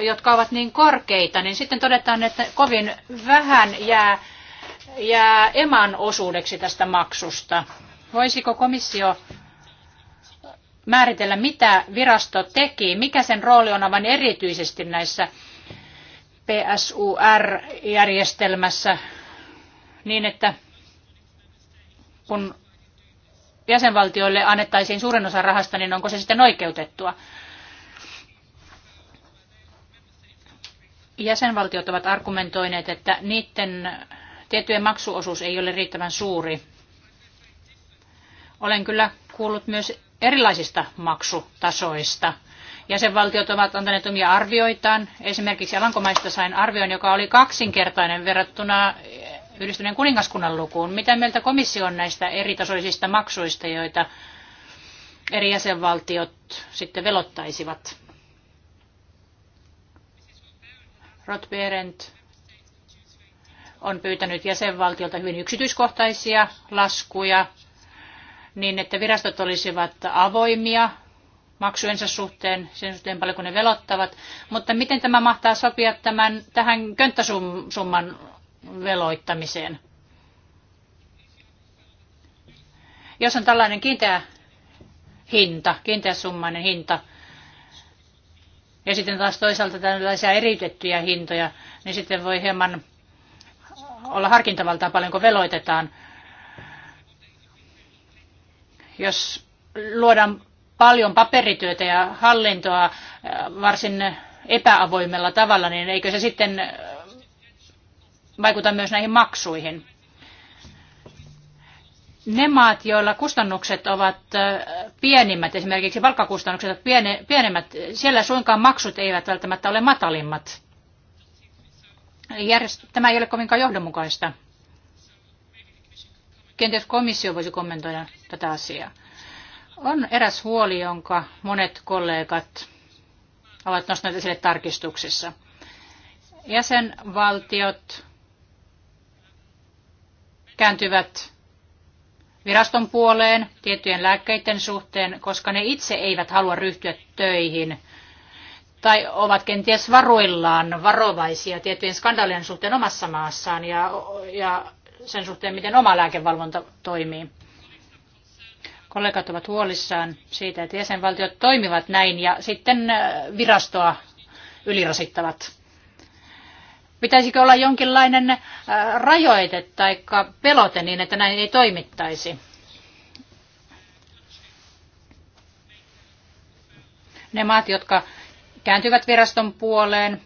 S3: jotka ovat niin korkeita, niin sitten todetaan, että kovin vähän jää, jää eman osuudeksi tästä maksusta. Voisiko komissio määritellä, mitä virasto teki, mikä sen rooli on aivan erityisesti näissä PSUR-järjestelmässä niin, että kun jäsenvaltioille annettaisiin suurin osa rahasta, niin onko se sitten oikeutettua? Jäsenvaltiot ovat argumentoineet, että niiden tiettyjen maksuosuus ei ole riittävän suuri. Olen kyllä kuullut myös erilaisista maksutasoista. Jäsenvaltiot ovat antaneet omia arvioitaan. Esimerkiksi Alankomaista sain arvion, joka oli kaksinkertainen verrattuna yhdistyneen kuningaskunnan lukuun. Mitä mieltä komissio on näistä eritasoisista maksuista, joita eri jäsenvaltiot sitten velottaisivat? Rotberent on pyytänyt jäsenvaltiolta hyvin yksityiskohtaisia laskuja, niin että virastot olisivat avoimia maksuensa suhteen, sen suhteen paljon kuin ne velottavat. Mutta miten tämä mahtaa sopia tämän, tähän könttäsumman veloittamiseen. Jos on tällainen kiinteä hinta, kiinteäsummainen hinta, ja sitten taas toisaalta tällaisia eriytettyjä hintoja, niin sitten voi hieman olla harkintavaltaa paljonko veloitetaan. Jos luodaan paljon paperityötä ja hallintoa äh, varsin epäavoimella tavalla, niin eikö se sitten vaikuta myös näihin maksuihin. Ne maat, joilla kustannukset ovat pienimmät, esimerkiksi palkkakustannukset ovat pienemmät, siellä suinkaan maksut eivät välttämättä ole matalimmat. Tämä ei ole kovinkaan johdonmukaista. Kenties komissio voisi kommentoida tätä asiaa. On eräs huoli, jonka monet kollegat ovat nostaneet esille tarkistuksissa. Jäsenvaltiot kääntyvät viraston puoleen tiettyjen lääkkeiden suhteen, koska ne itse eivät halua ryhtyä töihin tai ovat kenties varuillaan varovaisia tiettyjen skandaalien suhteen omassa maassaan ja, ja sen suhteen, miten oma lääkevalvonta toimii. Kollegat ovat huolissaan siitä, että jäsenvaltiot toimivat näin ja sitten äh, virastoa ylirasittavat. Pitäisikö olla jonkinlainen äh, rajoite tai pelote niin, että näin ei toimittaisi? Ne maat, jotka kääntyvät viraston puoleen,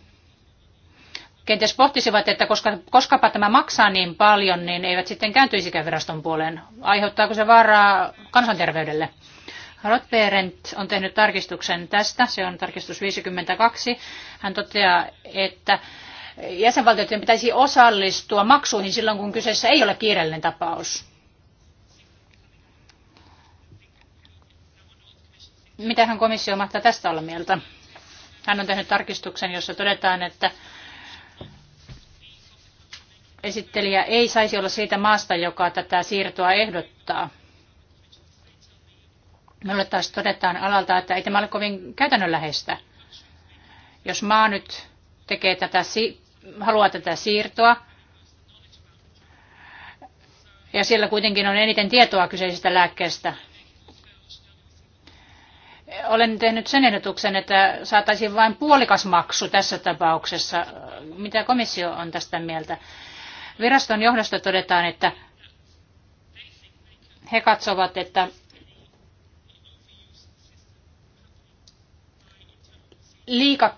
S3: kenties pohtisivat, että koska, koskapa tämä maksaa niin paljon, niin eivät sitten kääntyisikään viraston puoleen. Aiheuttaako se vaaraa kansanterveydelle? Rotberent on tehnyt tarkistuksen tästä, se on tarkistus 52. Hän toteaa, että jäsenvaltioiden pitäisi osallistua maksuihin silloin, kun kyseessä ei ole kiireellinen tapaus. Mitähän komissio mahtaa tästä olla mieltä? Hän on tehnyt tarkistuksen, jossa todetaan, että esittelijä ei saisi olla siitä maasta, joka tätä siirtoa ehdottaa. Minulle taas todetaan alalta, että ei tämä ole kovin käytännönläheistä. Jos maa nyt tekee tätä si- haluaa tätä siirtoa. Ja siellä kuitenkin on eniten tietoa kyseisestä lääkkeestä. Olen tehnyt sen ehdotuksen, että saataisiin vain puolikas maksu tässä tapauksessa. Mitä komissio on tästä mieltä? Viraston johdosta todetaan, että he katsovat, että liika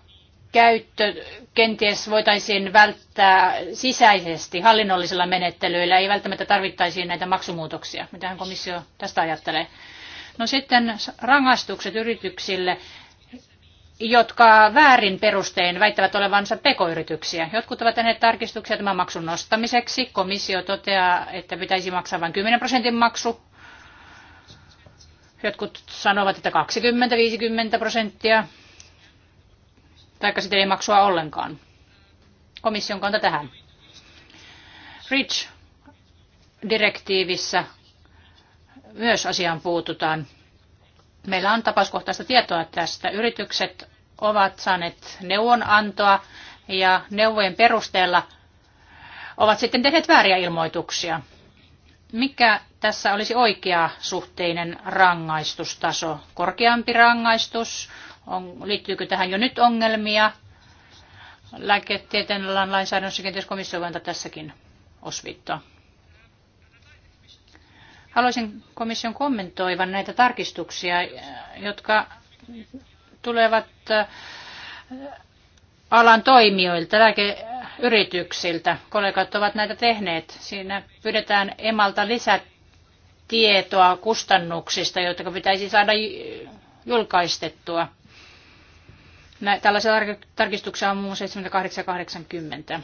S3: käyttö kenties voitaisiin välttää sisäisesti hallinnollisilla menettelyillä. Ei välttämättä tarvittaisi näitä maksumuutoksia. Mitähän komissio tästä ajattelee? No sitten rangaistukset yrityksille, jotka väärin perustein väittävät olevansa pekoyrityksiä. Jotkut ovat tehneet tarkistuksia tämän maksun nostamiseksi. Komissio toteaa, että pitäisi maksaa vain 10 prosentin maksu. Jotkut sanovat, että 20-50 prosenttia taikka sitten ei maksua ollenkaan. Komission kanta tähän. REACH-direktiivissä myös asiaan puututaan. Meillä on tapauskohtaista tietoa tästä. Yritykset ovat saaneet neuvonantoa ja neuvojen perusteella ovat sitten tehneet vääriä ilmoituksia. Mikä tässä olisi oikea suhteinen rangaistustaso? Korkeampi rangaistus, on, liittyykö tähän jo nyt ongelmia? Lääketieteen alan lainsäädännössä kenties komissio voi antaa tässäkin osviittaa. Haluaisin komission kommentoivan näitä tarkistuksia, jotka tulevat äh, alan toimijoilta, lääkeyrityksiltä. Kollegat ovat näitä tehneet. Siinä pyydetään emalta lisätietoa kustannuksista, jotka pitäisi saada julkaistettua. Nä, tällaisia tarkistuksia on muun muassa 7880.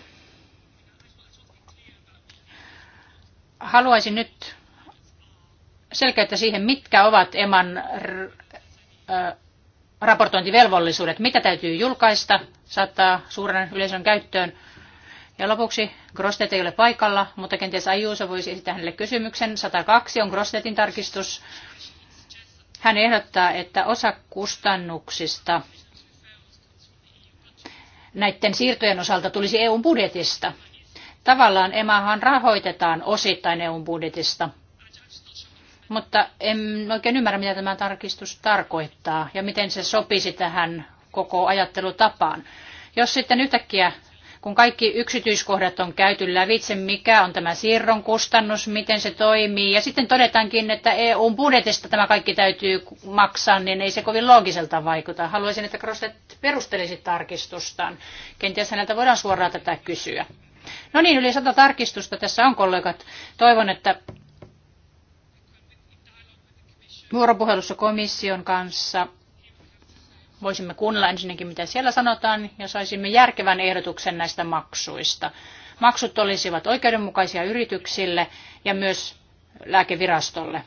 S3: Haluaisin nyt selkeyttä siihen, mitkä ovat EMAN raportointivelvollisuudet, mitä täytyy julkaista, saattaa suuren yleisön käyttöön. Ja lopuksi Grostet ei ole paikalla, mutta kenties Ajuusa voisi esittää hänelle kysymyksen. 102 on Grostetin tarkistus. Hän ehdottaa, että osa kustannuksista näiden siirtojen osalta tulisi EUn budjetista. Tavallaan EMAhan rahoitetaan osittain EUn budjetista. Mutta en oikein ymmärrä, mitä tämä tarkistus tarkoittaa ja miten se sopisi tähän koko ajattelutapaan. Jos sitten yhtäkkiä kun kaikki yksityiskohdat on käyty lävitse, mikä on tämä siirron kustannus, miten se toimii, ja sitten todetaankin, että EUn budjetista tämä kaikki täytyy maksaa, niin ei se kovin loogiselta vaikuta. Haluaisin, että Krostet perustelisi tarkistustaan. Kenties häneltä voidaan suoraan tätä kysyä. No niin, yli sata tarkistusta tässä on kollegat. Toivon, että vuoropuhelussa komission kanssa voisimme kuunnella ensinnäkin, mitä siellä sanotaan, ja saisimme järkevän ehdotuksen näistä maksuista. Maksut olisivat oikeudenmukaisia yrityksille ja myös lääkevirastolle.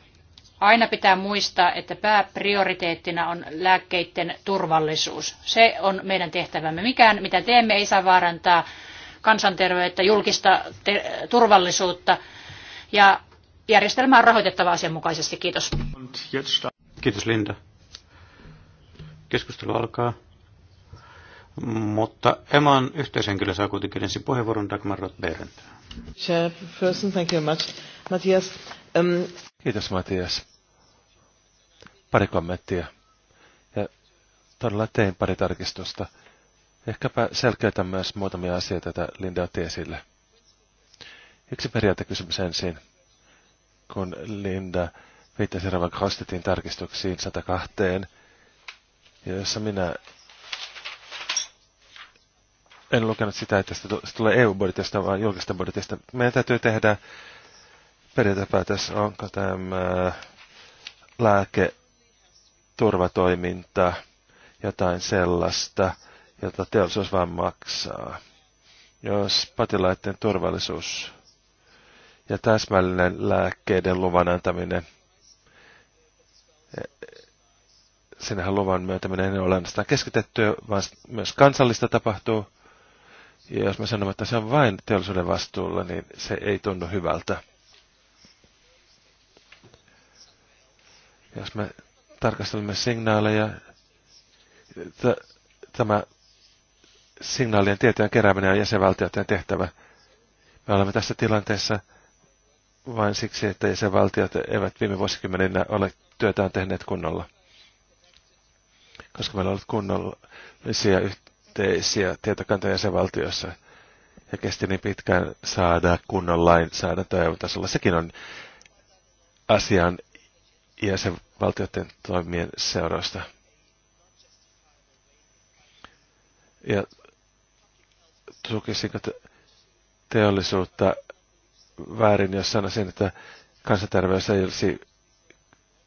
S3: Aina pitää muistaa, että pääprioriteettina on lääkkeiden turvallisuus. Se on meidän tehtävämme. Mikään, mitä teemme, ei saa vaarantaa kansanterveyttä, julkista turvallisuutta. Ja järjestelmä on rahoitettava asianmukaisesti. Kiitos.
S4: Kiitos Linda. Keskustelu alkaa. Mutta Eman yhteishenkilö saa kuitenkin ensin puheenvuoron Dagmar roth
S1: Chairperson, thank you much. Matthias.
S2: Um... Kiitos Matias. Pari kommenttia. Ja todella tein pari tarkistusta. Ehkäpä selkeytän myös muutamia asioita, joita Linda otti esille. Yksi periaatekysymys ensin, kun Linda viittasi Rava Kostetin tarkistuksiin 102 jossa minä en lukenut sitä, että se tulee EU-budjetista, vaan julkista budjetista. Meidän täytyy tehdä periaatepäätös, onko tämä lääketurvatoiminta jotain sellaista, jota teollisuus vaan maksaa. Jos patilaiden turvallisuus ja täsmällinen lääkkeiden luvan antaminen sinähän luvan myötä ei ole ainoastaan keskitettyä, vaan myös kansallista tapahtuu. Ja jos me sanomme, että se on vain teollisuuden vastuulla, niin se ei tunnu hyvältä. Jos me tarkastelemme signaaleja, tämä signaalien tietojen kerääminen on jäsenvaltioiden tehtävä. Me olemme tässä tilanteessa vain siksi, että jäsenvaltiot eivät viime vuosikymmeninä ole työtään tehneet kunnolla koska meillä on ollut kunnollisia yhteisiä tietokantoja jäsenvaltioissa ja kesti niin pitkään saada kunnon lainsäädäntöä EU-tasolla. Sekin on asian jäsenvaltioiden toimien seurausta. Ja tukisinko teollisuutta väärin, jos sanoisin, että kansanterveys ei olisi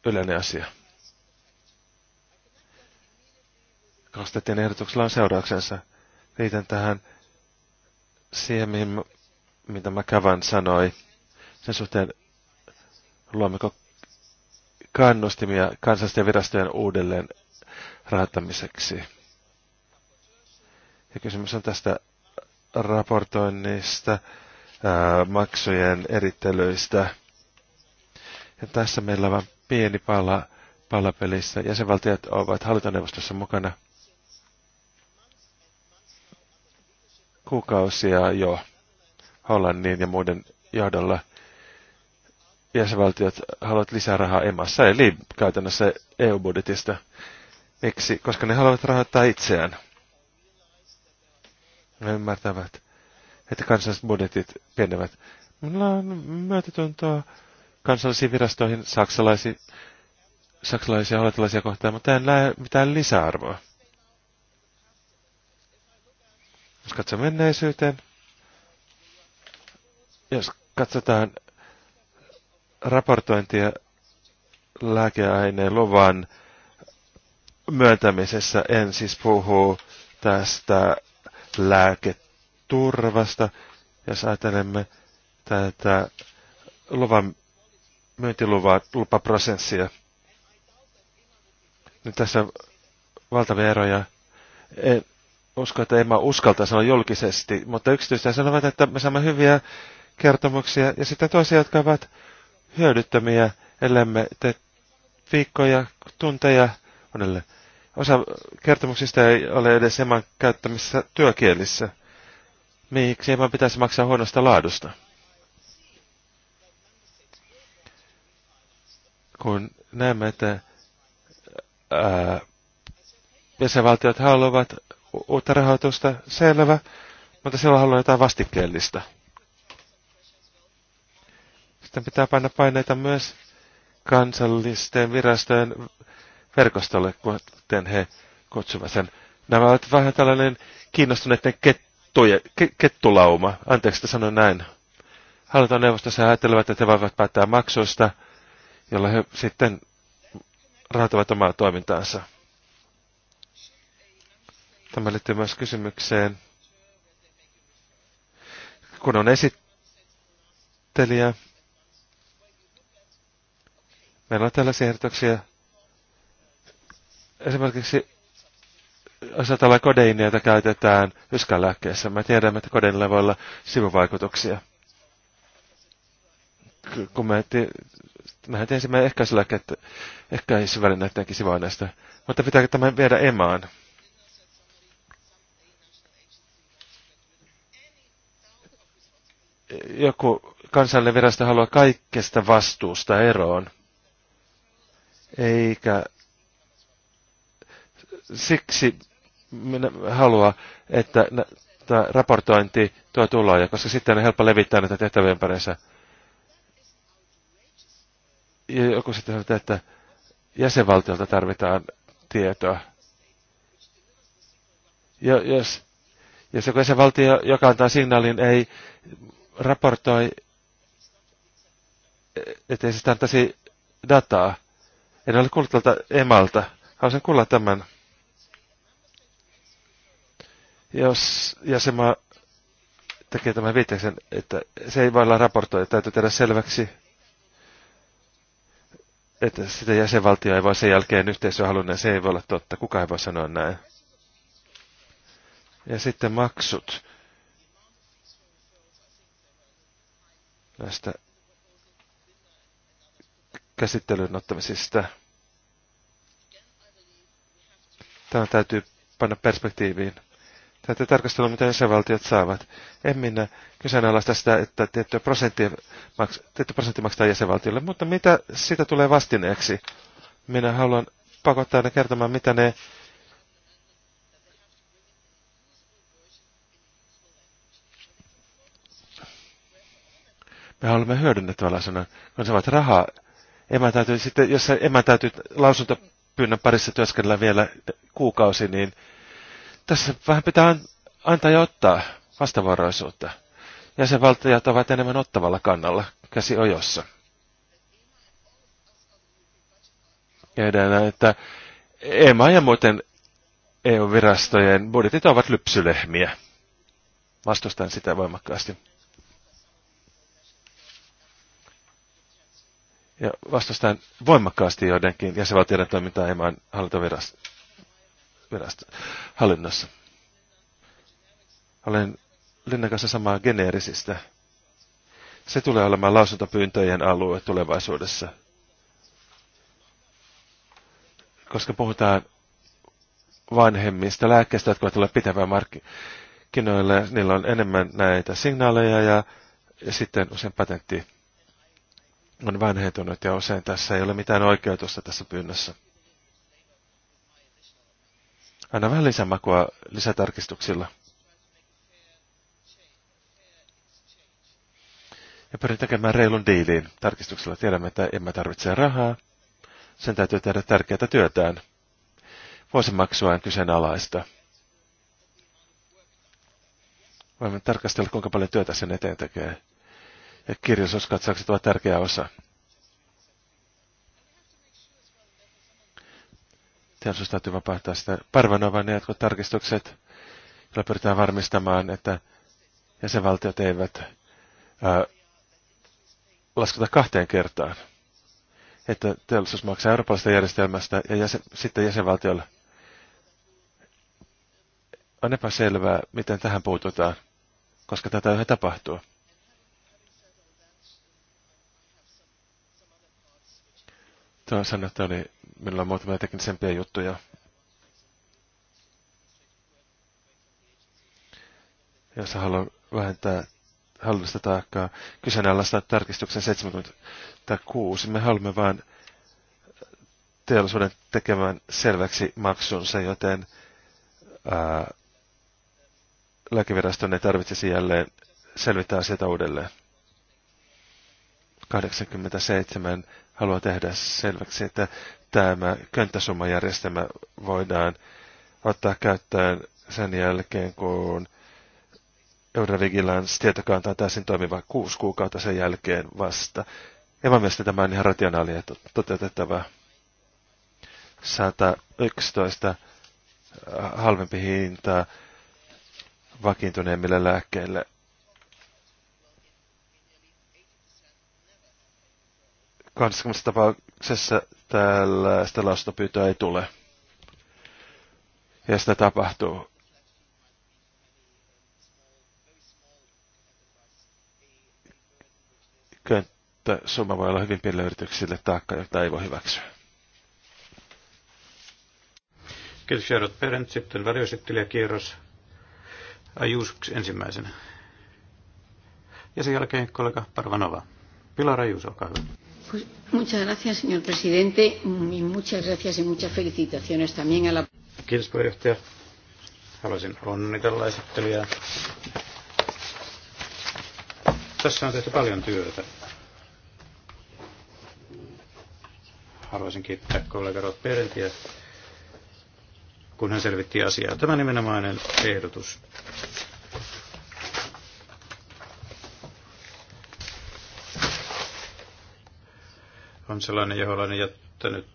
S2: yleinen asia. Kastettiin ehdotuksellaan seurauksensa. Liitän tähän siihen, mihin, mitä kävän sanoi. Sen suhteen luommeko kannustimia kansallisten virastojen uudelleen rahoittamiseksi. Ja kysymys on tästä raportoinnista, ää, maksujen erittelyistä. Ja tässä meillä on vain pieni pala palapelissä. Jäsenvaltiot ovat hallintoneuvostossa mukana – kuukausia jo Hollannin ja muiden johdolla jäsenvaltiot haluavat lisää rahaa emassa, eli käytännössä EU-budjetista. Miksi? Koska ne haluavat rahoittaa itseään. Ne ymmärtävät, että kansalliset budjetit pienevät. Minulla on myötätuntoa kansallisiin virastoihin saksalaisiin, saksalaisia ja hollantilaisia kohtaan, mutta en näe mitään lisäarvoa. Jos katsoo menneisyyteen, jos katsotaan raportointia lääkeaineen luvan myöntämisessä, en siis puhu tästä lääketurvasta, jos ajatelemme tätä luvan myyntiluvaa, lupaprosessia. Nyt niin tässä on valtavia eroja. En, usko, että mä uskaltaa sanoa julkisesti, mutta yksityisesti sanovat, että me saamme hyviä kertomuksia ja sitten toisia, jotka ovat hyödyttömiä, ellemme te viikkoja, tunteja monelle. Osa kertomuksista ei ole edes Eman käyttämissä työkielissä. Miksi Eman pitäisi maksaa huonosta laadusta? Kun näemme, että ää, jäsenvaltiot haluavat uutta rahoitusta, selvä, mutta silloin haluaa jotain vastikkeellista. Sitten pitää panna paineita myös kansallisten virastojen verkostolle, kuten he kutsuvat sen. Nämä ovat vähän tällainen kiinnostuneiden kettuja, ke, kettulauma. Anteeksi, että sanoin näin. Hallintoneuvostossa ajattelevat, että he voivat päättää maksuista, jolla he sitten rahoittavat omaa toimintaansa. Tämä liittyy myös kysymykseen, kun on esittelijä. Meillä on tällaisia ehdotuksia. Esimerkiksi osatella kodeiinia, jota käytetään lääkkeessä. Me tiedämme, että kodeinilla voi olla sivuvaikutuksia. Kun me mehän tiesimme ehkäisylääkkeet, ehkäisyvälineidenkin sivuaineista. Mutta pitääkö tämä viedä emaan? joku kansallinen virasto haluaa kaikkesta vastuusta eroon, eikä siksi minä halua, että tämä raportointi tuo tuloja, koska sitten on helppo levittää näitä tehtävien ympärinsä. Ja joku sitten sanoo, että jäsenvaltiolta tarvitaan tietoa. Ja jos, jos joku jäsenvaltio, joka antaa signaalin, ei raportoi, ettei se antaisi dataa. En ole kuullut tältä emalta. Haluaisin kuulla tämän. Jos jäsenmaa tekee tämän viitteeksen, että se ei vailla että täytyy tehdä selväksi, että sitä jäsenvaltio ei voi sen jälkeen yhteisöä halunneen, se ei voi olla totta, kuka ei voi sanoa näin. Ja sitten maksut. näistä käsittelyyn ottamisista. Tämä täytyy panna perspektiiviin. Täytyy tarkastella, mitä jäsenvaltiot saavat. En minä kyseenalaista sitä, että tietty prosentti, maks, tietty prosentti maksaa jäsenvaltiolle, mutta mitä sitä tulee vastineeksi? Minä haluan pakottaa ne kertomaan, mitä ne Me haluamme hyödynnä tuolla sanan, kun saavat rahaa. Emä täytyy sitten, jos emä täytyy lausuntopyynnön parissa työskennellä vielä kuukausi, niin tässä vähän pitää antaa ja ottaa vastavuoroisuutta. Jäsenvaltiot ovat enemmän ottavalla kannalla, käsi ojossa. Edelleen, että EMA ja muuten EU-virastojen budjetit ovat lypsylehmiä. Vastustan sitä voimakkaasti. ja vastustan voimakkaasti joidenkin jäsenvaltioiden toimintaa EMAn hallinnossa. Olen Linnan kanssa samaa geneerisistä. Se tulee olemaan lausuntopyyntöjen alue tulevaisuudessa. Koska puhutaan vanhemmista lääkkeistä, jotka tulee pitävää markkinoille, niillä on enemmän näitä signaaleja ja, ja sitten usein patentti on vanhentunut ja usein tässä ei ole mitään oikeutusta tässä pyynnössä. Anna vähän lisämakua lisätarkistuksilla. Ja pyrin tekemään reilun diiliin tarkistuksella. Tiedämme, että emme tarvitse rahaa. Sen täytyy tehdä tärkeää työtään. Vuosimaksua on kyseenalaista. Voimme tarkastella, kuinka paljon työtä sen eteen tekee ja kirjallisuuskatsaukset ovat tärkeä osa. Teollisuus täytyy vapauttaa sitä parvanovan ja jotkut tarkistukset, joilla pyritään varmistamaan, että jäsenvaltiot eivät ää, lasketa kahteen kertaan. Että teollisuus maksaa eurooppalaisesta järjestelmästä ja jäsen, sitten jäsenvaltiolle. On epäselvää, miten tähän puututaan, koska tätä yhä tapahtuu. on sanottu, että niin oli, minulla on muutamia teknisempiä juttuja. Jos haluan vähentää hallinnosta taakkaa, kyseenalaistaa tarkistuksen 76. Me haluamme vain teollisuuden tekemään selväksi maksunsa, joten ää, lääkeviraston ei tarvitsisi jälleen selvittää asioita uudelleen. 87 haluaa tehdä selväksi, että tämä könttäsummajärjestelmä voidaan ottaa käyttöön sen jälkeen, kun Eurovigilans tietokanta on täysin toimiva kuusi kuukautta sen jälkeen vasta. Ja mä mielestäni tämä on ihan rationaalia toteutettava. 111 äh, halvempi hinta vakiintuneemmille lääkkeille 20 tapauksessa tällaista lausuntopyyntöä ei tule. Ja sitä tapahtuu. Summa voi olla hyvin pienille yrityksille taakka, jota ei voi hyväksyä.
S4: Kiitos Jarrod Perent, sitten kierros. Ajus ensimmäisenä. Ja sen jälkeen kollega Parvanova. Pilar Ajus, olkaa hyvä.
S3: Pues muchas gracias, señor presidente, y muchas gracias y muchas felicitaciones también a la...
S4: Kiitos puheenjohtaja. Haluaisin onnitella esittelijää. Tässä on tehty paljon työtä. Haluaisin kiittää kollega Rod Perentiä, kun hän selvitti asiaa. Tämä nimenomainen ehdotus on sellainen, johon olen jättänyt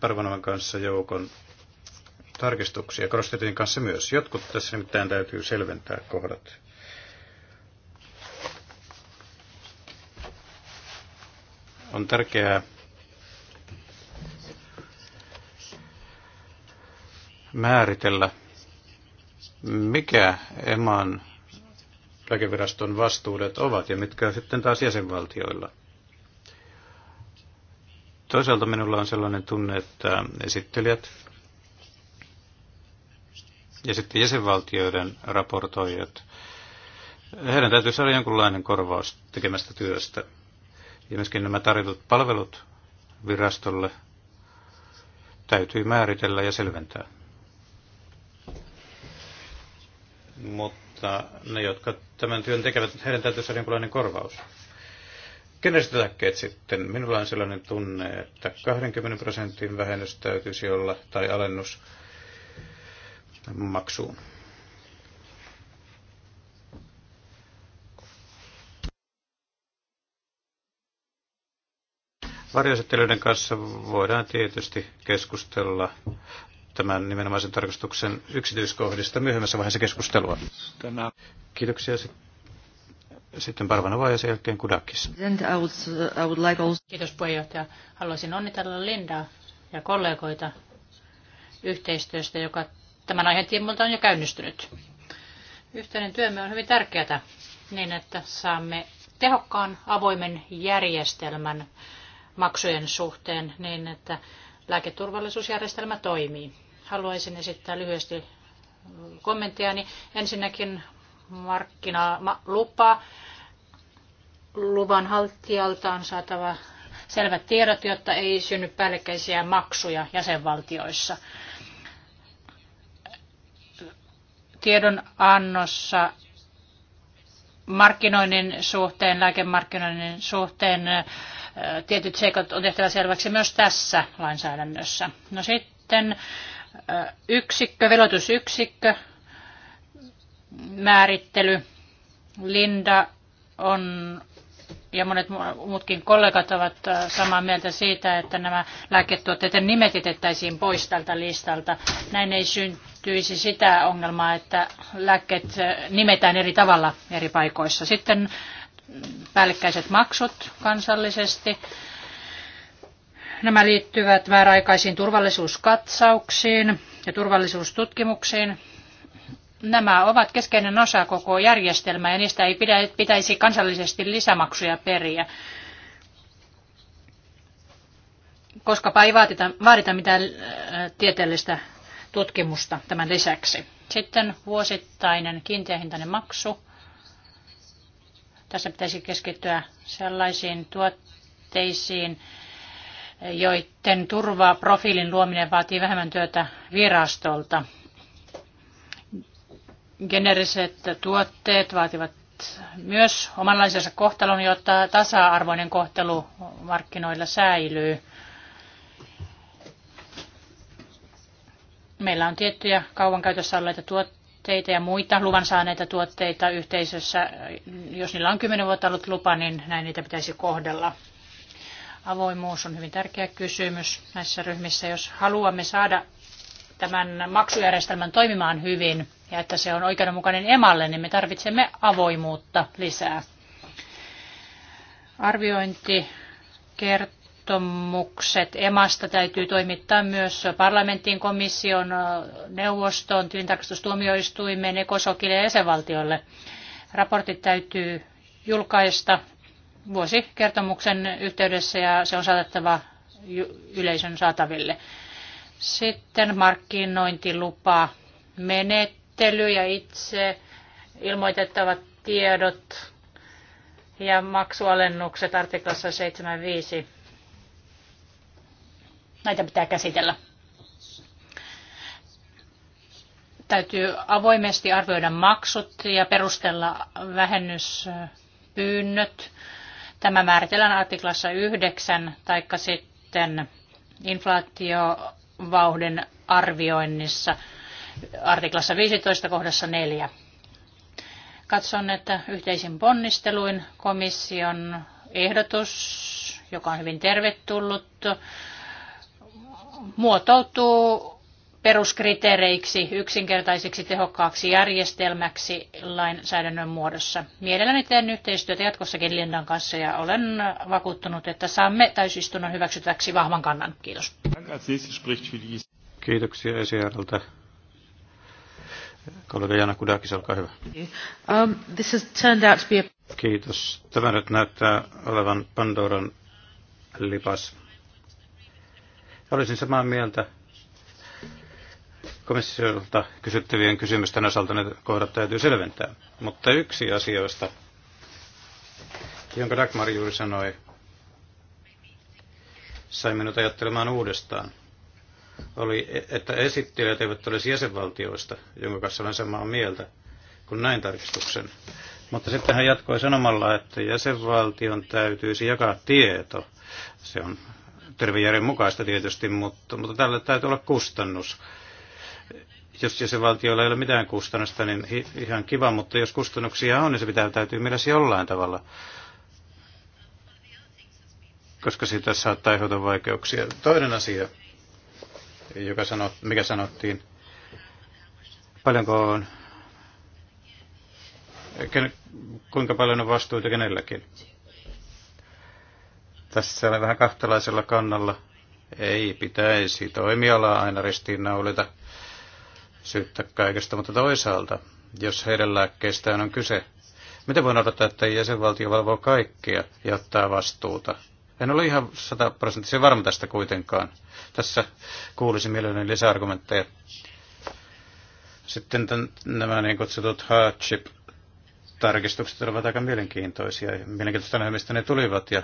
S4: Parvanovan kanssa joukon tarkistuksia, Krostetin kanssa myös. Jotkut tässä nimittäin täytyy selventää kohdat. On tärkeää määritellä, mikä eman lääkeviraston vastuudet ovat ja mitkä sitten taas jäsenvaltioilla – Toisaalta minulla on sellainen tunne, että esittelijät ja sitten jäsenvaltioiden raportoijat, heidän täytyy saada jonkunlainen korvaus tekemästä työstä. Ja myöskin nämä tarjotut palvelut virastolle täytyy määritellä ja selventää. Mutta ne, jotka tämän työn tekevät, heidän täytyy saada jonkunlainen korvaus. Kenestä lääkkeet sitten? Minulla on sellainen tunne, että 20 prosentin vähennys täytyisi olla, tai alennus maksuun. Varjoesittelyiden kanssa voidaan tietysti keskustella tämän nimenomaisen tarkastuksen yksityiskohdista myöhemmässä vaiheessa keskustelua. Kiitoksia sitten sitten Parvanova ja sen jälkeen Kudakis.
S3: Kiitos puheenjohtaja. Haluaisin onnitella Lindaa ja kollegoita yhteistyöstä, joka tämän aiheen tiimoilta on jo käynnistynyt. Yhteinen työmme on hyvin tärkeää niin, että saamme tehokkaan avoimen järjestelmän maksujen suhteen niin, että lääketurvallisuusjärjestelmä toimii. Haluaisin esittää lyhyesti kommenttiani. Ensinnäkin markkinalupa. Luvan haltijalta on saatava selvät tiedot, jotta ei synny päällekkäisiä maksuja jäsenvaltioissa. tiedon annossa markkinoinnin suhteen, lääkemarkkinoinnin suhteen tietyt seikat on tehtävä selväksi myös tässä lainsäädännössä. No sitten yksikkö, velotusyksikkö, määrittely. Linda on ja monet muutkin kollegat ovat äh, samaa mieltä siitä, että nämä lääketuotteiden nimet jätettäisiin pois tältä listalta. Näin ei syntyisi sitä ongelmaa, että lääkkeet äh, nimetään eri tavalla eri paikoissa. Sitten päällekkäiset maksut kansallisesti. Nämä liittyvät määräaikaisiin turvallisuuskatsauksiin ja turvallisuustutkimuksiin nämä ovat keskeinen osa koko järjestelmää ja niistä ei pitäisi kansallisesti lisämaksuja periä. Koska ei vaadita, vaadita mitään äh, tieteellistä tutkimusta tämän lisäksi. Sitten vuosittainen kiinteähintainen maksu. Tässä pitäisi keskittyä sellaisiin tuotteisiin, joiden turvaprofiilin luominen vaatii vähemmän työtä virastolta. Generiset tuotteet vaativat myös omanlaisensa kohtelun, jotta tasa-arvoinen kohtelu markkinoilla säilyy. Meillä on tiettyjä kauan käytössä olleita tuotteita ja muita luvan saaneita tuotteita yhteisössä. Jos niillä on 10 vuotta ollut lupa, niin näin niitä pitäisi kohdella. Avoimuus on hyvin tärkeä kysymys näissä ryhmissä. Jos haluamme saada tämän maksujärjestelmän toimimaan hyvin, ja että se on oikeudenmukainen emalle, niin me tarvitsemme avoimuutta lisää. Arviointi kertoo kertomukset emasta täytyy toimittaa myös parlamenttiin, komission, neuvoston, tilintarkastustuomioistuimeen, ekosokille ja jäsenvaltioille. Raportit täytyy julkaista vuosikertomuksen yhteydessä ja se on saatettava yleisön saataville. Sitten markkinointilupa menet esittely ja itse ilmoitettavat tiedot ja maksualennukset artiklassa 75. Näitä pitää käsitellä. Täytyy avoimesti arvioida maksut ja perustella vähennyspyynnöt. Tämä määritellään artiklassa 9 tai sitten inflaatiovauhdin arvioinnissa – artiklassa 15 kohdassa 4. Katson, että yhteisin ponnisteluin komission ehdotus, joka on hyvin tervetullut, muotoutuu peruskriteereiksi, yksinkertaisiksi tehokkaaksi järjestelmäksi lainsäädännön muodossa. Mielelläni teen yhteistyötä jatkossakin Lindan kanssa ja olen vakuuttunut, että saamme täysistunnon hyväksytäksi vahvan kannan. Kiitos.
S4: Kiitoksia Kollega Jana Kudakis, olkaa hyvä.
S1: Um, this has turned out to be a...
S4: Kiitos. Tämä nyt näyttää olevan Pandoran lipas. Olisin samaa mieltä komissiolta kysyttävien kysymysten osalta ne kohdat täytyy selventää. Mutta yksi asioista, jonka Dagmar juuri sanoi, sai minut ajattelemaan uudestaan – oli, että esittelijät eivät olisi jäsenvaltioista, jonka kanssa olen samaa mieltä, kun näin tarkistuksen. Mutta sitten hän jatkoi sanomalla, että jäsenvaltion täytyisi jakaa tieto. Se on tervejärjen mukaista tietysti, mutta, mutta tällä täytyy olla kustannus. Jos jäsenvaltioilla ei ole mitään kustannusta, niin ihan kiva, mutta jos kustannuksia on, niin se pitää, täytyy mielessä jollain tavalla koska siitä saattaa aiheuttaa vaikeuksia. Toinen asia, joka sano, mikä sanottiin, paljonko on, ken, kuinka paljon on vastuuta kenelläkin. Tässä on vähän kahtalaisella kannalla. Ei pitäisi toimialaa aina ristiinnaulita syyttä kaikesta, mutta toisaalta, jos heidän lääkkeistään on kyse, miten voin odottaa, että jäsenvaltio valvoo kaikkia ja ottaa vastuuta en ole ihan sataprosenttisen varma tästä kuitenkaan. Tässä kuulisin mielelläni lisäargumentteja. Sitten tämän, nämä niin kutsutut hardship tarkistukset ovat aika mielenkiintoisia. Mielenkiintoista nähdä, mistä ne tulivat ja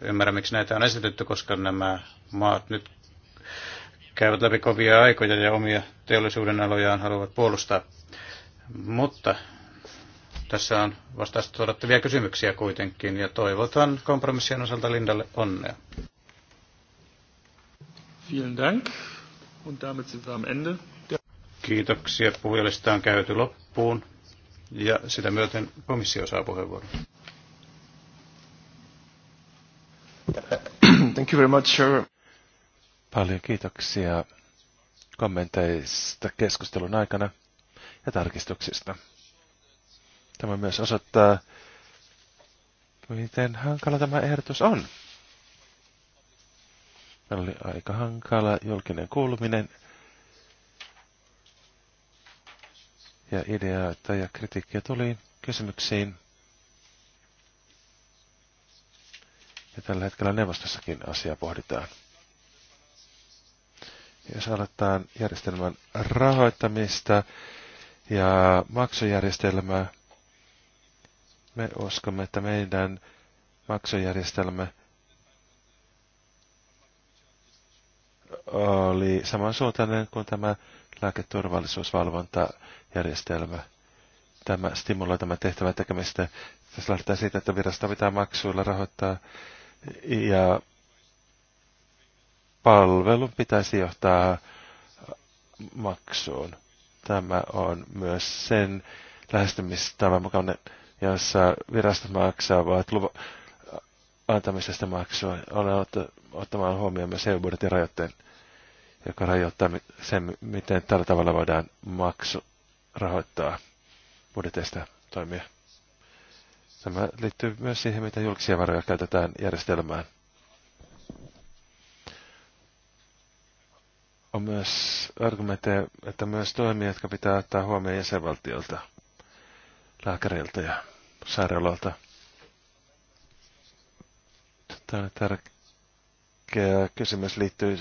S4: ymmärrän, miksi näitä on esitetty, koska nämä maat nyt käyvät läpi kovia aikoja ja omia teollisuuden alojaan haluavat puolustaa. Mutta tässä on vastausta odottavia kysymyksiä kuitenkin ja toivotan kompromissien osalta Lindalle
S1: onnea. Vielen Dank. Und damit sind wir am Ende.
S4: Kiitoksia. Puhujalista on käyty loppuun ja sitä myöten komissio saa puheenvuoron.
S2: Thank you very much, sir. Paljon kiitoksia kommenteista keskustelun aikana ja tarkistuksista. Tämä myös osoittaa, miten hankala tämä ehdotus on. Meillä oli aika hankala julkinen kuuluminen ja ideoita ja kritiikkiä tuli kysymyksiin. Ja tällä hetkellä neuvostossakin asiaa pohditaan. Jos aloitetaan järjestelmän rahoittamista ja maksujärjestelmää, me uskomme, että meidän maksujärjestelmä oli samansuuntainen kuin tämä lääketurvallisuusvalvontajärjestelmä. Tämä stimuloi tämä tehtävä tekemistä. Tässä lähdetään siitä, että virasto pitää maksuilla rahoittaa ja palvelun pitäisi johtaa maksuun. Tämä on myös sen lähestymistavan mukainen jossa virastot maksavat luvan antamisesta maksua. Olen ot, ottamaan huomioon myös EU-budjetin rajoitteen, joka rajoittaa sen, miten tällä tavalla voidaan maksu rahoittaa budjeteista toimia. Tämä liittyy myös siihen, miten julkisia varoja käytetään järjestelmään. On myös argumentteja, että myös toimia, jotka pitää ottaa huomioon jäsenvaltiolta, lääkäriltä ja sairaalalta. Tämä tärkeä kysymys liittyy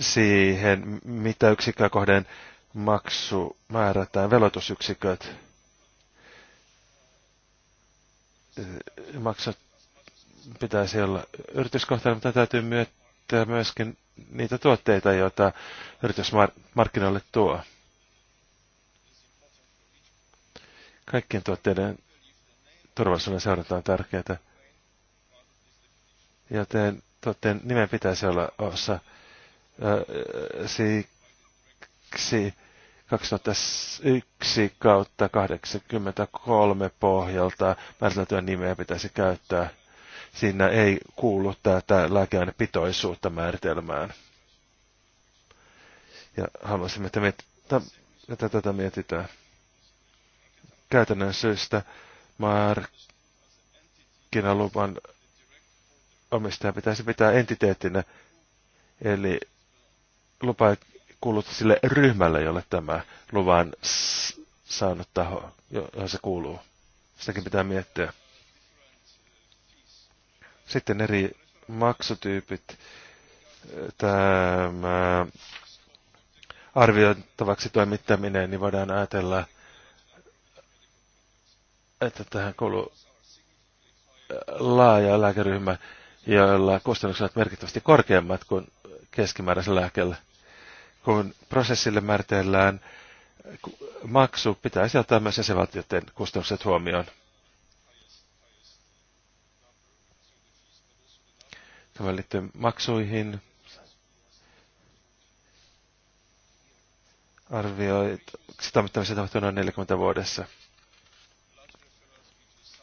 S2: siihen, mitä yksikköä kohden maksu määrätään velotusyksiköt. maksat pitäisi olla yrityskohtainen, mutta täytyy myöntää myöskin niitä tuotteita, joita yritysmarkkinoille tuo. Kaikkien tuotteiden turvallisuuden seuranta on tärkeää. Joten totten nimen pitäisi olla osa siksi 2001 kautta 83 pohjalta määriteltyä nimeä pitäisi käyttää. Siinä ei kuulu tätä lääkeainepitoisuutta määritelmään. Ja haluaisimme, että, mietit- että tätä mietitään. Käytännön syystä markkinaluvan omistaja pitäisi pitää entiteettinä, eli lupa ei sille ryhmälle, jolle tämä luvan saanut taho, johon se kuuluu. Sitäkin pitää miettiä. Sitten eri maksutyypit. Tämä arvioitavaksi toimittaminen, niin voidaan ajatella että tähän kuuluu äh, laaja lääkeryhmä, joilla kustannukset ovat merkittävästi korkeammat kuin keskimääräisellä lääkellä. Kun prosessille määritellään äh, maksu, pitää sieltä myös jäsenvaltioiden kustannukset huomioon. Tämä liittyy maksuihin. Arvioi, sitä on se noin 40 vuodessa.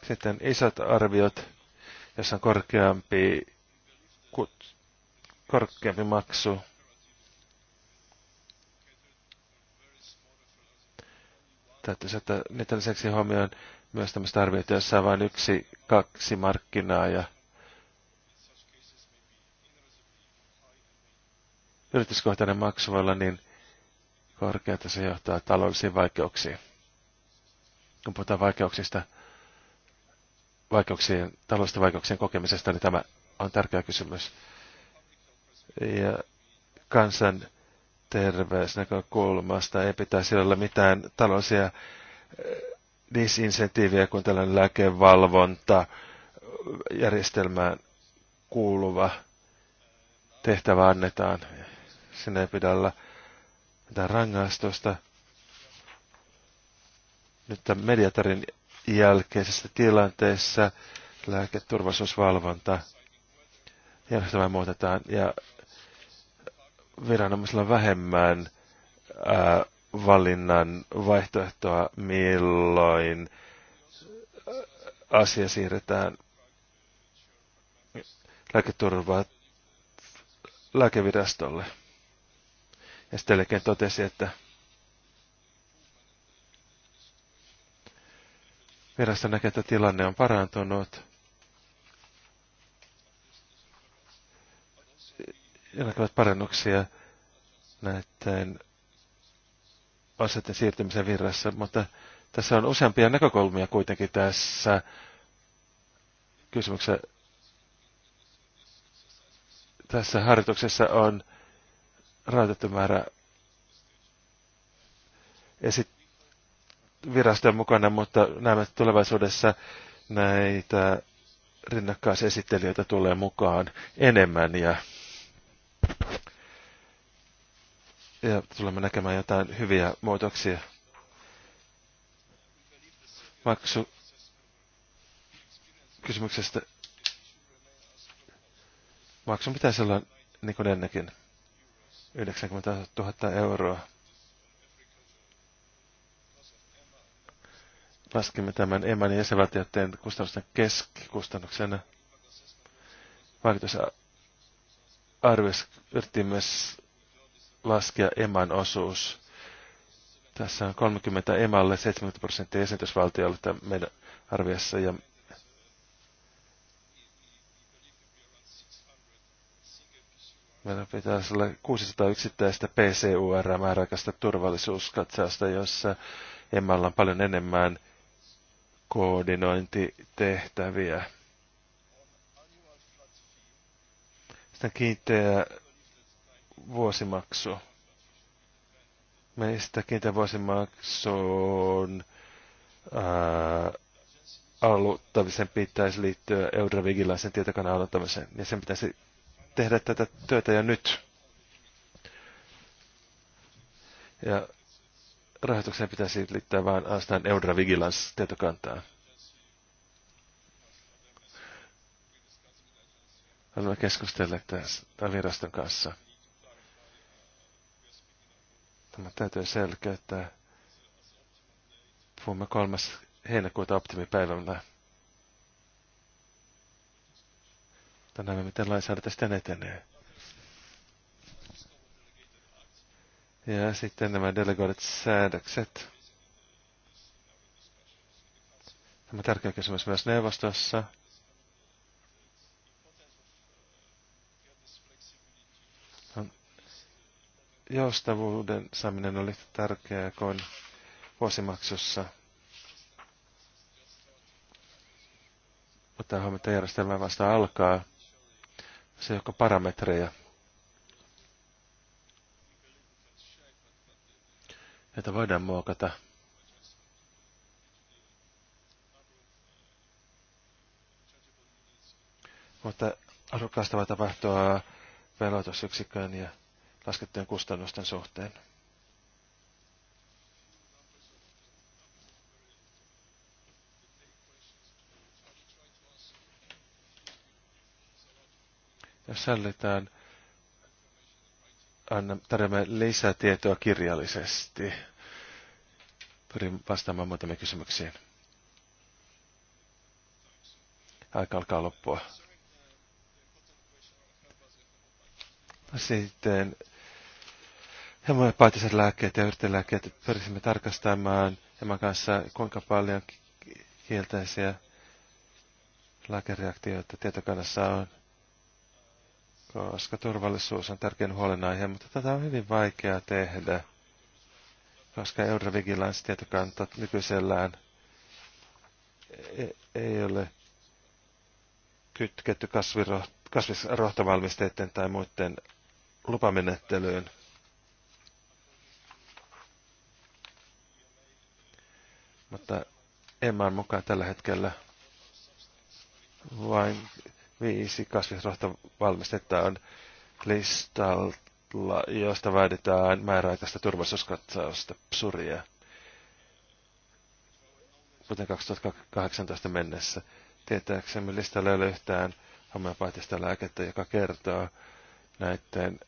S2: Sitten isot arviot, jossa on korkeampi, korkeampi maksu. Täytyy saada niitä lisäksi huomioon myös tämmöistä arviota, jossa on vain yksi, kaksi markkinaa ja yrityskohtainen maksu voi olla niin korkea, että se johtaa taloudellisiin vaikeuksiin. Kun puhutaan vaikeuksista, vaikeuksien, taloudellisten vaikeuksien kokemisesta, niin tämä on tärkeä kysymys. Ja kansan terveysnäkökulmasta ei pitäisi olla mitään taloudellisia eh, disinsentiiviä kuin tällainen lääkevalvonta järjestelmään kuuluva tehtävä annetaan. Sinne ei pidä olla mitään rangaistusta. Nyt tämän mediatarin jälkeisessä tilanteessa lääketurvallisuusvalvonta järjestelmää muutetaan ja viranomaisilla on vähemmän ää, valinnan vaihtoehtoa, milloin asia siirretään lääketurvaa lääkevirastolle. Ja sitten totesi, että Virasto näkee, että tilanne on parantunut. Ja näkevät parannuksia näiden aseiden siirtymisen virrassa, mutta tässä on useampia näkökulmia kuitenkin tässä kysymyksessä. Tässä harjoituksessa on rajoitettu määrä esit- virastoja mukana, mutta näemme, tulevaisuudessa näitä rinnakkaisesittelijöitä tulee mukaan enemmän ja, ja tulemme näkemään jotain hyviä muutoksia. Maksu kysymyksestä. Maksun pitäisi olla niin kuin ennenkin 90 000 euroa. laskimme tämän EMAN ja jäsenvaltioiden kustannusten keskikustannuksena. arvioissa yritettiin myös laskea EMAN osuus. Tässä on 30 EMAlle, 70 prosenttia esitysvaltiolle meidän arviossa ja Meillä pitää olla 600 yksittäistä PCUR-määräaikaista turvallisuuskatsausta, jossa Emmalla on paljon enemmän koordinointitehtäviä. Sitten kiinteä vuosimaksu. Meistä kiinteä vuosimaksu on ää, aloittamisen pitäisi liittyä Eurovigilaisen tietokannan aloittamiseen, ja sen pitäisi tehdä tätä työtä jo nyt. Ja rahoitukseen pitäisi liittää vain ainoastaan Eudra Vigilance tietokantaan. Olemme keskustelleet tämän viraston kanssa. Tämä täytyy selkeyttää. Puhumme kolmas heinäkuuta optimipäivänä. Tänään miten lainsäädäntö sitten etenee. Ja sitten nämä delegoidut säädökset. Tämä on tärkeä kysymys myös neuvostossa. Joustavuuden saaminen oli tärkeää, kuin vuosimaksussa mutta tämä järjestelmä vasta alkaa. Se on parametreja Että voidaan muokata. Mutta arvokkaasta voi tapahtua veloitusyksikön ja laskettujen kustannusten suhteen. Jos sallitaan anna, tarjoamme lisää tietoa kirjallisesti. Pyrin vastaamaan muutamia kysymyksiin. Aika alkaa loppua. Sitten hemopaattiset lääkkeet ja yrtelääkkeet pyrisimme tarkastamaan tämän kanssa, kuinka paljon kielteisiä lääkereaktioita tietokannassa on koska turvallisuus on tärkein huolenaihe, mutta tätä on hyvin vaikea tehdä, koska Eurovigilanssitietokanta nykyisellään e-, ei ole kytketty kasvisrohtovalmisteiden tai muiden lupamenettelyyn. Mutta Emman mukaan tällä hetkellä vain viisi kasvisrohtovalmistetta on listalla, josta vaaditaan määräaikaista turvallisuuskatsausta psuria kuten 2018 mennessä. Tietääksemme listalla ei ole yhtään homeopaattista lääkettä, joka kertoo näiden,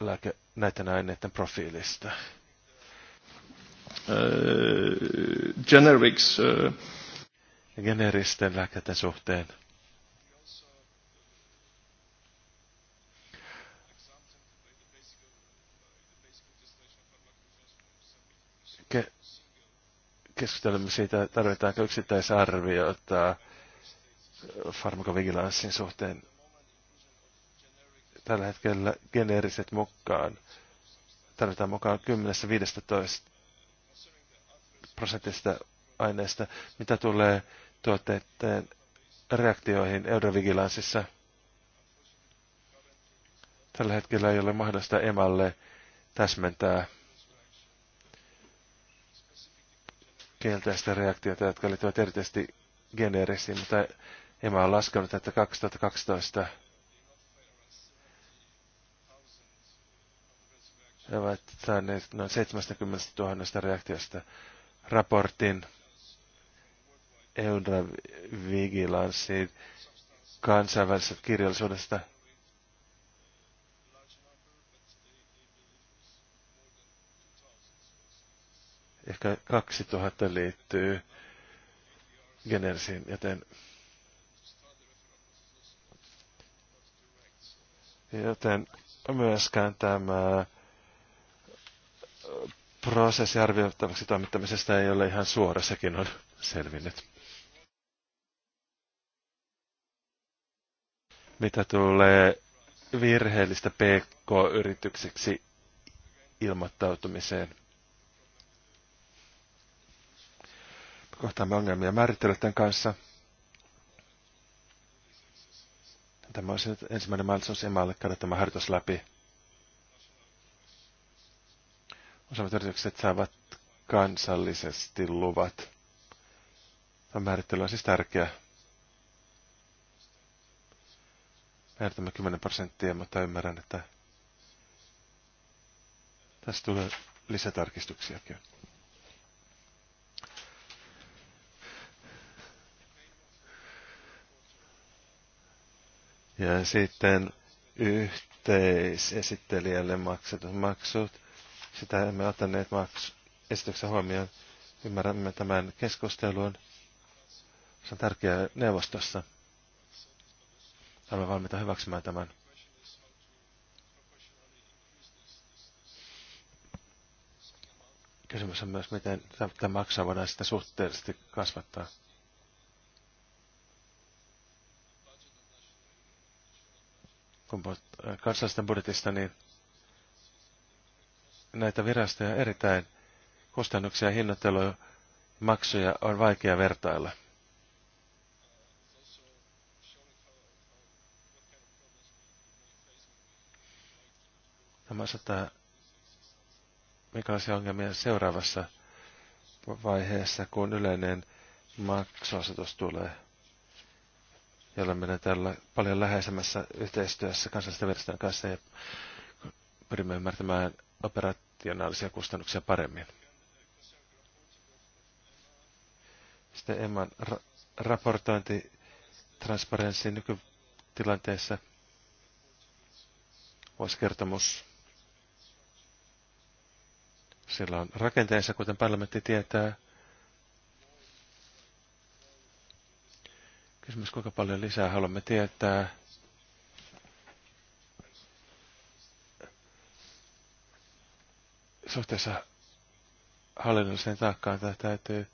S2: lääke, näiden aineiden profiilista. Uh, generics, uh... Generisten lääkkeiden suhteen keskustelemme siitä, tarvitaanko yksittäisarviota farmakovigilanssin suhteen tällä hetkellä geneeriset mukaan. Tarvitaan mukaan 10-15 prosentista aineista, mitä tulee tuotteiden reaktioihin eurovigilanssissa. Tällä hetkellä ei ole mahdollista emalle täsmentää kielteistä reaktiota, jotka liittyvät erityisesti generisiin, mutta EMA on laskenut, että 2012 he ovat saaneet noin 70 000 reaktiosta raportin Eudra Vigilanssiin kansainvälisestä kirjallisuudesta – ehkä 2000 liittyy Genersiin, joten, joten myöskään tämä prosessi arvioitavaksi toimittamisesta ei ole ihan suora, sekin on selvinnyt. Mitä tulee virheellistä PK-yritykseksi ilmoittautumiseen, kohtaamme ongelmia määrittelyiden kanssa. Tämä on se ensimmäinen mahdollisuus emalle käydä tämä harjoitus läpi. Osaavat yritykset saavat kansallisesti luvat. Tämä määrittely on siis tärkeä. Määritämme 10 prosenttia, mutta ymmärrän, että tässä tulee lisätarkistuksiakin. Ja sitten yhteisesittelijälle maksetut maksut. Sitä emme ottaneet maksu esityksen huomioon. Ymmärrämme tämän keskustelun. Se on tärkeää neuvostossa. Olemme valmiita hyväksymään tämän. Kysymys on myös, miten tämä maksaa voidaan sitä suhteellisesti kasvattaa. kun äh, kansallisten budjetista, niin näitä virastoja erittäin kustannuksia, hinnoitteluja, maksuja on vaikea vertailla. Tämä saattaa minkälaisia ongelmia seuraavassa vaiheessa, kun yleinen maksuasetus tulee jolla meidän täällä paljon läheisemmässä yhteistyössä kansallisten virastojen kanssa ja pyrimme ymmärtämään operationaalisia kustannuksia paremmin. Sitten Emman ra- raportointi transparenssi nykytilanteessa vuosikertomus. Sillä on rakenteessa, kuten parlamentti tietää, Kysymys, kuinka paljon lisää haluamme tietää. Suhteessa hallinnolliseen taakkaan tämä täytyy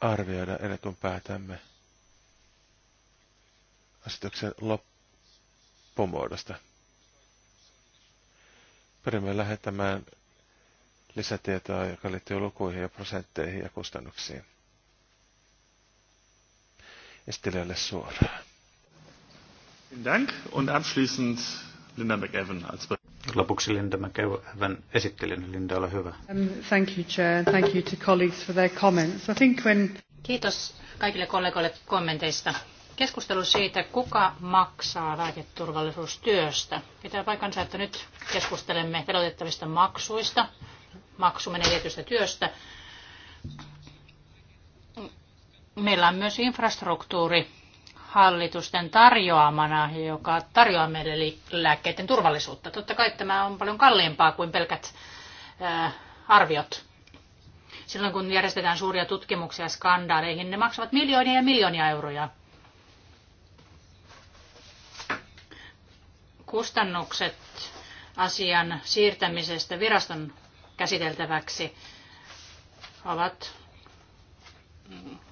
S2: arvioida ennen kuin päätämme asetuksen loppumuodosta. Pyrimme lähettämään lisätietoa, joka liittyy lukuihin ja prosentteihin ja kustannuksiin esittelijälle suoraan. Dank und abschließend Linda McEwan als
S4: Lopuksi Linda McEwan esittelijänä. Linda, ole hyvä.
S1: Um, thank you, Chair. Thank you to colleagues for their comments. I think when...
S3: Kiitos kaikille kollegoille kommenteista. Keskustelu siitä, kuka maksaa lääketurvallisuustyöstä. Pitää paikansa, että nyt keskustelemme velotettavista maksuista, maksumenetetystä työstä meillä on myös infrastruktuuri hallitusten tarjoamana, joka tarjoaa meille lääkkeiden turvallisuutta. Totta kai tämä on paljon kalliimpaa kuin pelkät ää, äh, arviot. Silloin kun järjestetään suuria tutkimuksia skandaaleihin, ne maksavat miljoonia ja miljoonia euroja. Kustannukset asian siirtämisestä viraston käsiteltäväksi ovat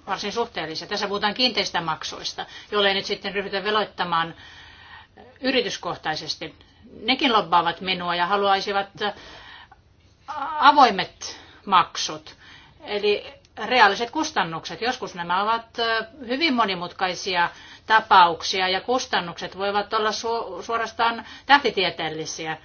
S3: varsin suhteellisia. Tässä puhutaan kiinteistömaksuista, jolle nyt sitten ryhdytä veloittamaan yrityskohtaisesti. Nekin lobbaavat minua ja haluaisivat äh, avoimet maksut, eli reaaliset kustannukset. Joskus nämä ovat äh, hyvin monimutkaisia tapauksia ja kustannukset voivat olla suorastaan tähtitieteellisiä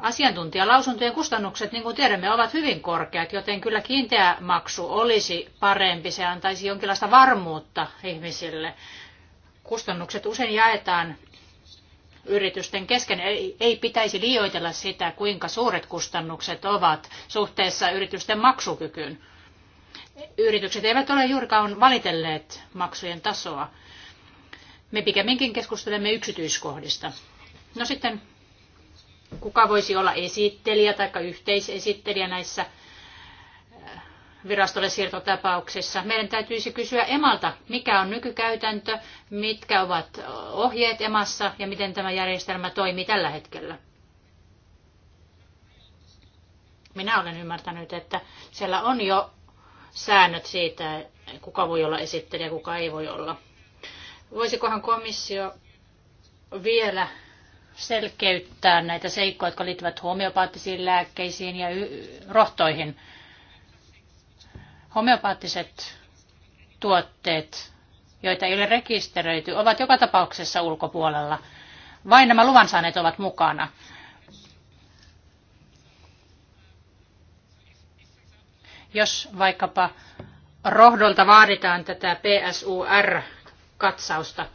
S3: Asiantuntijalausuntojen kustannukset, niin kuin tiedämme, ovat hyvin korkeat, joten kyllä kiinteä maksu olisi parempi. Se antaisi jonkinlaista varmuutta ihmisille. Kustannukset usein jaetaan yritysten kesken. Ei, ei pitäisi liioitella sitä, kuinka suuret kustannukset ovat suhteessa yritysten maksukykyyn. Yritykset eivät ole juurikaan valitelleet maksujen tasoa. Me pikemminkin keskustelemme yksityiskohdista. No sitten kuka voisi olla esittelijä tai yhteisesittelijä näissä eh, virastolle siirtotapauksissa. Meidän täytyisi kysyä emalta, mikä on nykykäytäntö, mitkä ovat ohjeet emassa ja miten tämä järjestelmä toimii tällä hetkellä. Minä olen ymmärtänyt, että siellä on jo säännöt siitä, kuka voi olla esittelijä ja kuka ei voi olla. Voisikohan komissio vielä selkeyttää näitä seikkoja, jotka liittyvät homeopaattisiin lääkkeisiin ja rohtoihin. Homeopaattiset tuotteet, joita ei ole rekisteröity, ovat joka tapauksessa ulkopuolella. Vain nämä luvan saaneet ovat mukana. Jos vaikkapa rohdolta vaaditaan tätä PSUR-katsausta –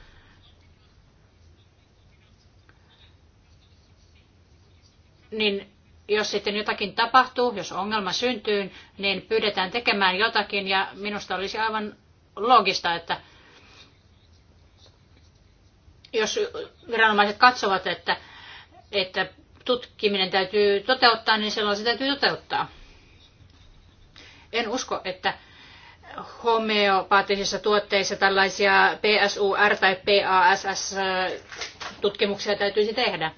S3: niin jos sitten jotakin tapahtuu, jos ongelma syntyy, niin pyydetään tekemään jotakin ja minusta olisi aivan logista, että jos viranomaiset katsovat, että, että tutkiminen täytyy toteuttaa, niin silloin se täytyy toteuttaa. En usko, että homeopaattisissa tuotteissa tällaisia PSUR- tai PASS-tutkimuksia äh, täytyisi tehdä.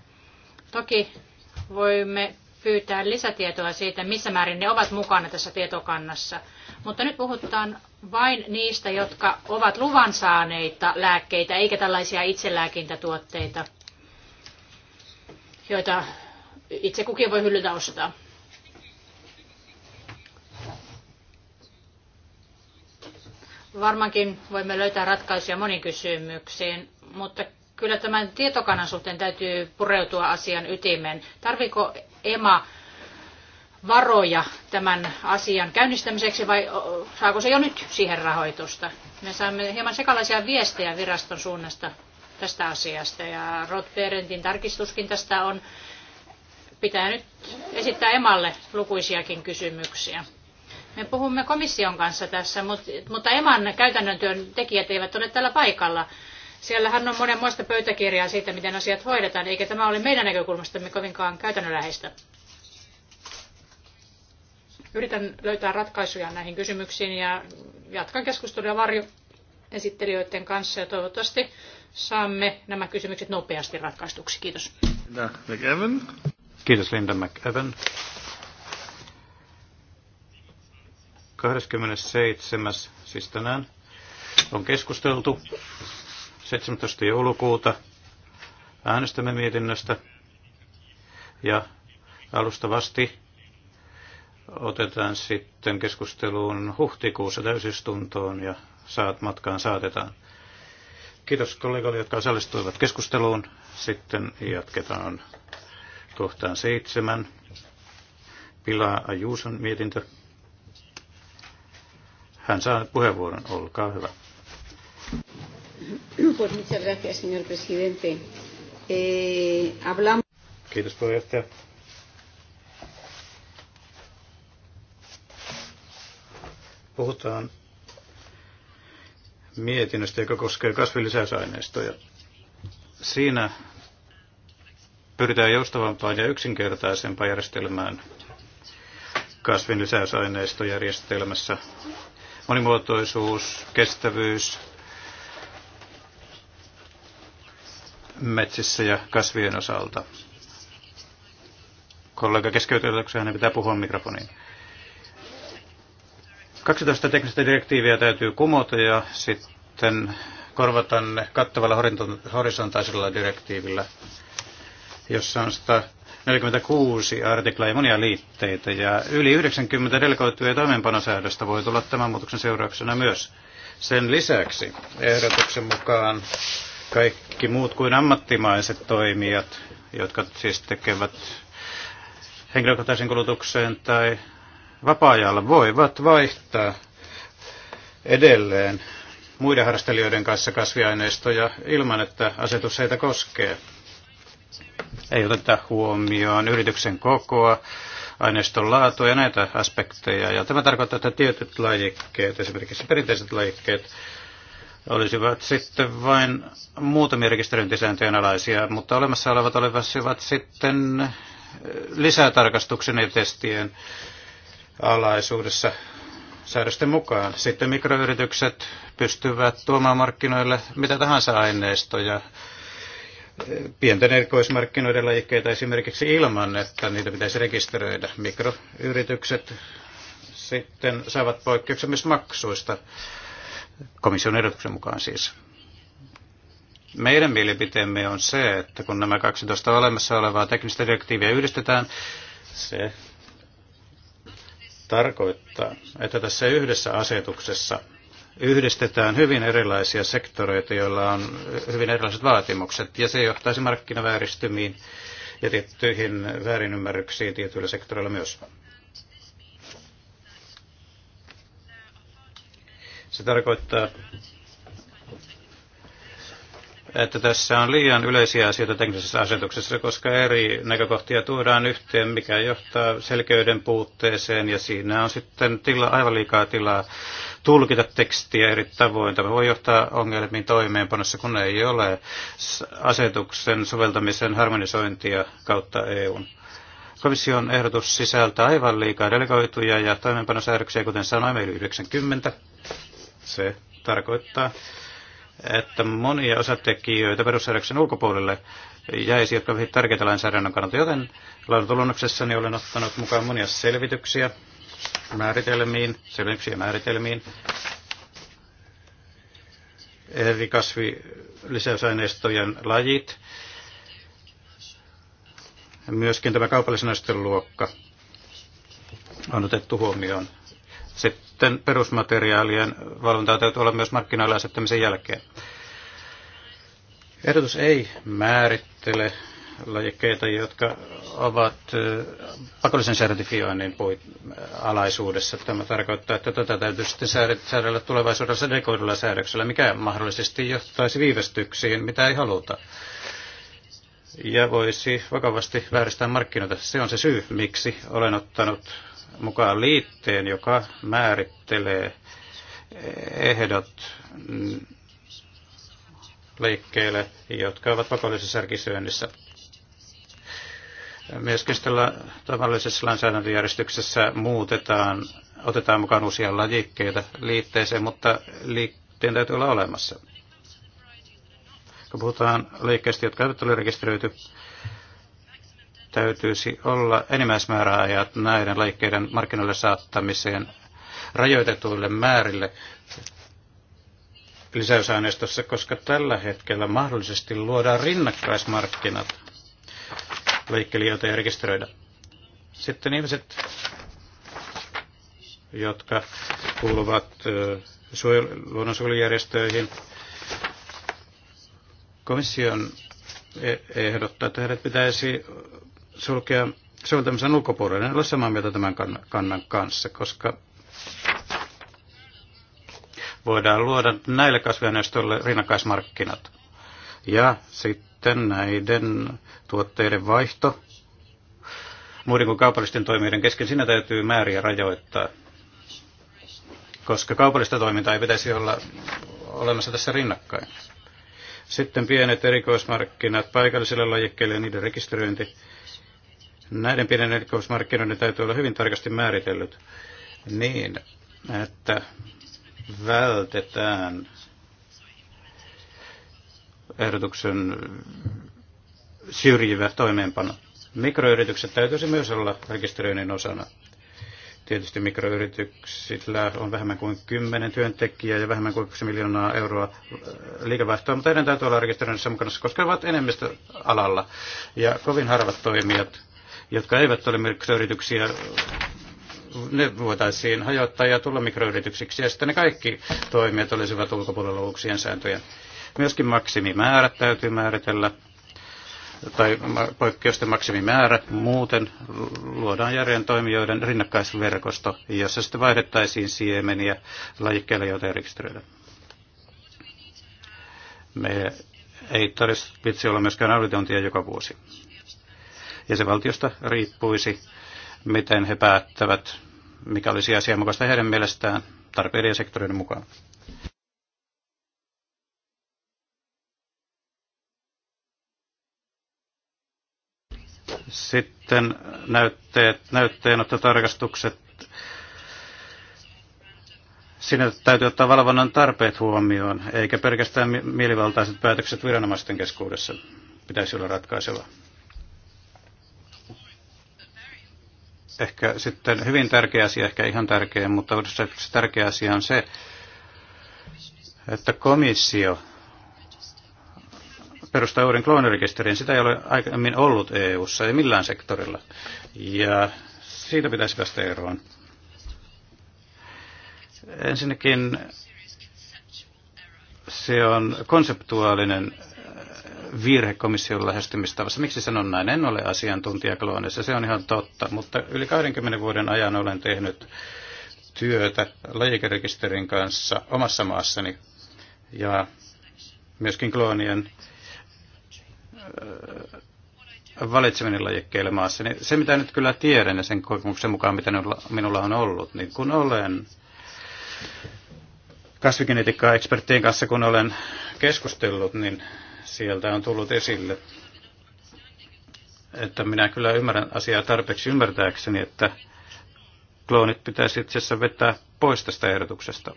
S3: Toki voimme pyytää lisätietoa siitä, missä määrin ne ovat mukana tässä tietokannassa. Mutta nyt puhutaan vain niistä, jotka ovat luvan saaneita lääkkeitä, eikä tällaisia itselääkintätuotteita, joita itse kukin voi hyllyltä ostaa. Varmaankin voimme löytää ratkaisuja moniin kysymyksiin, mutta Kyllä tämän tietokannan suhteen täytyy pureutua asian ytimeen. Tarviko EMA varoja tämän asian käynnistämiseksi vai saako se jo nyt siihen rahoitusta? Me saamme hieman sekalaisia viestejä viraston suunnasta tästä asiasta ja Rod tarkistuskin tästä on. Pitää nyt esittää emalle lukuisiakin kysymyksiä. Me puhumme komission kanssa tässä, mutta eman käytännön työn tekijät eivät ole täällä paikalla. Siellähän on monenmoista pöytäkirjaa siitä, miten asiat hoidetaan, eikä tämä ole meidän näkökulmastamme kovinkaan käytännönläheistä. Yritän löytää ratkaisuja näihin kysymyksiin ja jatkan keskustelua varjo esittelijöiden kanssa ja toivottavasti saamme nämä kysymykset nopeasti ratkaistuksi. Kiitos.
S1: Linda McEvan.
S4: Kiitos Linda McEvan. 27. siis tänään on keskusteltu 17. joulukuuta äänestämme mietinnöstä ja alustavasti otetaan sitten keskusteluun huhtikuussa täysistuntoon ja saat matkaan saatetaan. Kiitos kollegoille, jotka osallistuivat keskusteluun. Sitten jatketaan kohtaan seitsemän. Pila Ajuuson mietintö. Hän saa puheenvuoron. Olkaa hyvä.
S3: Pues muchas gracias, señor presidente. Eh, hablamos...
S4: Puhutaan mietinnöstä, joka koskee kasvilisäysaineistoja. Siinä pyritään joustavampaan ja yksinkertaisempaan järjestelmään kasvinlisäysaineisto Monimuotoisuus, kestävyys, metsissä ja kasvien osalta. Kollega keskeytyksellä hänen pitää puhua mikrofoniin. 12 teknistä direktiiviä täytyy kumota ja sitten korvata ne kattavalla horisontaisella direktiivillä, jossa on 146 artiklaa ja monia liitteitä. Ja yli 90 delegoituja toimeenpanosäädöstä voi tulla tämän muutoksen seurauksena myös. Sen lisäksi ehdotuksen mukaan kaikki muut kuin ammattimaiset toimijat, jotka siis tekevät henkilökohtaisen kulutukseen tai vapaa-ajalla, voivat vaihtaa edelleen muiden harrastelijoiden kanssa kasviaineistoja ilman, että asetus heitä koskee. Ei oteta huomioon yrityksen kokoa, aineiston laatua ja näitä aspekteja. Ja tämä tarkoittaa, että tietyt lajikkeet, esimerkiksi perinteiset lajikkeet, olisivat sitten vain muutamia rekisteröintisääntöjen alaisia, mutta olemassa olevat olisivat sitten eh, lisätarkastuksen ja testien alaisuudessa säädösten mukaan. Sitten mikroyritykset pystyvät tuomaan markkinoille mitä tahansa aineistoja, eh, pienten erikoismarkkinoiden lajikkeita esimerkiksi ilman, että niitä pitäisi rekisteröidä. Mikroyritykset sitten saavat poikkeuksia myös maksuista Komission ehdotuksen mukaan siis. Meidän mielipiteemme on se, että kun nämä 12 olemassa olevaa teknistä direktiiviä yhdistetään, se tarkoittaa, että tässä yhdessä asetuksessa yhdistetään hyvin erilaisia sektoreita, joilla on hyvin erilaiset vaatimukset, ja se johtaisi markkinavääristymiin ja tiettyihin väärinymmärryksiin tietyillä sektoreilla myös. Se tarkoittaa, että tässä on liian yleisiä asioita teknisessä asetuksessa, koska eri näkökohtia tuodaan yhteen, mikä johtaa selkeyden puutteeseen, ja siinä on sitten tila, aivan liikaa tilaa tulkita tekstiä eri tavoin. Tämä voi johtaa ongelmiin toimeenpanossa, kun ei ole asetuksen soveltamisen harmonisointia kautta EUn. Komission ehdotus sisältää aivan liikaa delegoituja ja toimeenpanosäädöksiä, kuten sanoimme, yli 90 se tarkoittaa, että monia osatekijöitä perussäädöksen ulkopuolelle jäisi, jotka ovat tärkeitä lainsäädännön kannalta, joten lausuntoluonnoksessani olen ottanut mukaan monia selvityksiä määritelmiin, selvityksiä määritelmiin, eri kasvilisäysaineistojen lajit, myöskin tämä kaupallisen luokka on otettu huomioon sitten perusmateriaalien valvontaa täytyy olla myös markkinoilla asettamisen jälkeen. Ehdotus ei määrittele lajikkeita, jotka ovat pakollisen sertifioinnin alaisuudessa. Tämä tarkoittaa, että tätä täytyy sitten säädellä tulevaisuudessa dekoidulla säädöksellä, mikä mahdollisesti johtaisi viivästyksiin, mitä ei haluta. Ja voisi vakavasti vääristää markkinoita. Se on se syy, miksi olen ottanut mukaan liitteen, joka määrittelee ehdot leikkeille, jotka ovat pakollisessa särkisyönnissä. Myöskin tavallisessa lainsäädäntöjärjestyksessä muutetaan, otetaan mukaan uusia lajikkeita liitteeseen, mutta liitteen täytyy olla olemassa. Kun puhutaan liikkeistä, jotka eivät ole rekisteröity, täytyisi olla enimmäismääräajat näiden laikkeiden markkinoille saattamiseen rajoitetuille määrille lisäysaineistossa, koska tällä hetkellä mahdollisesti luodaan rinnakkaismarkkinat laikkelijoita ja rekisteröidä. Sitten ihmiset, jotka kuuluvat luonnonsuojelujärjestöihin, komission e-, ehdottaa, että heidät pitäisi sulkea soveltamisen ulkopuolelle. En ole samaa mieltä tämän kannan kanssa, koska voidaan luoda näille kasviaineistoille rinnakkaismarkkinat. Ja sitten näiden tuotteiden vaihto muiden kuin kaupallisten toimijoiden kesken, siinä täytyy määriä rajoittaa, koska kaupallista toimintaa ei pitäisi olla olemassa tässä rinnakkain. Sitten pienet erikoismarkkinat paikallisille lajikkeille ja niiden rekisteröinti. Näiden pienen erikoismarkkinoiden täytyy olla hyvin tarkasti määritellyt niin, että vältetään ehdotuksen syrjivä toimeenpano. Mikroyritykset täytyisi myös olla rekisteröinnin osana. Tietysti mikroyrityksillä on vähemmän kuin 10 työntekijää ja vähemmän kuin 1 miljoonaa euroa äh, liikevaihtoa, mutta heidän täytyy olla rekisteröinnissä mukana, koska he ovat enemmistö alalla. Ja kovin harvat toimijat jotka eivät ole mikroyrityksiä, ne voitaisiin hajottaa ja tulla mikroyrityksiksi, ja sitten ne kaikki toimijat olisivat ulkopuolella uuksien sääntöjen. Myöskin maksimimäärät täytyy määritellä, tai poikkeusten maksimimäärät. Muuten luodaan järjen toimijoiden rinnakkaisverkosto, jossa sitten vaihdettaisiin siemeniä lajikkeille, joita ei rekisteröidä. Me ei tarvitse olla myöskään auditointia joka vuosi jäsenvaltiosta riippuisi, miten he päättävät, mikä olisi asianmukaista heidän mielestään tarpeiden ja sektorien mukaan. Sitten näytteet, näytteenottotarkastukset. Siinä täytyy ottaa valvonnan tarpeet huomioon, eikä pelkästään mielivaltaiset päätökset viranomaisten keskuudessa pitäisi olla ratkaiseva. ehkä sitten hyvin tärkeä asia, ehkä ihan tärkeä, mutta se tärkeä asia on se, että komissio perustaa uuden kloonirekisterin. Sitä ei ole aikaisemmin ollut EU-ssa, ei millään sektorilla. Ja siitä pitäisi päästä eroon. Ensinnäkin se on konseptuaalinen virhe komission lähestymistavassa. Miksi sanon näin? En ole asiantuntija kloonissa, se on ihan totta, mutta yli 20 vuoden ajan olen tehnyt työtä lajikerekisterin kanssa omassa maassani ja myöskin kloonien äh, valitseminen lajikkeille maassa, niin se mitä nyt kyllä tiedän ja sen kokemuksen mukaan, mitä minulla on ollut, niin kun olen kasvigenetiikkaa eksperttien kanssa, kun olen keskustellut, niin sieltä on tullut esille. Että minä kyllä ymmärrän asiaa tarpeeksi ymmärtääkseni, että kloonit pitäisi itse asiassa vetää pois tästä ehdotuksesta.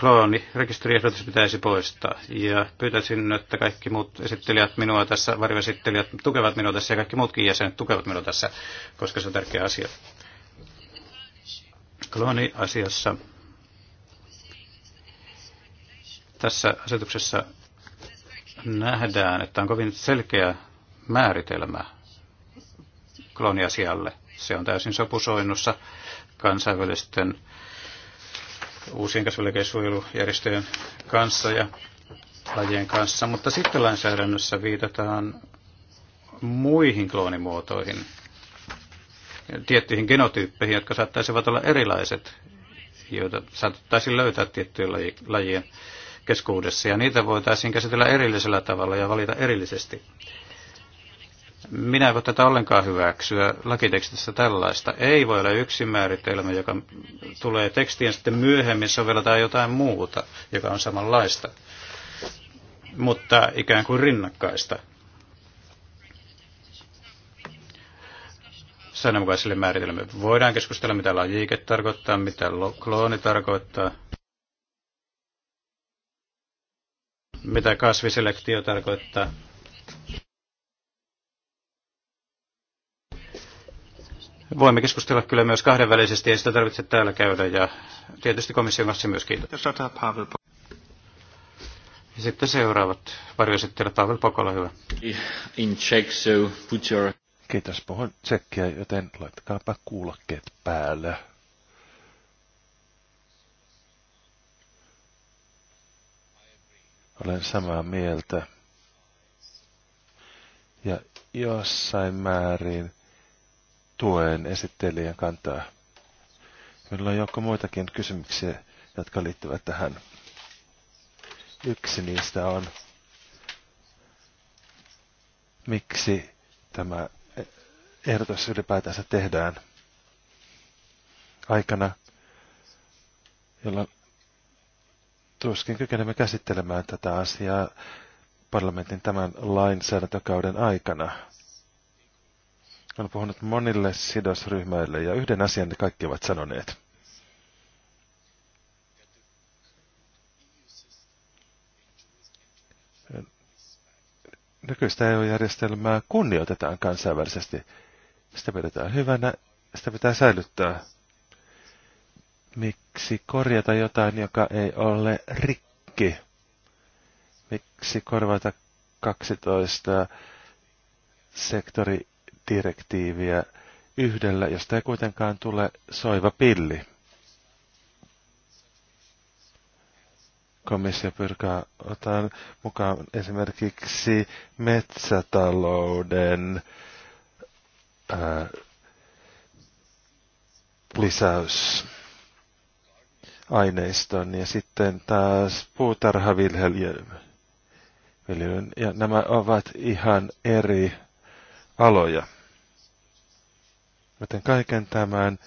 S4: Klooni, rekisteriehdotus pitäisi poistaa. Ja pyytäisin, että kaikki muut esittelijät minua tässä, varjoesittelijät tukevat minua tässä ja kaikki muutkin jäsenet tukevat minua tässä, koska se on tärkeä asia. Klooni-asiassa tässä asetuksessa nähdään, että on kovin selkeä määritelmä kloniasialle. Se on täysin sopusoinnussa kansainvälisten uusien kasvilääkesuojelujärjestöjen kanssa ja lajien kanssa, mutta sitten lainsäädännössä viitataan muihin kloonimuotoihin, tiettyihin genotyyppeihin, jotka saattaisivat olla erilaiset, joita saattaisi löytää tiettyjen lajien keskuudessa, ja niitä voitaisiin käsitellä erillisellä tavalla ja valita erillisesti. Minä en voi tätä ollenkaan hyväksyä lakitekstissä tällaista. Ei voi olla yksi määritelmä, joka tulee tekstiin sitten myöhemmin sovelletaan jotain muuta, joka on samanlaista, mutta ikään kuin rinnakkaista. säännönmukaisille määritelmille. Voidaan keskustella, mitä lajiike tarkoittaa, mitä klooni tarkoittaa. mitä kasviselektio tarkoittaa. Voimme keskustella kyllä myös kahdenvälisesti, ei sitä tarvitse täällä käydä, ja tietysti komission kanssa myös kiitos. Ja sitten seuraavat varjoesittelijät, Pavel Pokola, hyvä.
S2: In check, so put your... Kiitos, puhun tsekkiä, joten laittakaapa kuulokkeet päälle. Olen samaa mieltä. Ja jossain määrin tuen esittelijän kantaa. Minulla on joukko muitakin kysymyksiä, jotka liittyvät tähän. Yksi niistä on, miksi tämä ehdotus ylipäätänsä tehdään aikana, jolloin tuskin kykenemme käsittelemään tätä asiaa parlamentin tämän lainsäädäntökauden aikana. Olen puhunut monille sidosryhmäille ja yhden asian ne kaikki ovat sanoneet. Nykyistä EU-järjestelmää kunnioitetaan kansainvälisesti. Sitä pidetään hyvänä, sitä pitää säilyttää. Miksi korjata jotain, joka ei ole rikki? Miksi korvata 12 sektoridirektiiviä yhdellä, josta ei kuitenkaan tule soiva pilli? komissio pyrkää ottamaan mukaan esimerkiksi metsätalouden ää, lisäys aineiston ja sitten taas puutarhaviljelyn. Ja nämä ovat ihan eri aloja. Joten kaiken tämän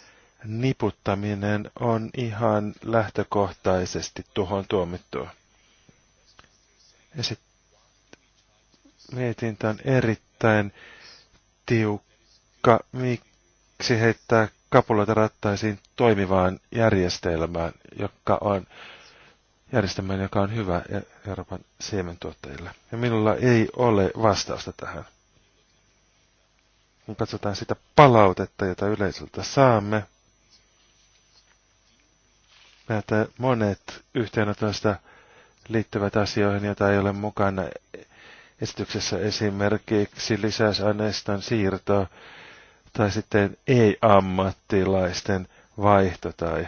S2: niputtaminen on ihan lähtökohtaisesti tuhon tuomittua. Ja sitten mietintä on erittäin tiukka, miksi heittää kapuloita rattaisiin toimivaan järjestelmään, joka on järjestelmään, joka on hyvä Euroopan siementuottajille. Ja minulla ei ole vastausta tähän. Kun katsotaan sitä palautetta, jota yleisöltä saamme, näitä monet yhteenotoista liittyvät asioihin, joita ei ole mukana esityksessä esimerkiksi lisäysaineiston siirtoa tai sitten ei-ammattilaisten vaihto tai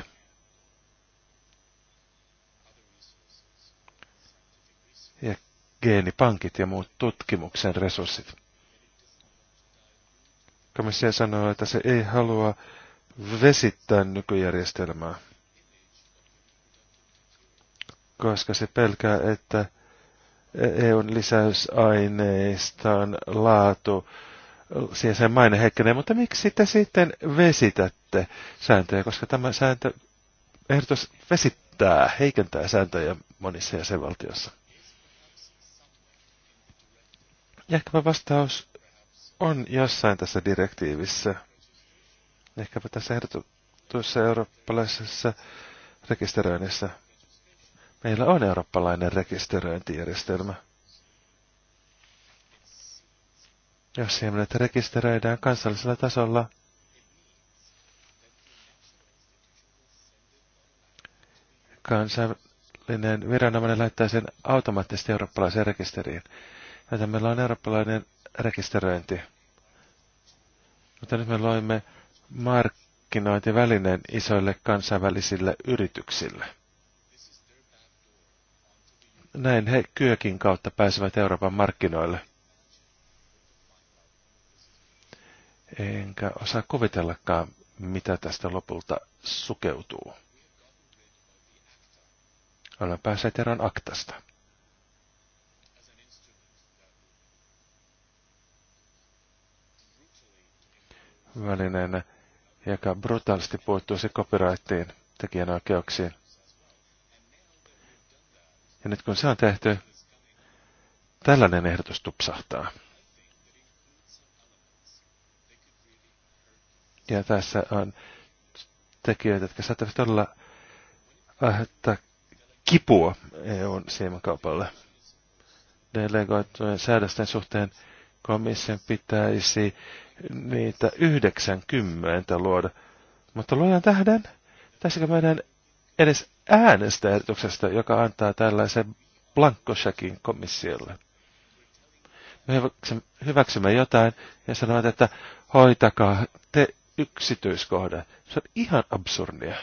S2: ja geenipankit ja muut tutkimuksen resurssit. Komissio sanoo, että se ei halua vesittää nykyjärjestelmää, koska se pelkää, että e- EUn lisäysaineistaan laatu siihen sen maine heikkenee, mutta miksi te sitten vesitätte sääntöjä, koska tämä sääntö ehdotus vesittää, heikentää sääntöjä monissa jäsenvaltioissa. Ja ehkäpä vastaus on jossain tässä direktiivissä. Ehkäpä tässä ehdotussa eurooppalaisessa rekisteröinnissä. Meillä on eurooppalainen rekisteröintijärjestelmä. Jos siemenet rekisteröidään kansallisella tasolla, kansallinen viranomainen laittaa sen automaattisesti eurooppalaiseen rekisteriin. Joten meillä on eurooppalainen rekisteröinti. Mutta nyt me loimme markkinointivälineen isoille kansainvälisille yrityksille. Näin he kyökin kautta pääsevät Euroopan markkinoille. enkä osaa kuvitellakaan, mitä tästä lopulta sukeutuu. Olen päässyt eroon aktasta. Välineenä, joka brutaalisti puuttuisi copyrightiin, tekijänoikeuksiin. Ja nyt kun se on tehty, tällainen ehdotus tupsahtaa. Ja tässä on tekijöitä, jotka saattavat todella aiheuttaa kipua EUn siemenkaupalle. Delegoitujen säädösten suhteen komission pitäisi niitä 90 luoda. Mutta luojan tähden, tässäkö meidän edes äänestä joka antaa tällaisen blankkosäkin komissiolle. Me hyväksymme jotain ja sanovat, että hoitakaa te yksityiskohdan. Se on ihan absurdia.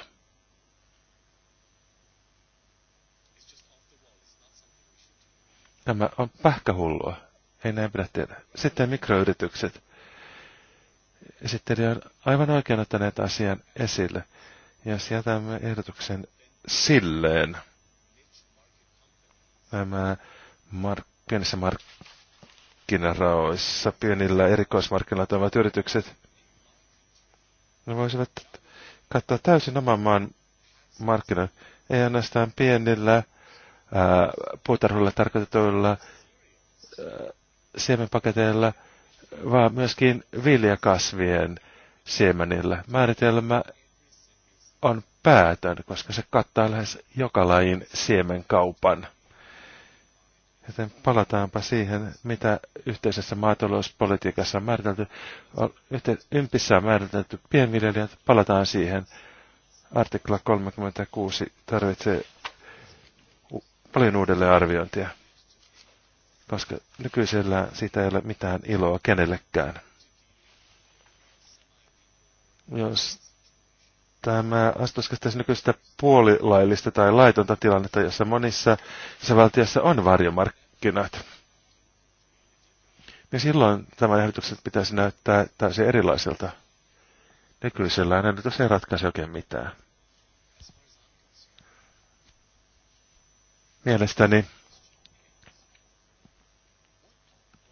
S2: Tämä on pähkähullua. Ei näin pidä tehdä. Sitten mikroyritykset. Esittelijä on aivan oikein ottaneet asian esille. Ja sieltämme ehdotuksen silleen. Nämä mark- pienissä markkinaraoissa, pienillä erikoismarkkinoilla toimivat yritykset ne voisivat katsoa täysin oman maan markkinan. Ei ainoastaan pienillä ää, puutarhoilla tarkoitetuilla ää, siemenpaketeilla, vaan myöskin viljakasvien siemenillä. Määritelmä on päätön, koska se kattaa lähes joka lajin siemenkaupan. Joten palataanpa siihen, mitä yhteisessä maatalouspolitiikassa on määritelty. Ympissä on määritelty pienviljelijät, palataan siihen. Artikla 36 tarvitsee paljon arviointia. koska nykyisellä siitä ei ole mitään iloa kenellekään. Jos tämä astuskastaisi nykyistä puolilaillista tai laitonta tilannetta, jossa monissa valtiossa on varjomarkkinoita markkinat, niin silloin tämä ehdotukset pitäisi näyttää täysin erilaiselta. Nykyisellään ehdotus ei ratkaise oikein mitään. Mielestäni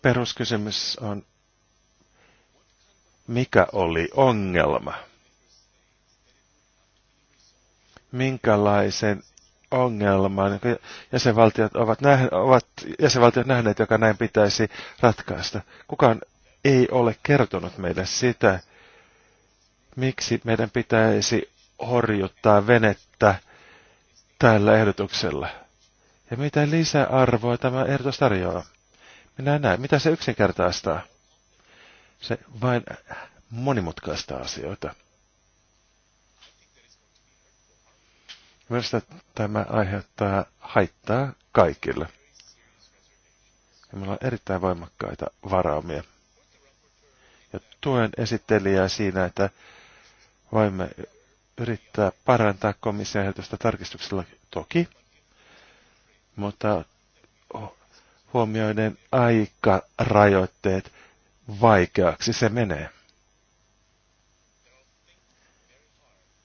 S2: peruskysymys on, mikä oli ongelma? Minkälaisen ongelman, jonka niin jäsenvaltiot ovat, nähne, ovat jäsenvaltiot nähneet, joka näin pitäisi ratkaista. Kukaan ei ole kertonut meille sitä, miksi meidän pitäisi horjuttaa venettä tällä ehdotuksella. Ja mitä lisäarvoa tämä ehdotus tarjoaa? Minä näen, mitä se yksinkertaistaa. Se vain monimutkaistaa asioita. Mielestäni tämä aiheuttaa haittaa kaikille. Ja meillä on erittäin voimakkaita varaumia. Ja tuen esittelijää siinä, että voimme yrittää parantaa komission ehdotusta tarkistuksella toki, mutta huomioiden aikarajoitteet vaikeaksi se menee.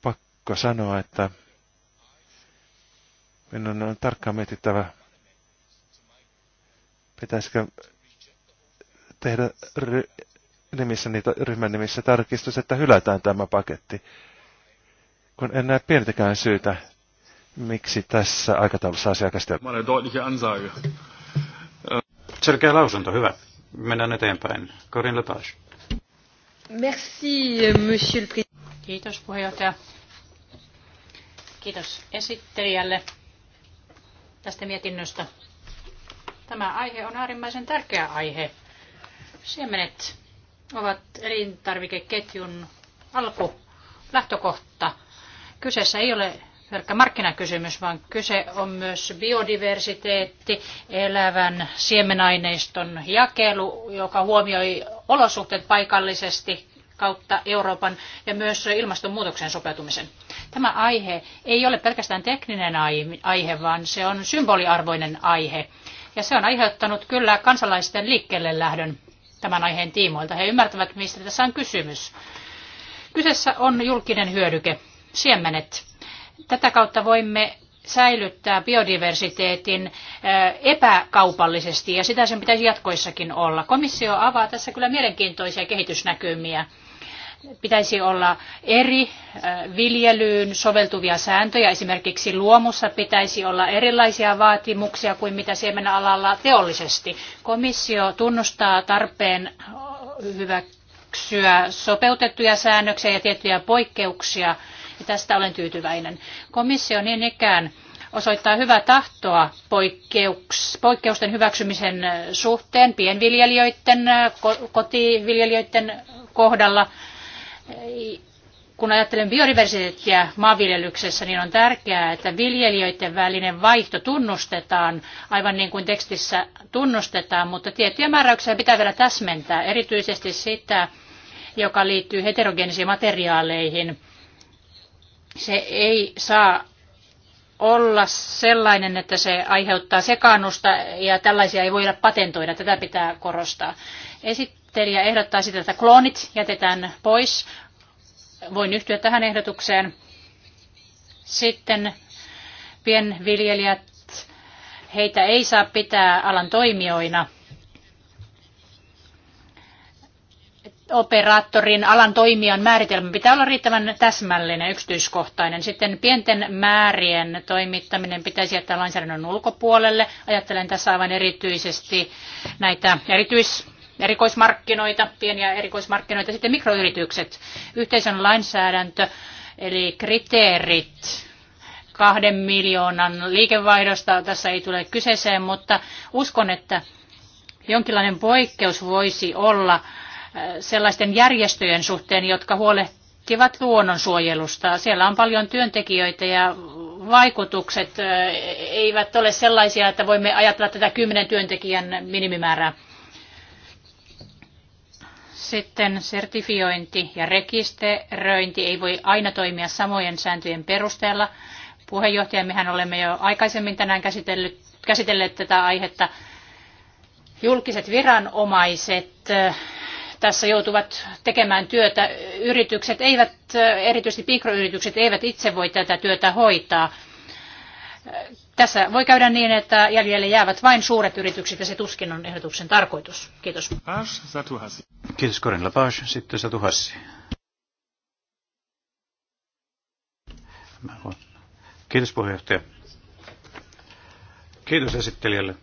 S2: Pakko sanoa, että Minun on tarkkaan mietittävä, pitäisikö tehdä ry- nimissä, niitä, ryhmän nimissä tarkistus, että hylätään tämä paketti, kun en näe pientäkään syytä, miksi tässä aikataulussa asia käsitellään.
S4: Selkeä lausunto, hyvä. Mennään eteenpäin. Corinne Lepage.
S3: Merci, monsieur le Kiitos puheenjohtaja. Kiitos esittelijälle tästä mietinnöstä. Tämä aihe on äärimmäisen tärkeä aihe. Siemenet ovat elintarvikeketjun alku, lähtökohta. Kyseessä ei ole pelkkä markkinakysymys, vaan kyse on myös biodiversiteetti, elävän siemenaineiston jakelu, joka huomioi olosuhteet paikallisesti kautta Euroopan ja myös ilmastonmuutokseen sopeutumisen. Tämä aihe ei ole pelkästään tekninen aihe, vaan se on symboliarvoinen aihe. Ja se on aiheuttanut kyllä kansalaisten liikkeelle lähdön tämän aiheen tiimoilta. He ymmärtävät, mistä tässä on kysymys. Kyseessä on julkinen hyödyke, siemenet. Tätä kautta voimme säilyttää biodiversiteetin eh, epäkaupallisesti ja sitä sen pitäisi jatkoissakin olla. Komissio avaa tässä kyllä mielenkiintoisia kehitysnäkymiä pitäisi olla eri äh, viljelyyn soveltuvia sääntöjä. Esimerkiksi luomussa pitäisi olla erilaisia vaatimuksia kuin mitä siemenalalla teollisesti. Komissio tunnustaa tarpeen hyväksyä sopeutettuja säännöksiä ja tiettyjä poikkeuksia. Ja tästä olen tyytyväinen. Komissio niin ikään osoittaa hyvää tahtoa poikkeuks, poikkeusten hyväksymisen äh, suhteen pienviljelijöiden, äh, kotiviljelijöiden kohdalla – kun ajattelen biodiversiteettiä maanviljelyksessä, niin on tärkeää, että viljelijöiden välinen vaihto tunnustetaan, aivan niin kuin tekstissä tunnustetaan, mutta tiettyjä määräyksiä pitää vielä täsmentää, erityisesti sitä, joka liittyy heterogeenisiin materiaaleihin. Se ei saa olla sellainen, että se aiheuttaa sekaannusta ja tällaisia ei voida patentoida. Tätä pitää korostaa. Esit- esittelijä ehdottaa sitä, että kloonit jätetään pois. Voin yhtyä tähän ehdotukseen. Sitten pienviljelijät, heitä ei saa pitää alan toimijoina. operaattorin alan toimijan määritelmä pitää olla riittävän täsmällinen, yksityiskohtainen. Sitten pienten määrien toimittaminen pitäisi jättää lainsäädännön ulkopuolelle. Ajattelen tässä aivan erityisesti näitä erityis erikoismarkkinoita, pieniä erikoismarkkinoita, sitten mikroyritykset, yhteisön lainsäädäntö, eli kriteerit kahden miljoonan liikevaihdosta tässä ei tule kyseeseen, mutta uskon, että jonkinlainen poikkeus voisi olla äh, sellaisten järjestöjen suhteen, jotka huolehtivat luonnonsuojelusta. Siellä on paljon työntekijöitä ja vaikutukset äh, eivät ole sellaisia, että voimme ajatella tätä kymmenen työntekijän minimimäärää. Sitten sertifiointi ja rekisteröinti ei voi aina toimia samojen sääntöjen perusteella. Puheenjohtaja, mehän olemme jo aikaisemmin tänään käsitellyt, käsitelleet tätä aihetta. Julkiset viranomaiset eh, tässä joutuvat tekemään työtä. Yritykset eivät, eh, erityisesti mikroyritykset, eivät itse voi tätä työtä hoitaa tässä voi käydä niin, että jäljelle jäävät vain suuret yritykset ja se tuskin on ehdotuksen tarkoitus. Kiitos.
S4: Kiitos Korin Lapage. Sitten Satu Hassi. Kiitos puheenjohtaja. Kiitos esittelijälle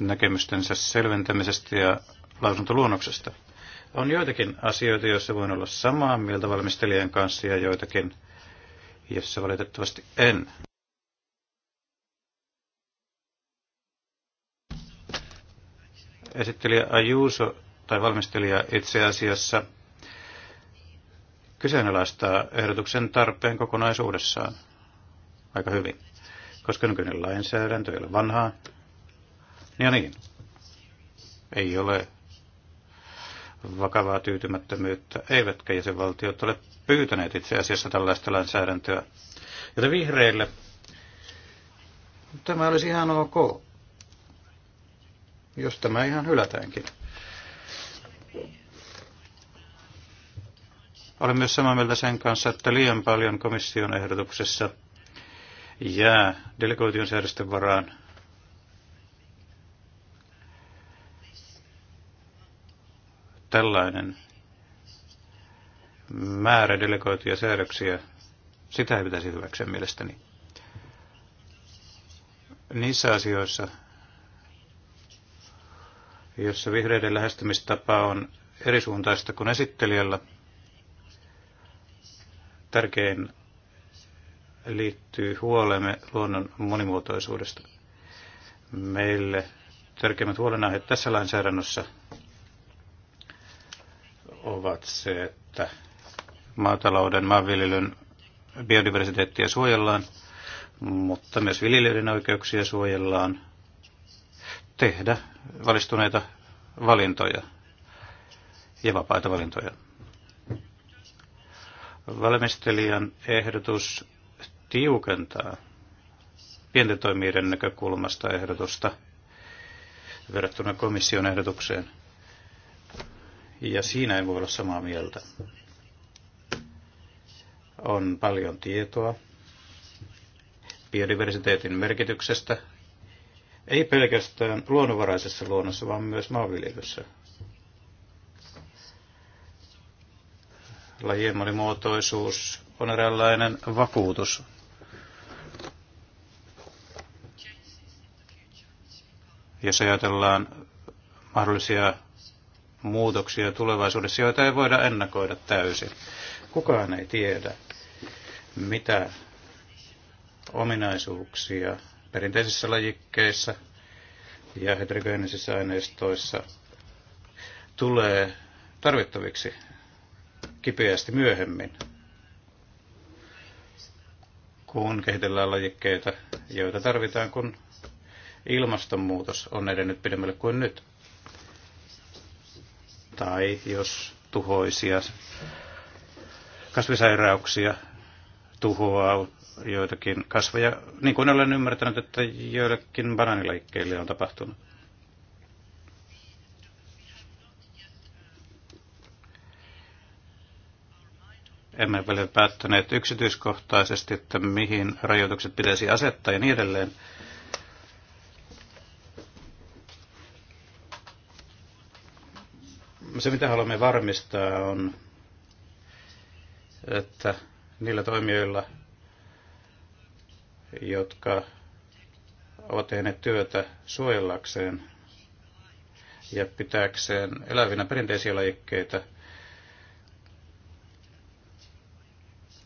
S4: näkemystensä selventämisestä ja lausuntoluonnoksesta. On joitakin asioita, joissa voin olla samaa mieltä valmistelijan kanssa ja joitakin – jossa valitettavasti en. Esittelijä Ajuuso tai valmistelija itse asiassa kyseenalaistaa ehdotuksen tarpeen kokonaisuudessaan aika hyvin, koska nykyinen lainsäädäntö ei ole vanhaa. Ja niin, ei ole vakavaa tyytymättömyyttä, eivätkä jäsenvaltiot ole pyytäneet itse asiassa tällaista lainsäädäntöä. Joten vihreille tämä olisi ihan ok, jos tämä ihan hylätäänkin. Olen myös samaa mieltä sen kanssa, että liian paljon komission ehdotuksessa jää delegoition säädösten varaan tällainen määrä delegoituja säädöksiä, sitä ei pitäisi hyväksyä mielestäni. Niissä asioissa, jossa vihreiden lähestymistapa on eri suuntaista kuin esittelijällä, tärkein liittyy huolemme luonnon monimuotoisuudesta. Meille tärkeimmät huolenaiheet tässä lainsäädännössä ovat se, että maatalouden, maanviljelyn biodiversiteettiä suojellaan, mutta myös viljelijöiden oikeuksia suojellaan tehdä valistuneita valintoja ja vapaita valintoja. Valmistelijan ehdotus tiukentaa pienten toimijoiden näkökulmasta ehdotusta verrattuna komission ehdotukseen – ja siinä en voi olla samaa mieltä. On paljon tietoa biodiversiteetin merkityksestä, ei pelkästään luonnonvaraisessa luonnossa, vaan myös maanviljelyssä. Lajien monimuotoisuus on eräänlainen vakuutus jos ajatellaan mahdollisia muutoksia tulevaisuudessa, joita ei voida ennakoida täysin. Kukaan ei tiedä, mitä ominaisuuksia perinteisissä lajikkeissa ja heterogeenisissä aineistoissa tulee tarvittaviksi kipeästi myöhemmin, kun kehitellään lajikkeita, joita tarvitaan, kun ilmastonmuutos on edennyt pidemmälle kuin nyt tai jos tuhoisia kasvisairauksia tuhoaa joitakin kasveja, niin kuin olen ymmärtänyt, että joillekin bananileikkeille on tapahtunut. Emme ole päättäneet yksityiskohtaisesti, että mihin rajoitukset pitäisi asettaa ja niin edelleen. se, mitä haluamme varmistaa, on, että niillä toimijoilla, jotka ovat tehneet työtä suojellakseen ja pitääkseen elävinä perinteisiä lajikkeita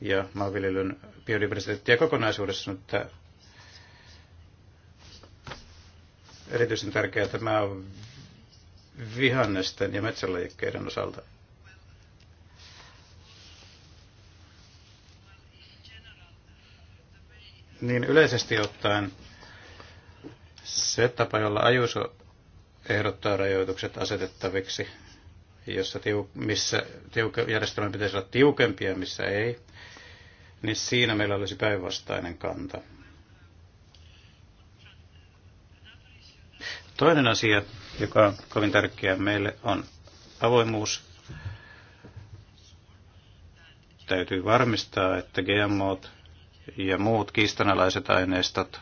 S4: ja maanviljelyn biodiversiteettiä kokonaisuudessaan, että erityisen tärkeää tämä on vihannesten ja metsälajikkeiden osalta. Niin yleisesti ottaen se tapa, jolla Ajuso ehdottaa rajoitukset asetettaviksi, jossa tiu, missä tiuke, järjestelmän pitäisi olla tiukempia, missä ei, niin siinä meillä olisi päinvastainen kanta. Toinen asia, joka on kovin tärkeä meille, on avoimuus. Täytyy varmistaa, että GMO ja muut kiistanalaiset aineistot,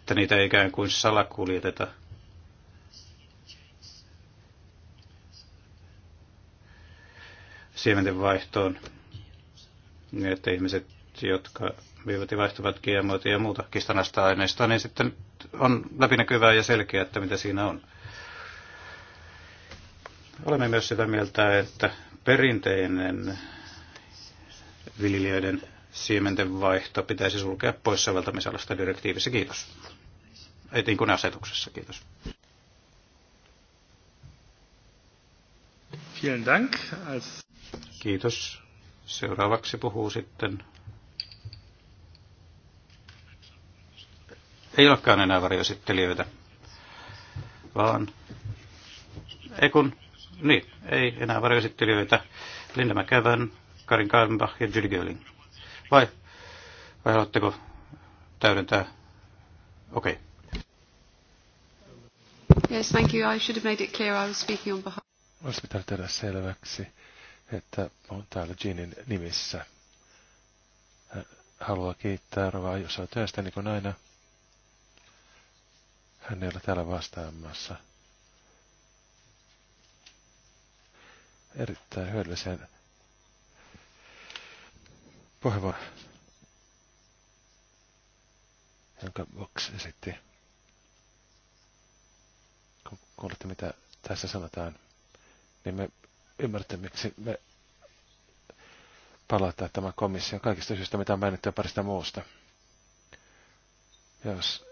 S4: että niitä ei ikään kuin salakuljeteta siementen vaihtoon, niin että ihmiset jotka vievät ja vaihtuvat GMOita ja muuta kistanasta aineista, niin sitten on läpinäkyvää ja selkeää, että mitä siinä on. Olemme myös sitä mieltä, että perinteinen viljelijöiden siementen vaihto pitäisi sulkea pois soveltamisalasta direktiivissä. Kiitos. Ei niin kuin asetuksessa. Kiitos. Vielen Dank. Kiitos. Seuraavaksi puhuu sitten ei olekaan enää varjoesittelijöitä, vaan ei kun, niin, ei enää varjoesittelijöitä, Linda McEvan, Karin Kalmbach ja Judy Görling. Vai, vai haluatteko täydentää?
S2: Okei.
S1: Okay. Yes, thank you. I should have made it clear I was speaking on behalf.
S2: Olisi pitänyt tehdä selväksi, että olen täällä Jeanin nimissä. Haluan haluaa kiittää Rovaa Josaa työstä, niin kuin aina. Hän ei ole täällä vastaamassa. Erittäin hyödyllisen puheenvuoron, jonka Vox esitti. Kun kuulette, mitä tässä sanotaan, niin me ymmärrätte, miksi me palataan tämän komission kaikista syistä, mitä on mainittu ja parista muusta. Jos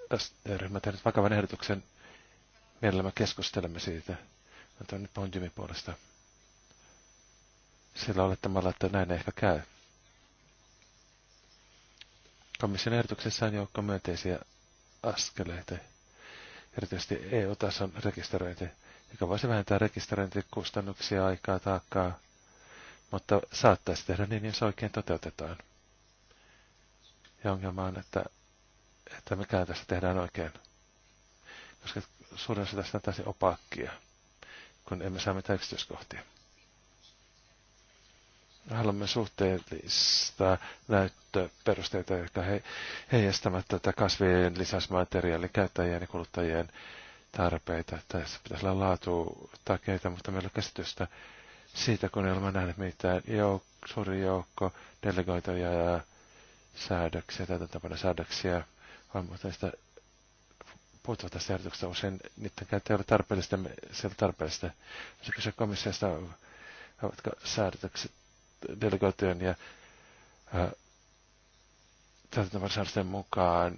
S2: ryhmä tehnyt vakavan ehdotuksen. me keskustelemme siitä. Antoin nyt puhun Jimin puolesta. Sillä olettamalla, että näin ei ehkä käy. Komission ehdotuksessa on joukko myönteisiä askeleita, erityisesti EU-tason rekisteröinti, joka voisi vähentää rekisteröintikustannuksia, aikaa, taakkaa, mutta saattaisi tehdä niin, jos oikein toteutetaan. Ja ongelma on, että että mikä tästä tehdään oikein. Koska suurin osa tästä on täysin opakkia, kun emme saa mitään yksityiskohtia. Haluamme suhteellista näyttöperusteita, jotka he, heijastavat tätä kasvien lisäysmateriaalin käyttäjien ja kuluttajien tarpeita. Tässä pitäisi olla laatutakeita, mutta meillä on käsitystä siitä, kun ei ole nähnyt mitään jouk- suuri joukko delegoituja ja säädöksiä, täytäntöpana säädöksiä valmiuteista puuttuvat tästä ehdotuksesta usein, niiden käyttö ei ole tarpeellista, me, se on tarpeellista. Se kysyä komissiosta, ovatko säädökset delegoitujen ja täytäntömän säädösten mukaan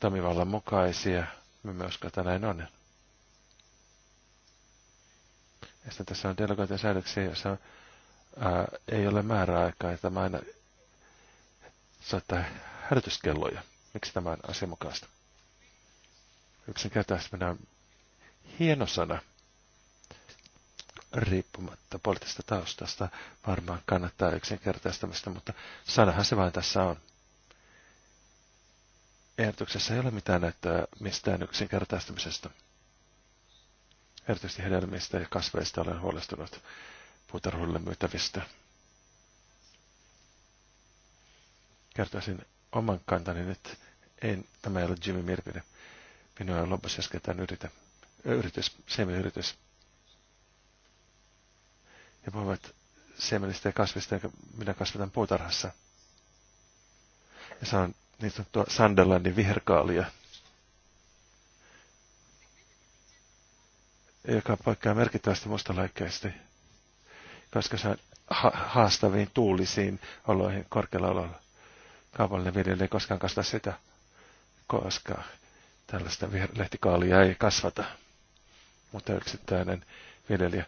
S2: toimivallan mukaisia, me myös näin on. Ja sitten tässä on delegoitujen säädöksiä, joissa ää, ei ole määräaikaa, että mä aina saattaa hälytyskelloja. Miksi tämä on asianmukaista? Yksinkertaisesti mennään hieno sana. Riippumatta poliittisesta taustasta varmaan kannattaa yksinkertaistamista, mutta sanahan se vain tässä on. Ehdotuksessa ei ole mitään näyttöä mistään yksinkertaistamisesta. Erityisesti hedelmistä ja kasveista olen huolestunut puutarhuille myytävistä. Kertoisin oman kantani nyt. En, tämä ei ole Jimmy Mirpinen. Minua on lopussa äsken yritä, yritys, semi-yritys. Ja puhuvat siemenistä ja kasvista, jonka minä kasvatan puutarhassa. Ja on niin sanottua Sunderlandin viherkaalia. joka paikkaa merkittävästi mustalaikkeesti, koska se on ha- haastaviin tuulisiin oloihin korkealla ololla kaupallinen viljely ei koskaan kasta sitä, koska tällaista lehtikaalia ei kasvata. Mutta yksittäinen viljelijä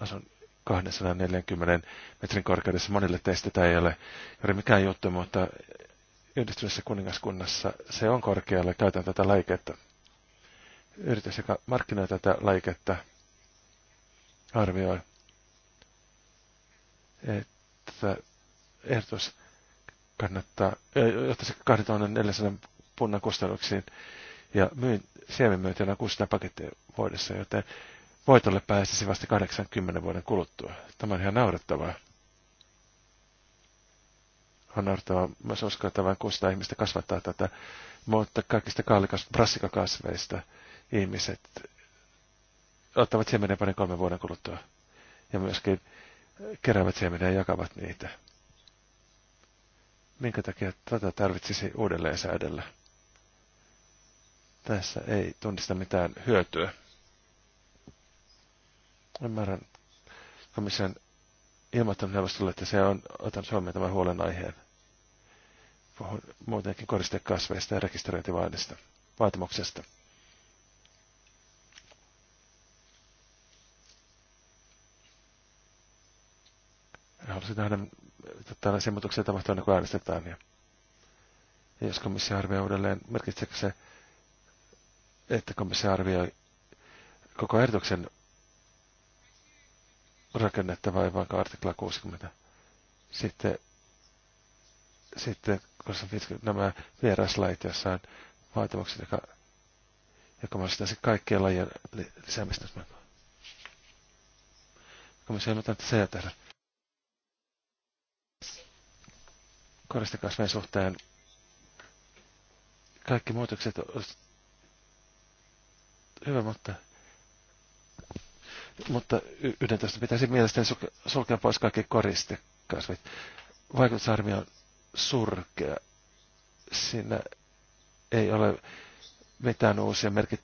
S2: asun 240 metrin korkeudessa. Monille teistä tämä ei ole juuri mikään juttu, mutta yhdistyneessä kuningaskunnassa se on korkealla. Käytän tätä laiketta. Yritys, joka markkinoi tätä laiketta, arvioi, että ehdotus kannattaa, eh, se 2400 punnan kustannuksiin ja myin siemenmyynti on 600 pakettia vuodessa, joten voitolle pääsisi vasta 80 vuoden kuluttua. Tämä on ihan naurettavaa. On naurettavaa myös uskoa, että vain 600 ihmistä kasvattaa tätä, mutta kaikista brassikakasveista ihmiset ottavat siemenen paljon kolmen vuoden kuluttua. Ja myöskin keräävät siemenen ja jakavat niitä minkä takia tätä tarvitsisi uudelleen säädellä. Tässä ei tunnista mitään hyötyä. Ymmärrän komission ilmoittanut neuvostolle, että se on ottanut Suomeen tämän huolenaiheen. Puhun muutenkin koristekasveista ja rekisteröintivaadista, vaatimuksesta. haluaisin nähdä, tällaisia muutoksia tapahtuu ennen kuin äänestetään. Ja, ja jos komissio arvioi uudelleen, merkitseekö se, että komissio arvioi koko ehdotuksen rakennetta vai vaikka artikla 60. Sitten, sitten koska nämä vieraslait, joissa on vaatimukset, joka, joka mahdollistaisi kaikkien lajien lisäämistä. Komissio ei ole se tehdä. koristekasvien suhteen kaikki muutokset olisi hyvä, mutta, mutta tästä pitäisi mielestäni sulkea pois kaikki koristekasvit. Vaikutusarmi on surkea. Siinä ei ole mitään uusia merkit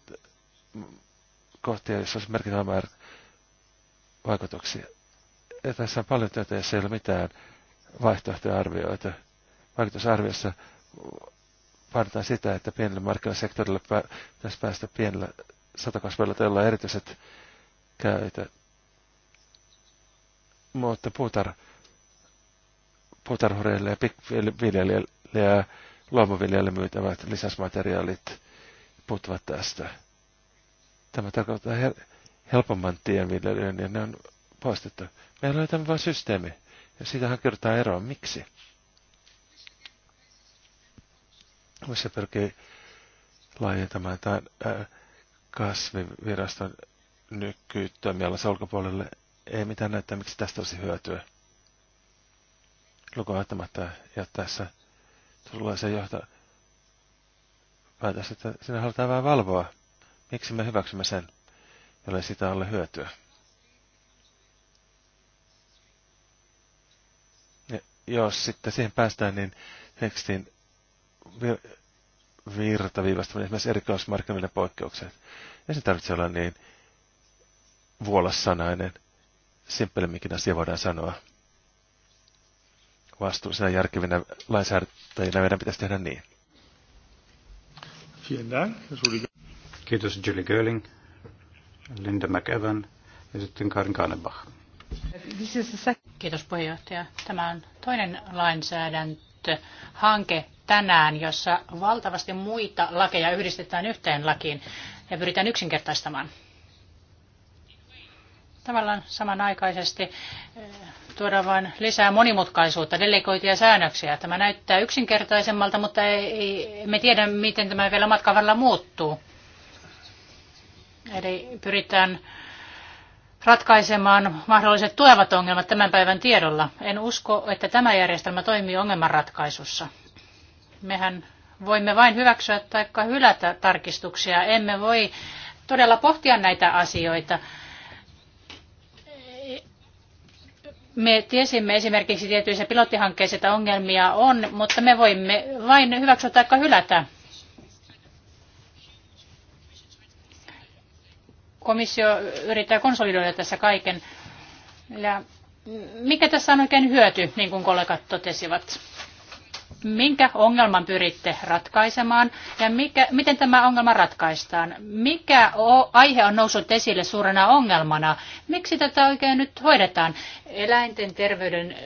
S2: kohtia, jos olisi merkittävä määrä vaikutuksia. Ja tässä on paljon työtä, jos ei ole mitään vaihtoehtoja arvioita vaikutusarviossa vaaditaan sitä, että pienellä markkinasektorilla pitäisi päästä pienellä satakasvella tällä erityiset käytä. Mutta puutar, puutarhureille ja pikviljelijöille ja luomuviljelijöille myytävät lisäsmateriaalit puuttuvat tästä. Tämä tarkoittaa hel helpomman tien viljelyyn ja ne on poistettu. Meillä on tämä vain systeemi ja siitä kertaa eroa. Miksi? se pyrkii laajentamaan tämän äh, kasviviraston mielessä ulkopuolelle. Ei mitään näyttää, miksi tästä olisi hyötyä. ajattamatta, ja tässä tulee se johto päätös, että sinä halutaan vähän valvoa. Miksi me hyväksymme sen, jolle sitä ole hyötyä? Ja jos sitten siihen päästään, niin tekstin vir- virtaviivastaminen, esimerkiksi erikoismarkkinoiden poikkeukset. Ei se tarvitse olla niin vuolassanainen. Simppelimminkin asia voidaan sanoa. Vastuullisena järkevinä lainsäätäjinä meidän pitäisi tehdä niin.
S4: Kiitos Julie Görling, Linda McEvan ja sitten Karin Kanebach.
S3: Kiitos puheenjohtaja. Tämä on toinen hanke, tänään, jossa valtavasti muita lakeja yhdistetään yhteen lakiin ja pyritään yksinkertaistamaan. Tavallaan samanaikaisesti eh, tuodaan vain lisää monimutkaisuutta, delegoituja säännöksiä. Tämä näyttää yksinkertaisemmalta, mutta ei, me tiedä, miten tämä vielä matkan varrella muuttuu. Eli pyritään ratkaisemaan mahdolliset tulevat ongelmat tämän päivän tiedolla. En usko, että tämä järjestelmä toimii ongelmanratkaisussa. Mehän voimme vain hyväksyä tai hylätä tarkistuksia. Emme voi todella pohtia näitä asioita. Me tiesimme esimerkiksi tietyissä pilottihankkeissa, että ongelmia on, mutta me voimme vain hyväksyä tai hylätä. Komissio yrittää konsolidoida tässä kaiken. Ja mikä tässä on oikein hyöty, niin kuin kollegat totesivat? minkä ongelman pyritte ratkaisemaan ja mikä, miten tämä ongelma ratkaistaan. Mikä o, aihe on noussut esille suurena ongelmana? Miksi tätä oikein nyt hoidetaan? Eläinten terveyden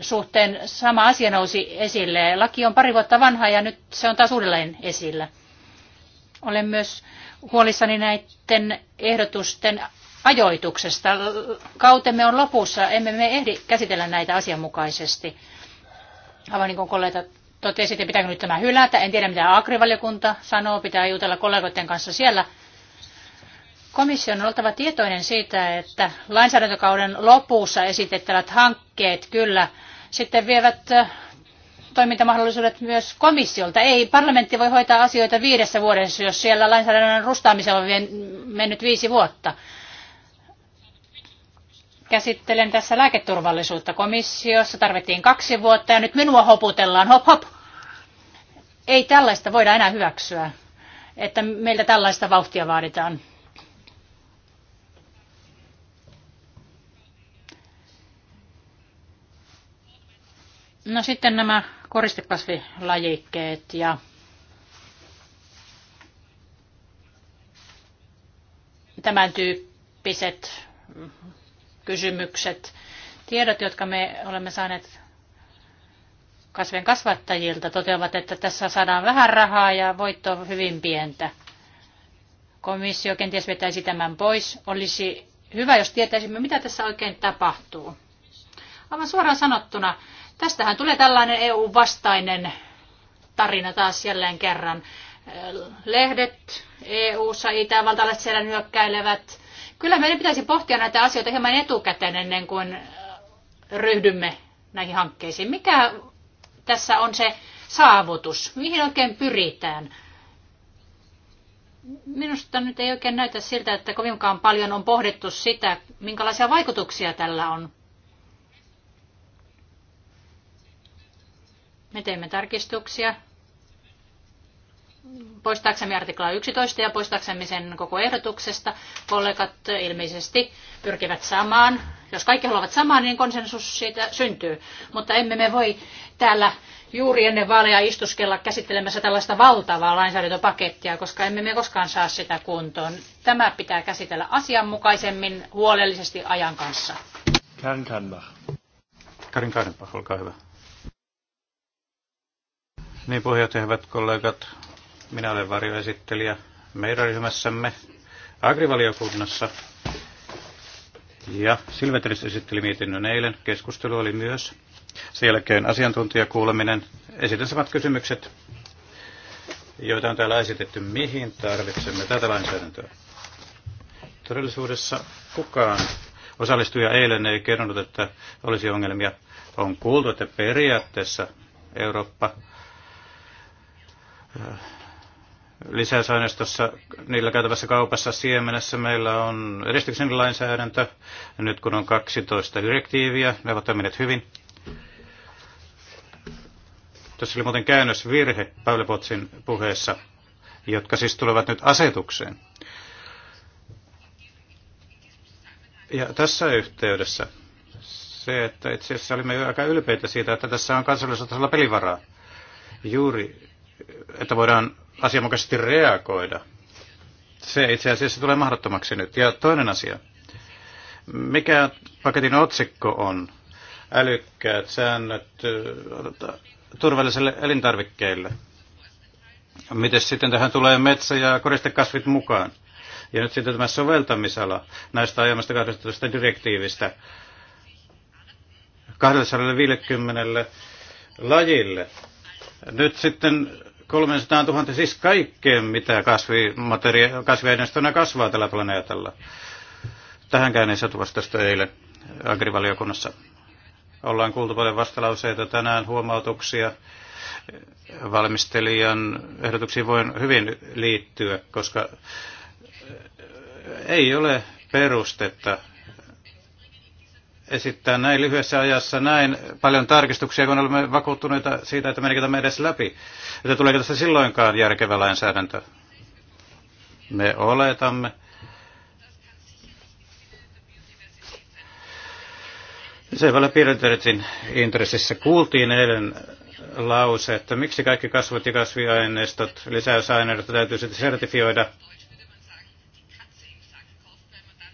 S3: suhteen sama asia nousi esille. Laki on pari vuotta vanha ja nyt se on taas uudelleen esillä. Olen myös huolissani näiden ehdotusten ajoituksesta. Kautemme on lopussa, emme me ehdi käsitellä näitä asianmukaisesti. Aivan niin kuin kollega totesi, että pitääkö nyt tämä hylätä. En tiedä, mitä agrivaliokunta sanoo. Pitää jutella kollegoiden kanssa siellä. Komission on oltava tietoinen siitä, että lainsäädäntökauden lopussa esitettävät hankkeet kyllä sitten vievät äh, toimintamahdollisuudet myös komissiolta. Ei parlamentti voi hoitaa asioita viidessä vuodessa, jos siellä lainsäädännön rustaamisella on mennyt viisi vuotta. Käsittelen tässä lääketurvallisuutta komissiossa. Tarvittiin kaksi vuotta ja nyt minua hoputellaan. Hop hop! Ei tällaista voida enää hyväksyä, että meiltä tällaista vauhtia vaaditaan. No sitten nämä koristekasvilajikkeet ja tämän tyyppiset kysymykset. Tiedot, jotka me olemme saaneet kasvien kasvattajilta, toteavat, että tässä saadaan vähän rahaa ja voitto on hyvin pientä. Komissio kenties vetäisi tämän pois. Olisi hyvä, jos tietäisimme, mitä tässä oikein tapahtuu. Aivan suoraan sanottuna, tästähän tulee tällainen EU-vastainen tarina taas jälleen kerran. Lehdet EU-ssa, itävaltalaiset siellä nyökkäilevät, Kyllä meidän pitäisi pohtia näitä asioita hieman etukäteen ennen kuin äh, ryhdymme näihin hankkeisiin. Mikä tässä on se saavutus? Mihin oikein pyritään? Minusta nyt ei oikein näytä siltä, että kovinkaan paljon on pohdittu sitä, minkälaisia vaikutuksia tällä on. Me teemme tarkistuksia poistaaksemme artiklaa 11 ja poistaaksemme sen koko ehdotuksesta. Kollegat ilmeisesti pyrkivät samaan. Jos kaikki haluavat samaan, niin konsensus siitä syntyy. Mutta emme me voi täällä juuri ennen vaaleja istuskella käsittelemässä tällaista valtavaa lainsäädäntöpakettia, koska emme me koskaan saa sitä kuntoon. Tämä pitää käsitellä asianmukaisemmin, huolellisesti ajan kanssa.
S4: Karin Karin Kahnbach, olkaa hyvä. Niin puheenjohtaja, hyvät kollegat, minä olen varjoesittelijä meidän ryhmässämme agrivaliokunnassa. Ja Silvetris esitteli mietinnön eilen. Keskustelu oli myös. Sen jälkeen asiantuntijakuuleminen. Esitän samat kysymykset, joita on täällä esitetty. Mihin tarvitsemme tätä lainsäädäntöä? Todellisuudessa kukaan osallistuja eilen ei kerronut, että olisi ongelmia. On kuultu, että periaatteessa Eurooppa lisäysaineistossa niillä käytävässä kaupassa siemenessä meillä on edistyksen lainsäädäntö. Nyt kun on 12 direktiiviä, ne ovat toimineet hyvin. Tässä oli muuten käännösvirhe Pauli Potsin puheessa, jotka siis tulevat nyt asetukseen. Ja tässä yhteydessä se, että itse asiassa olimme aika ylpeitä siitä, että tässä on kansallisella tasolla pelivaraa. Juuri, että voidaan asianmukaisesti reagoida. Se itse asiassa tulee mahdottomaksi nyt. Ja toinen asia. Mikä paketin otsikko on? Älykkäät säännöt eh, turvalliselle elintarvikkeille. Miten sitten tähän tulee metsä- ja koristekasvit mukaan? Ja nyt sitten tämä soveltamisala näistä aiemmasta 12 direktiivistä 250 lajille. Nyt sitten 300 000, siis kaikkeen, mitä kasviaineistona kasvaa tällä planeetalla. Tähänkään ei satu vastausta eilen agrivaliokunnassa. Ollaan kuultu paljon vastalauseita tänään, huomautuksia. Valmistelijan ehdotuksiin voin hyvin liittyä, koska ei ole perustetta esittää näin lyhyessä ajassa näin paljon tarkistuksia, kun olemme vakuuttuneita siitä, että tämä edes läpi. Että tuleeko tässä silloinkaan järkevä lainsäädäntö? Me oletamme. Se vielä Pirtertin intressissä kuultiin eilen lause, että miksi kaikki kasvot ja kasviaineistot, lisäysaineet, täytyy sitten sertifioida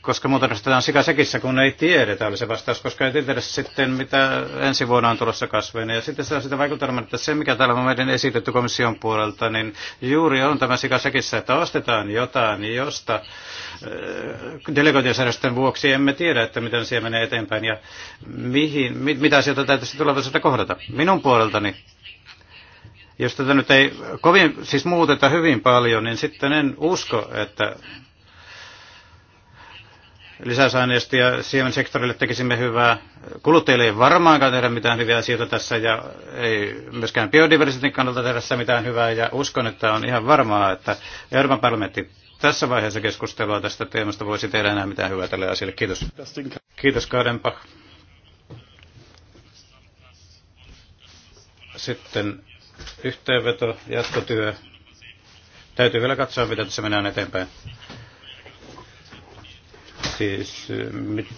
S4: koska muuten nostetaan sekissä, kun ei tiedetä, oli se vastaus, koska ei tiedä sitten, mitä ensi vuonna on tulossa kasveina. Ja sitten se on sitä vaikutelmaa, että se, mikä täällä on meidän esitetty komission puolelta, niin juuri on tämä sekissä, että ostetaan jotain, josta äh, delegointisäädösten vuoksi emme tiedä, että miten siellä menee eteenpäin ja mihin, mit, mitä sieltä täytyisi tulevaisuudessa kohdata. Minun puoleltani jos tätä nyt ei kovin, siis muuteta hyvin paljon, niin sitten en usko, että lisäysaineista ja siemensektorille tekisimme hyvää. Kuluttajille ei varmaankaan tehdä mitään hyviä asioita tässä ja ei myöskään biodiversiteetin kannalta tehdä tässä mitään hyvää ja uskon, että on ihan varmaa, että Euroopan parlamentti tässä vaiheessa keskustelua tästä teemasta voisi tehdä enää mitään hyvää tälle asialle. Kiitos. Kiitos Kaudenpa. Sitten yhteenveto, jatkotyö. Täytyy vielä katsoa, mitä tässä mennään eteenpäin siis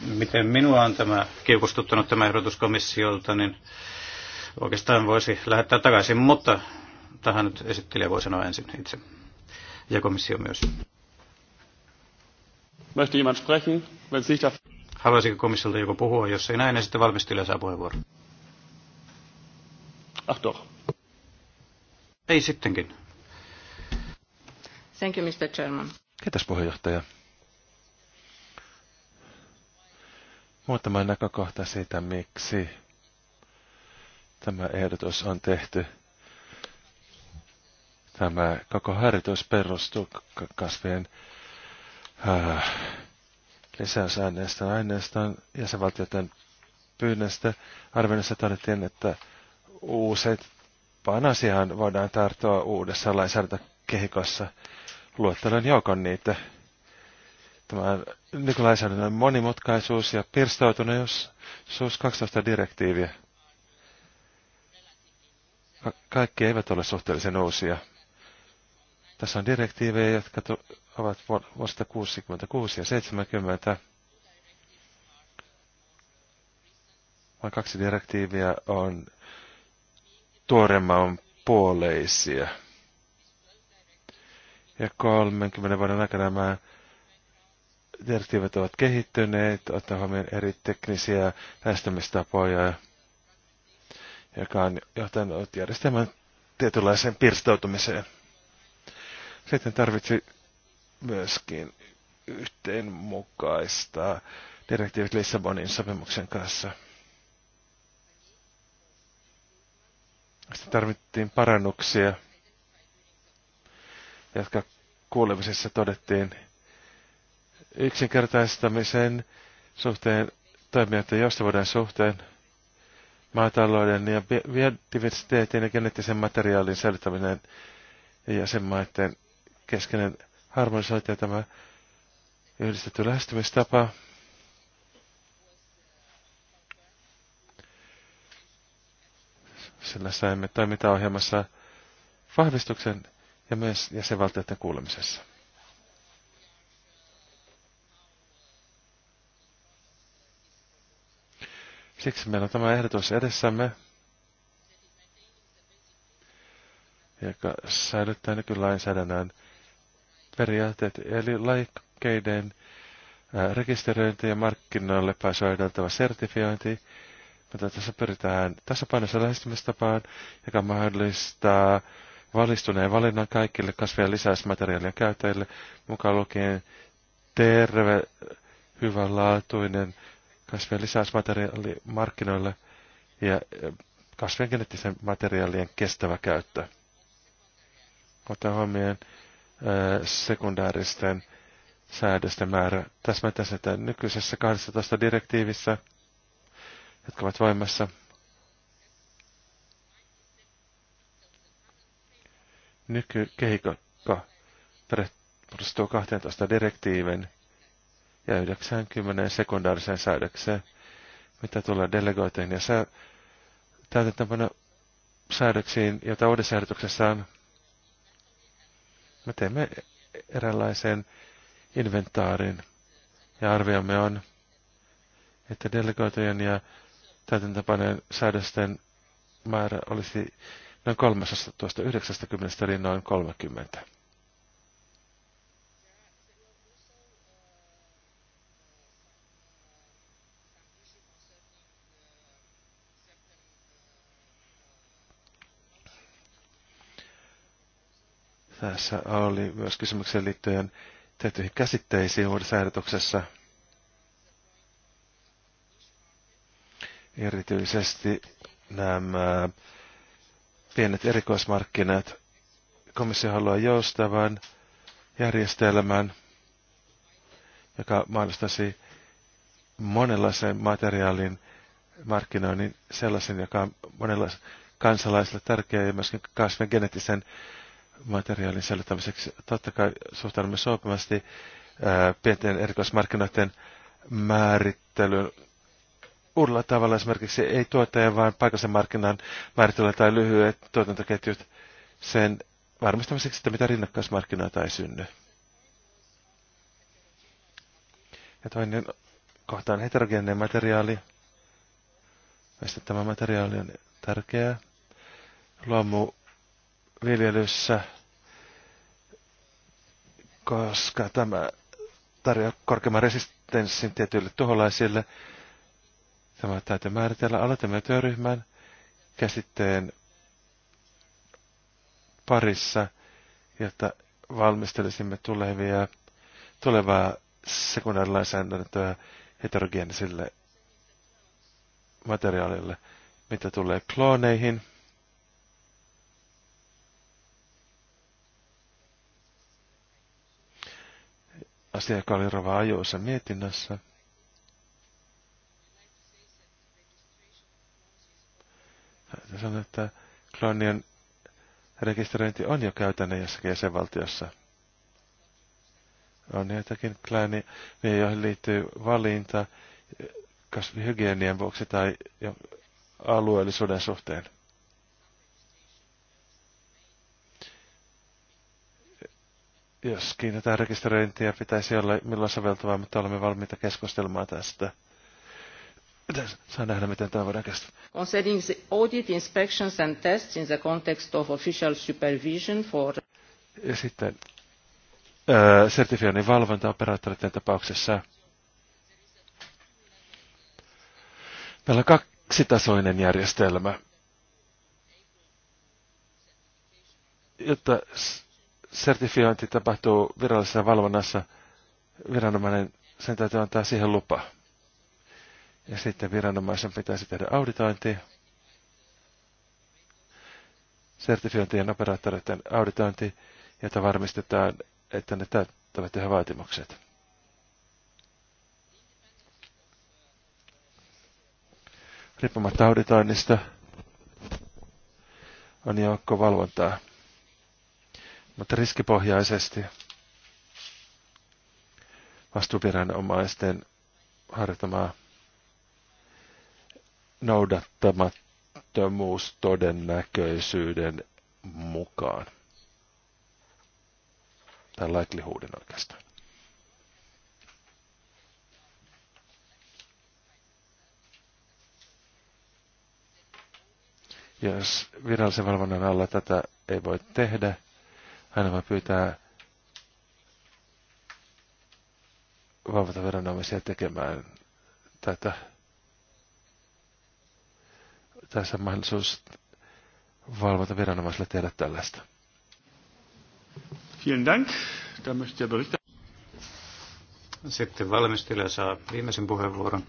S4: miten minua on tämä kiukustuttanut tämä ehdotus komissiolta, niin oikeastaan voisi lähettää takaisin, mutta tähän nyt esittelijä voi sanoa ensin itse ja komissio myös. Möchte jemand sprechen? Wenn darf... Haluaisiko komissiolta joku puhua, jos ei näin, niin sitten valmistelija saa puheenvuoro.
S2: Ach doch. Ei sittenkin.
S3: Thank you, Mr. Chairman.
S2: Kiitos puheenjohtaja. muutama näkökohta siitä, miksi tämä ehdotus on tehty. Tämä koko harjoitus perustuu kasvien äh, lisäysaineista aineistaan jäsenvaltioiden pyynnöstä. Arvioinnissa todettiin, että uuseimpaan asiaan voidaan tarttua uudessa lainsäädäntökehikossa. Luettelen joukon niitä tämä nykylainsäädännön monimutkaisuus ja pirstoutuneisuus 12 direktiiviä. Ka- kaikki eivät ole suhteellisen uusia. Tässä on direktiivejä, jotka ovat vu- vuodesta 66 ja 70. Vain kaksi direktiiviä on tuoremman puoleisia. Ja 30 vuoden aikana nämä direktiivit ovat kehittyneet, ottaa huomioon eri teknisiä lähestymistapoja, joka on johtanut järjestelmän tietynlaiseen pirstoutumiseen. Sitten tarvitsi myöskin yhteenmukaista direktiivit Lissabonin sopimuksen kanssa. Sitten tarvittiin parannuksia, jotka kuulemisessa todettiin yksinkertaistamisen suhteen toimijoiden joustavuuden suhteen maatalouden ja biodiversiteetin ja geneettisen materiaalin säilyttäminen ja jäsenmaiden keskeinen harmonisointi ja tämä yhdistetty lähestymistapa. Sillä saimme toimintaohjelmassa vahvistuksen ja myös jäsenvaltioiden kuulemisessa. Siksi meillä on tämä ehdotus edessämme, joka säilyttää nykylainsäädännön periaatteet, eli laikkeiden rekisteröinti ja markkinoille pääsy edeltävä sertifiointi, mutta tässä pyritään tasapainossa lähestymistapaan, joka mahdollistaa valistuneen valinnan kaikille kasvien lisäysmateriaalien käyttäjille, mukaan lukien terve, hyvänlaatuinen kasvien lisäysmateriaali markkinoille ja kasvien geneettisen materiaalien kestävä käyttö. Otan huomioon sekundääristen säädösten määrä. tässä, että nykyisessä 12 direktiivissä, jotka ovat voimassa, nykykehikko perustuu 12 direktiivin ja 90 sekundaariseen säädökseen, mitä tulee delegoiteen ja sä, tämmöinen säädöksiin, jota uudessa ehdotuksessa on. Me teemme eräänlaisen inventaarin ja arviomme on, että delegoitujen ja täytäntöpaneen säädösten määrä olisi noin kolmasosa tuosta eli noin 30. Tässä oli myös kysymykseen liittyen tehtyihin käsitteisiin uudessa ehdotuksessa. Erityisesti nämä pienet erikoismarkkinat. Komissio haluaa joustavan järjestelmän, joka mahdollistaisi monenlaisen materiaalin markkinoinnin sellaisen, joka on monella kansalaisille tärkeä ja myöskin kasvien geneettisen materiaalin säilyttämiseksi. Totta kai suhtaudumme soopimasti pienten erikoismarkkinoiden määrittelyyn uudella tavalla esimerkiksi ei tuottaja, vaan paikallisen markkinan määrittelyllä tai lyhyet tuotantoketjut sen varmistamiseksi, että mitä rinnakkaismarkkinoita ei synny. Ja toinen kohta on heterogeeninen materiaali. Mielestäni tämä materiaali on tärkeä, Luomu viljelyssä, koska tämä tarjoaa korkeamman resistenssin tietyille tuholaisille. Tämä täytyy määritellä. Aloitamme työryhmän käsitteen parissa, jotta valmistelisimme tulevia, tulevaa sekundarilainsäädäntöä heterogeenisille materiaalille, mitä tulee klooneihin. asia, joka oli Rova Ajoissa mietinnässä. Hän sanoi, että kloonien rekisteröinti on jo käytännön jossakin jäsenvaltiossa. On joitakin klääniä, joihin liittyy valinta kasvihygienien vuoksi tai alueellisuuden suhteen. joskin jotain rekisteröintiä pitäisi olla milloin soveltuvaa, mutta olemme valmiita keskustelemaan tästä. Saa nähdä, miten tämä voidaan kestää.
S3: Concerning the audit, inspections and tests in the context of official supervision for...
S2: Ja sitten öö, sertifioinnin valvonta operaattoreiden tapauksessa. Meillä on kaksitasoinen järjestelmä, jotta sertifiointi tapahtuu virallisessa valvonnassa. Viranomainen, sen täytyy antaa siihen lupa. Ja sitten viranomaisen pitäisi tehdä auditointi. Sertifiointien operaattoreiden auditointi, jota varmistetaan, että ne täyttävät yhä vaatimukset. Riippumatta auditoinnista on joukko valvontaa mutta riskipohjaisesti vastuuviranomaisten harjoittamaa noudattamattomuus todennäköisyyden mukaan. Tai likelihoodin oikeastaan. Jos virallisen valvonnan alla tätä ei voi tehdä, hän voi pyytää valvontaviranomaisia tekemään tätä. Tässä on mahdollisuus valvontaviranomaisille tehdä tällaista.
S1: Vielen Dank.
S4: Sitten valmistelija saa viimeisen puheenvuoron.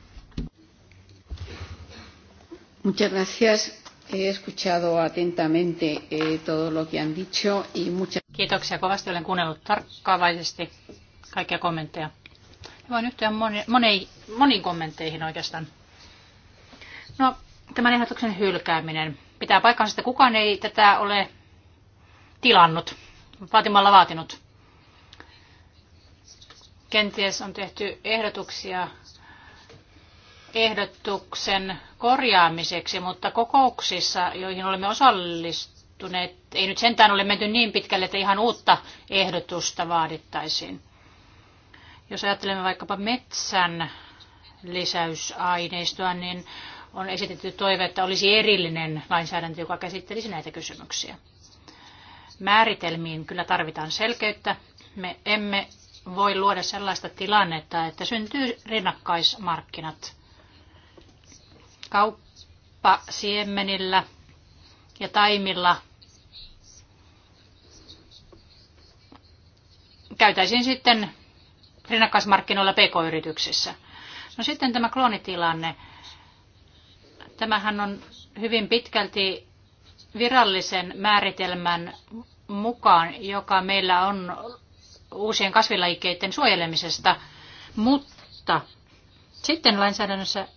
S3: Muchas gracias. He escuchado atentamente eh, todo lo que han dicho y muchas Kiitoksia kovasti. Olen kuunnellut tarkkaavaisesti kaikkia kommentteja. Voin yhtyä moni, moni, moniin kommentteihin oikeastaan. No, tämän ehdotuksen hylkääminen. Pitää paikkansa, että kukaan ei tätä ole tilannut, vaatimalla vaatinut. Kenties on tehty ehdotuksia ehdotuksen korjaamiseksi, mutta kokouksissa, joihin olemme osallistuneet, muuttuneet. Ei nyt sentään ole menty niin pitkälle, että ihan uutta ehdotusta vaadittaisiin. Jos ajattelemme vaikkapa metsän lisäysaineistoa, niin on esitetty toive, että olisi erillinen lainsäädäntö, joka käsittelisi näitä kysymyksiä. Määritelmiin kyllä tarvitaan selkeyttä. Me emme voi luoda sellaista tilannetta, että syntyy rinnakkaismarkkinat. Kauppa siemenillä ja taimilla käytäisiin sitten rinnakkaismarkkinoilla pk-yrityksissä. No sitten tämä kloonitilanne. Tämähän on hyvin pitkälti virallisen määritelmän mukaan, joka meillä on uusien kasvilajikkeiden suojelemisesta, mutta sitten lainsäädännössä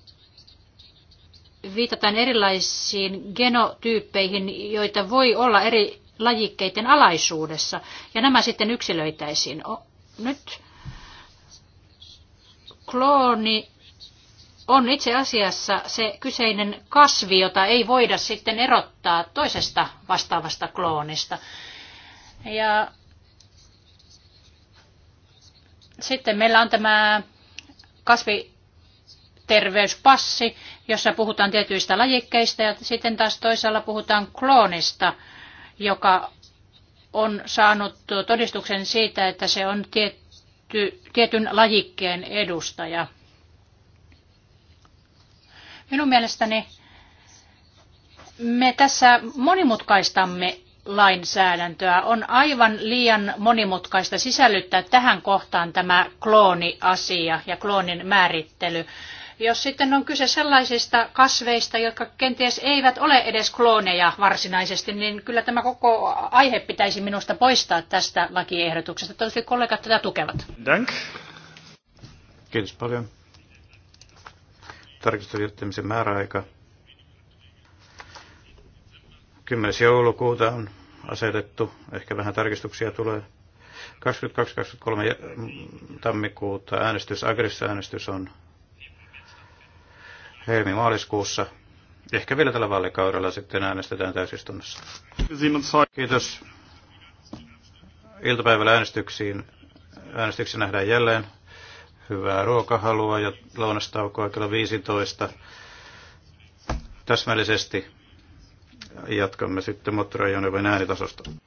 S3: viitataan erilaisiin genotyyppeihin, joita voi olla eri lajikkeiden alaisuudessa ja nämä sitten yksilöitäisiin. Nyt klooni on itse asiassa se kyseinen kasvi, jota ei voida sitten erottaa toisesta vastaavasta kloonista. Ja sitten meillä on tämä kasviterveyspassi, jossa puhutaan tietyistä lajikkeista ja sitten taas toisella puhutaan kloonista – joka on saanut todistuksen siitä, että se on tietty, tietyn lajikkeen edustaja. Minun mielestäni me tässä monimutkaistamme lainsäädäntöä. On aivan liian monimutkaista sisällyttää tähän kohtaan tämä klooniasia ja kloonin määrittely. Jos sitten on kyse sellaisista kasveista, jotka kenties eivät ole edes klooneja varsinaisesti, niin kyllä tämä koko aihe pitäisi minusta poistaa tästä lakiehdotuksesta. Toivottavasti kollegat tätä tukevat.
S1: Dank.
S4: Kiitos paljon. Tarkistusjättämisen määräaika 10. joulukuuta on asetettu. Ehkä vähän tarkistuksia tulee. 22-23 tammikuuta äänestys, aggressiäänestys on helmi-maaliskuussa. Ehkä vielä tällä vaalikaudella sitten äänestetään täysistunnossa. Kiitos. Iltapäivällä äänestyksiin. Äänestyksiä nähdään jälleen. Hyvää ruokahalua ja lounastaukoa kello 15. Täsmällisesti jatkamme sitten moottoriajoneuvojen äänitasosta.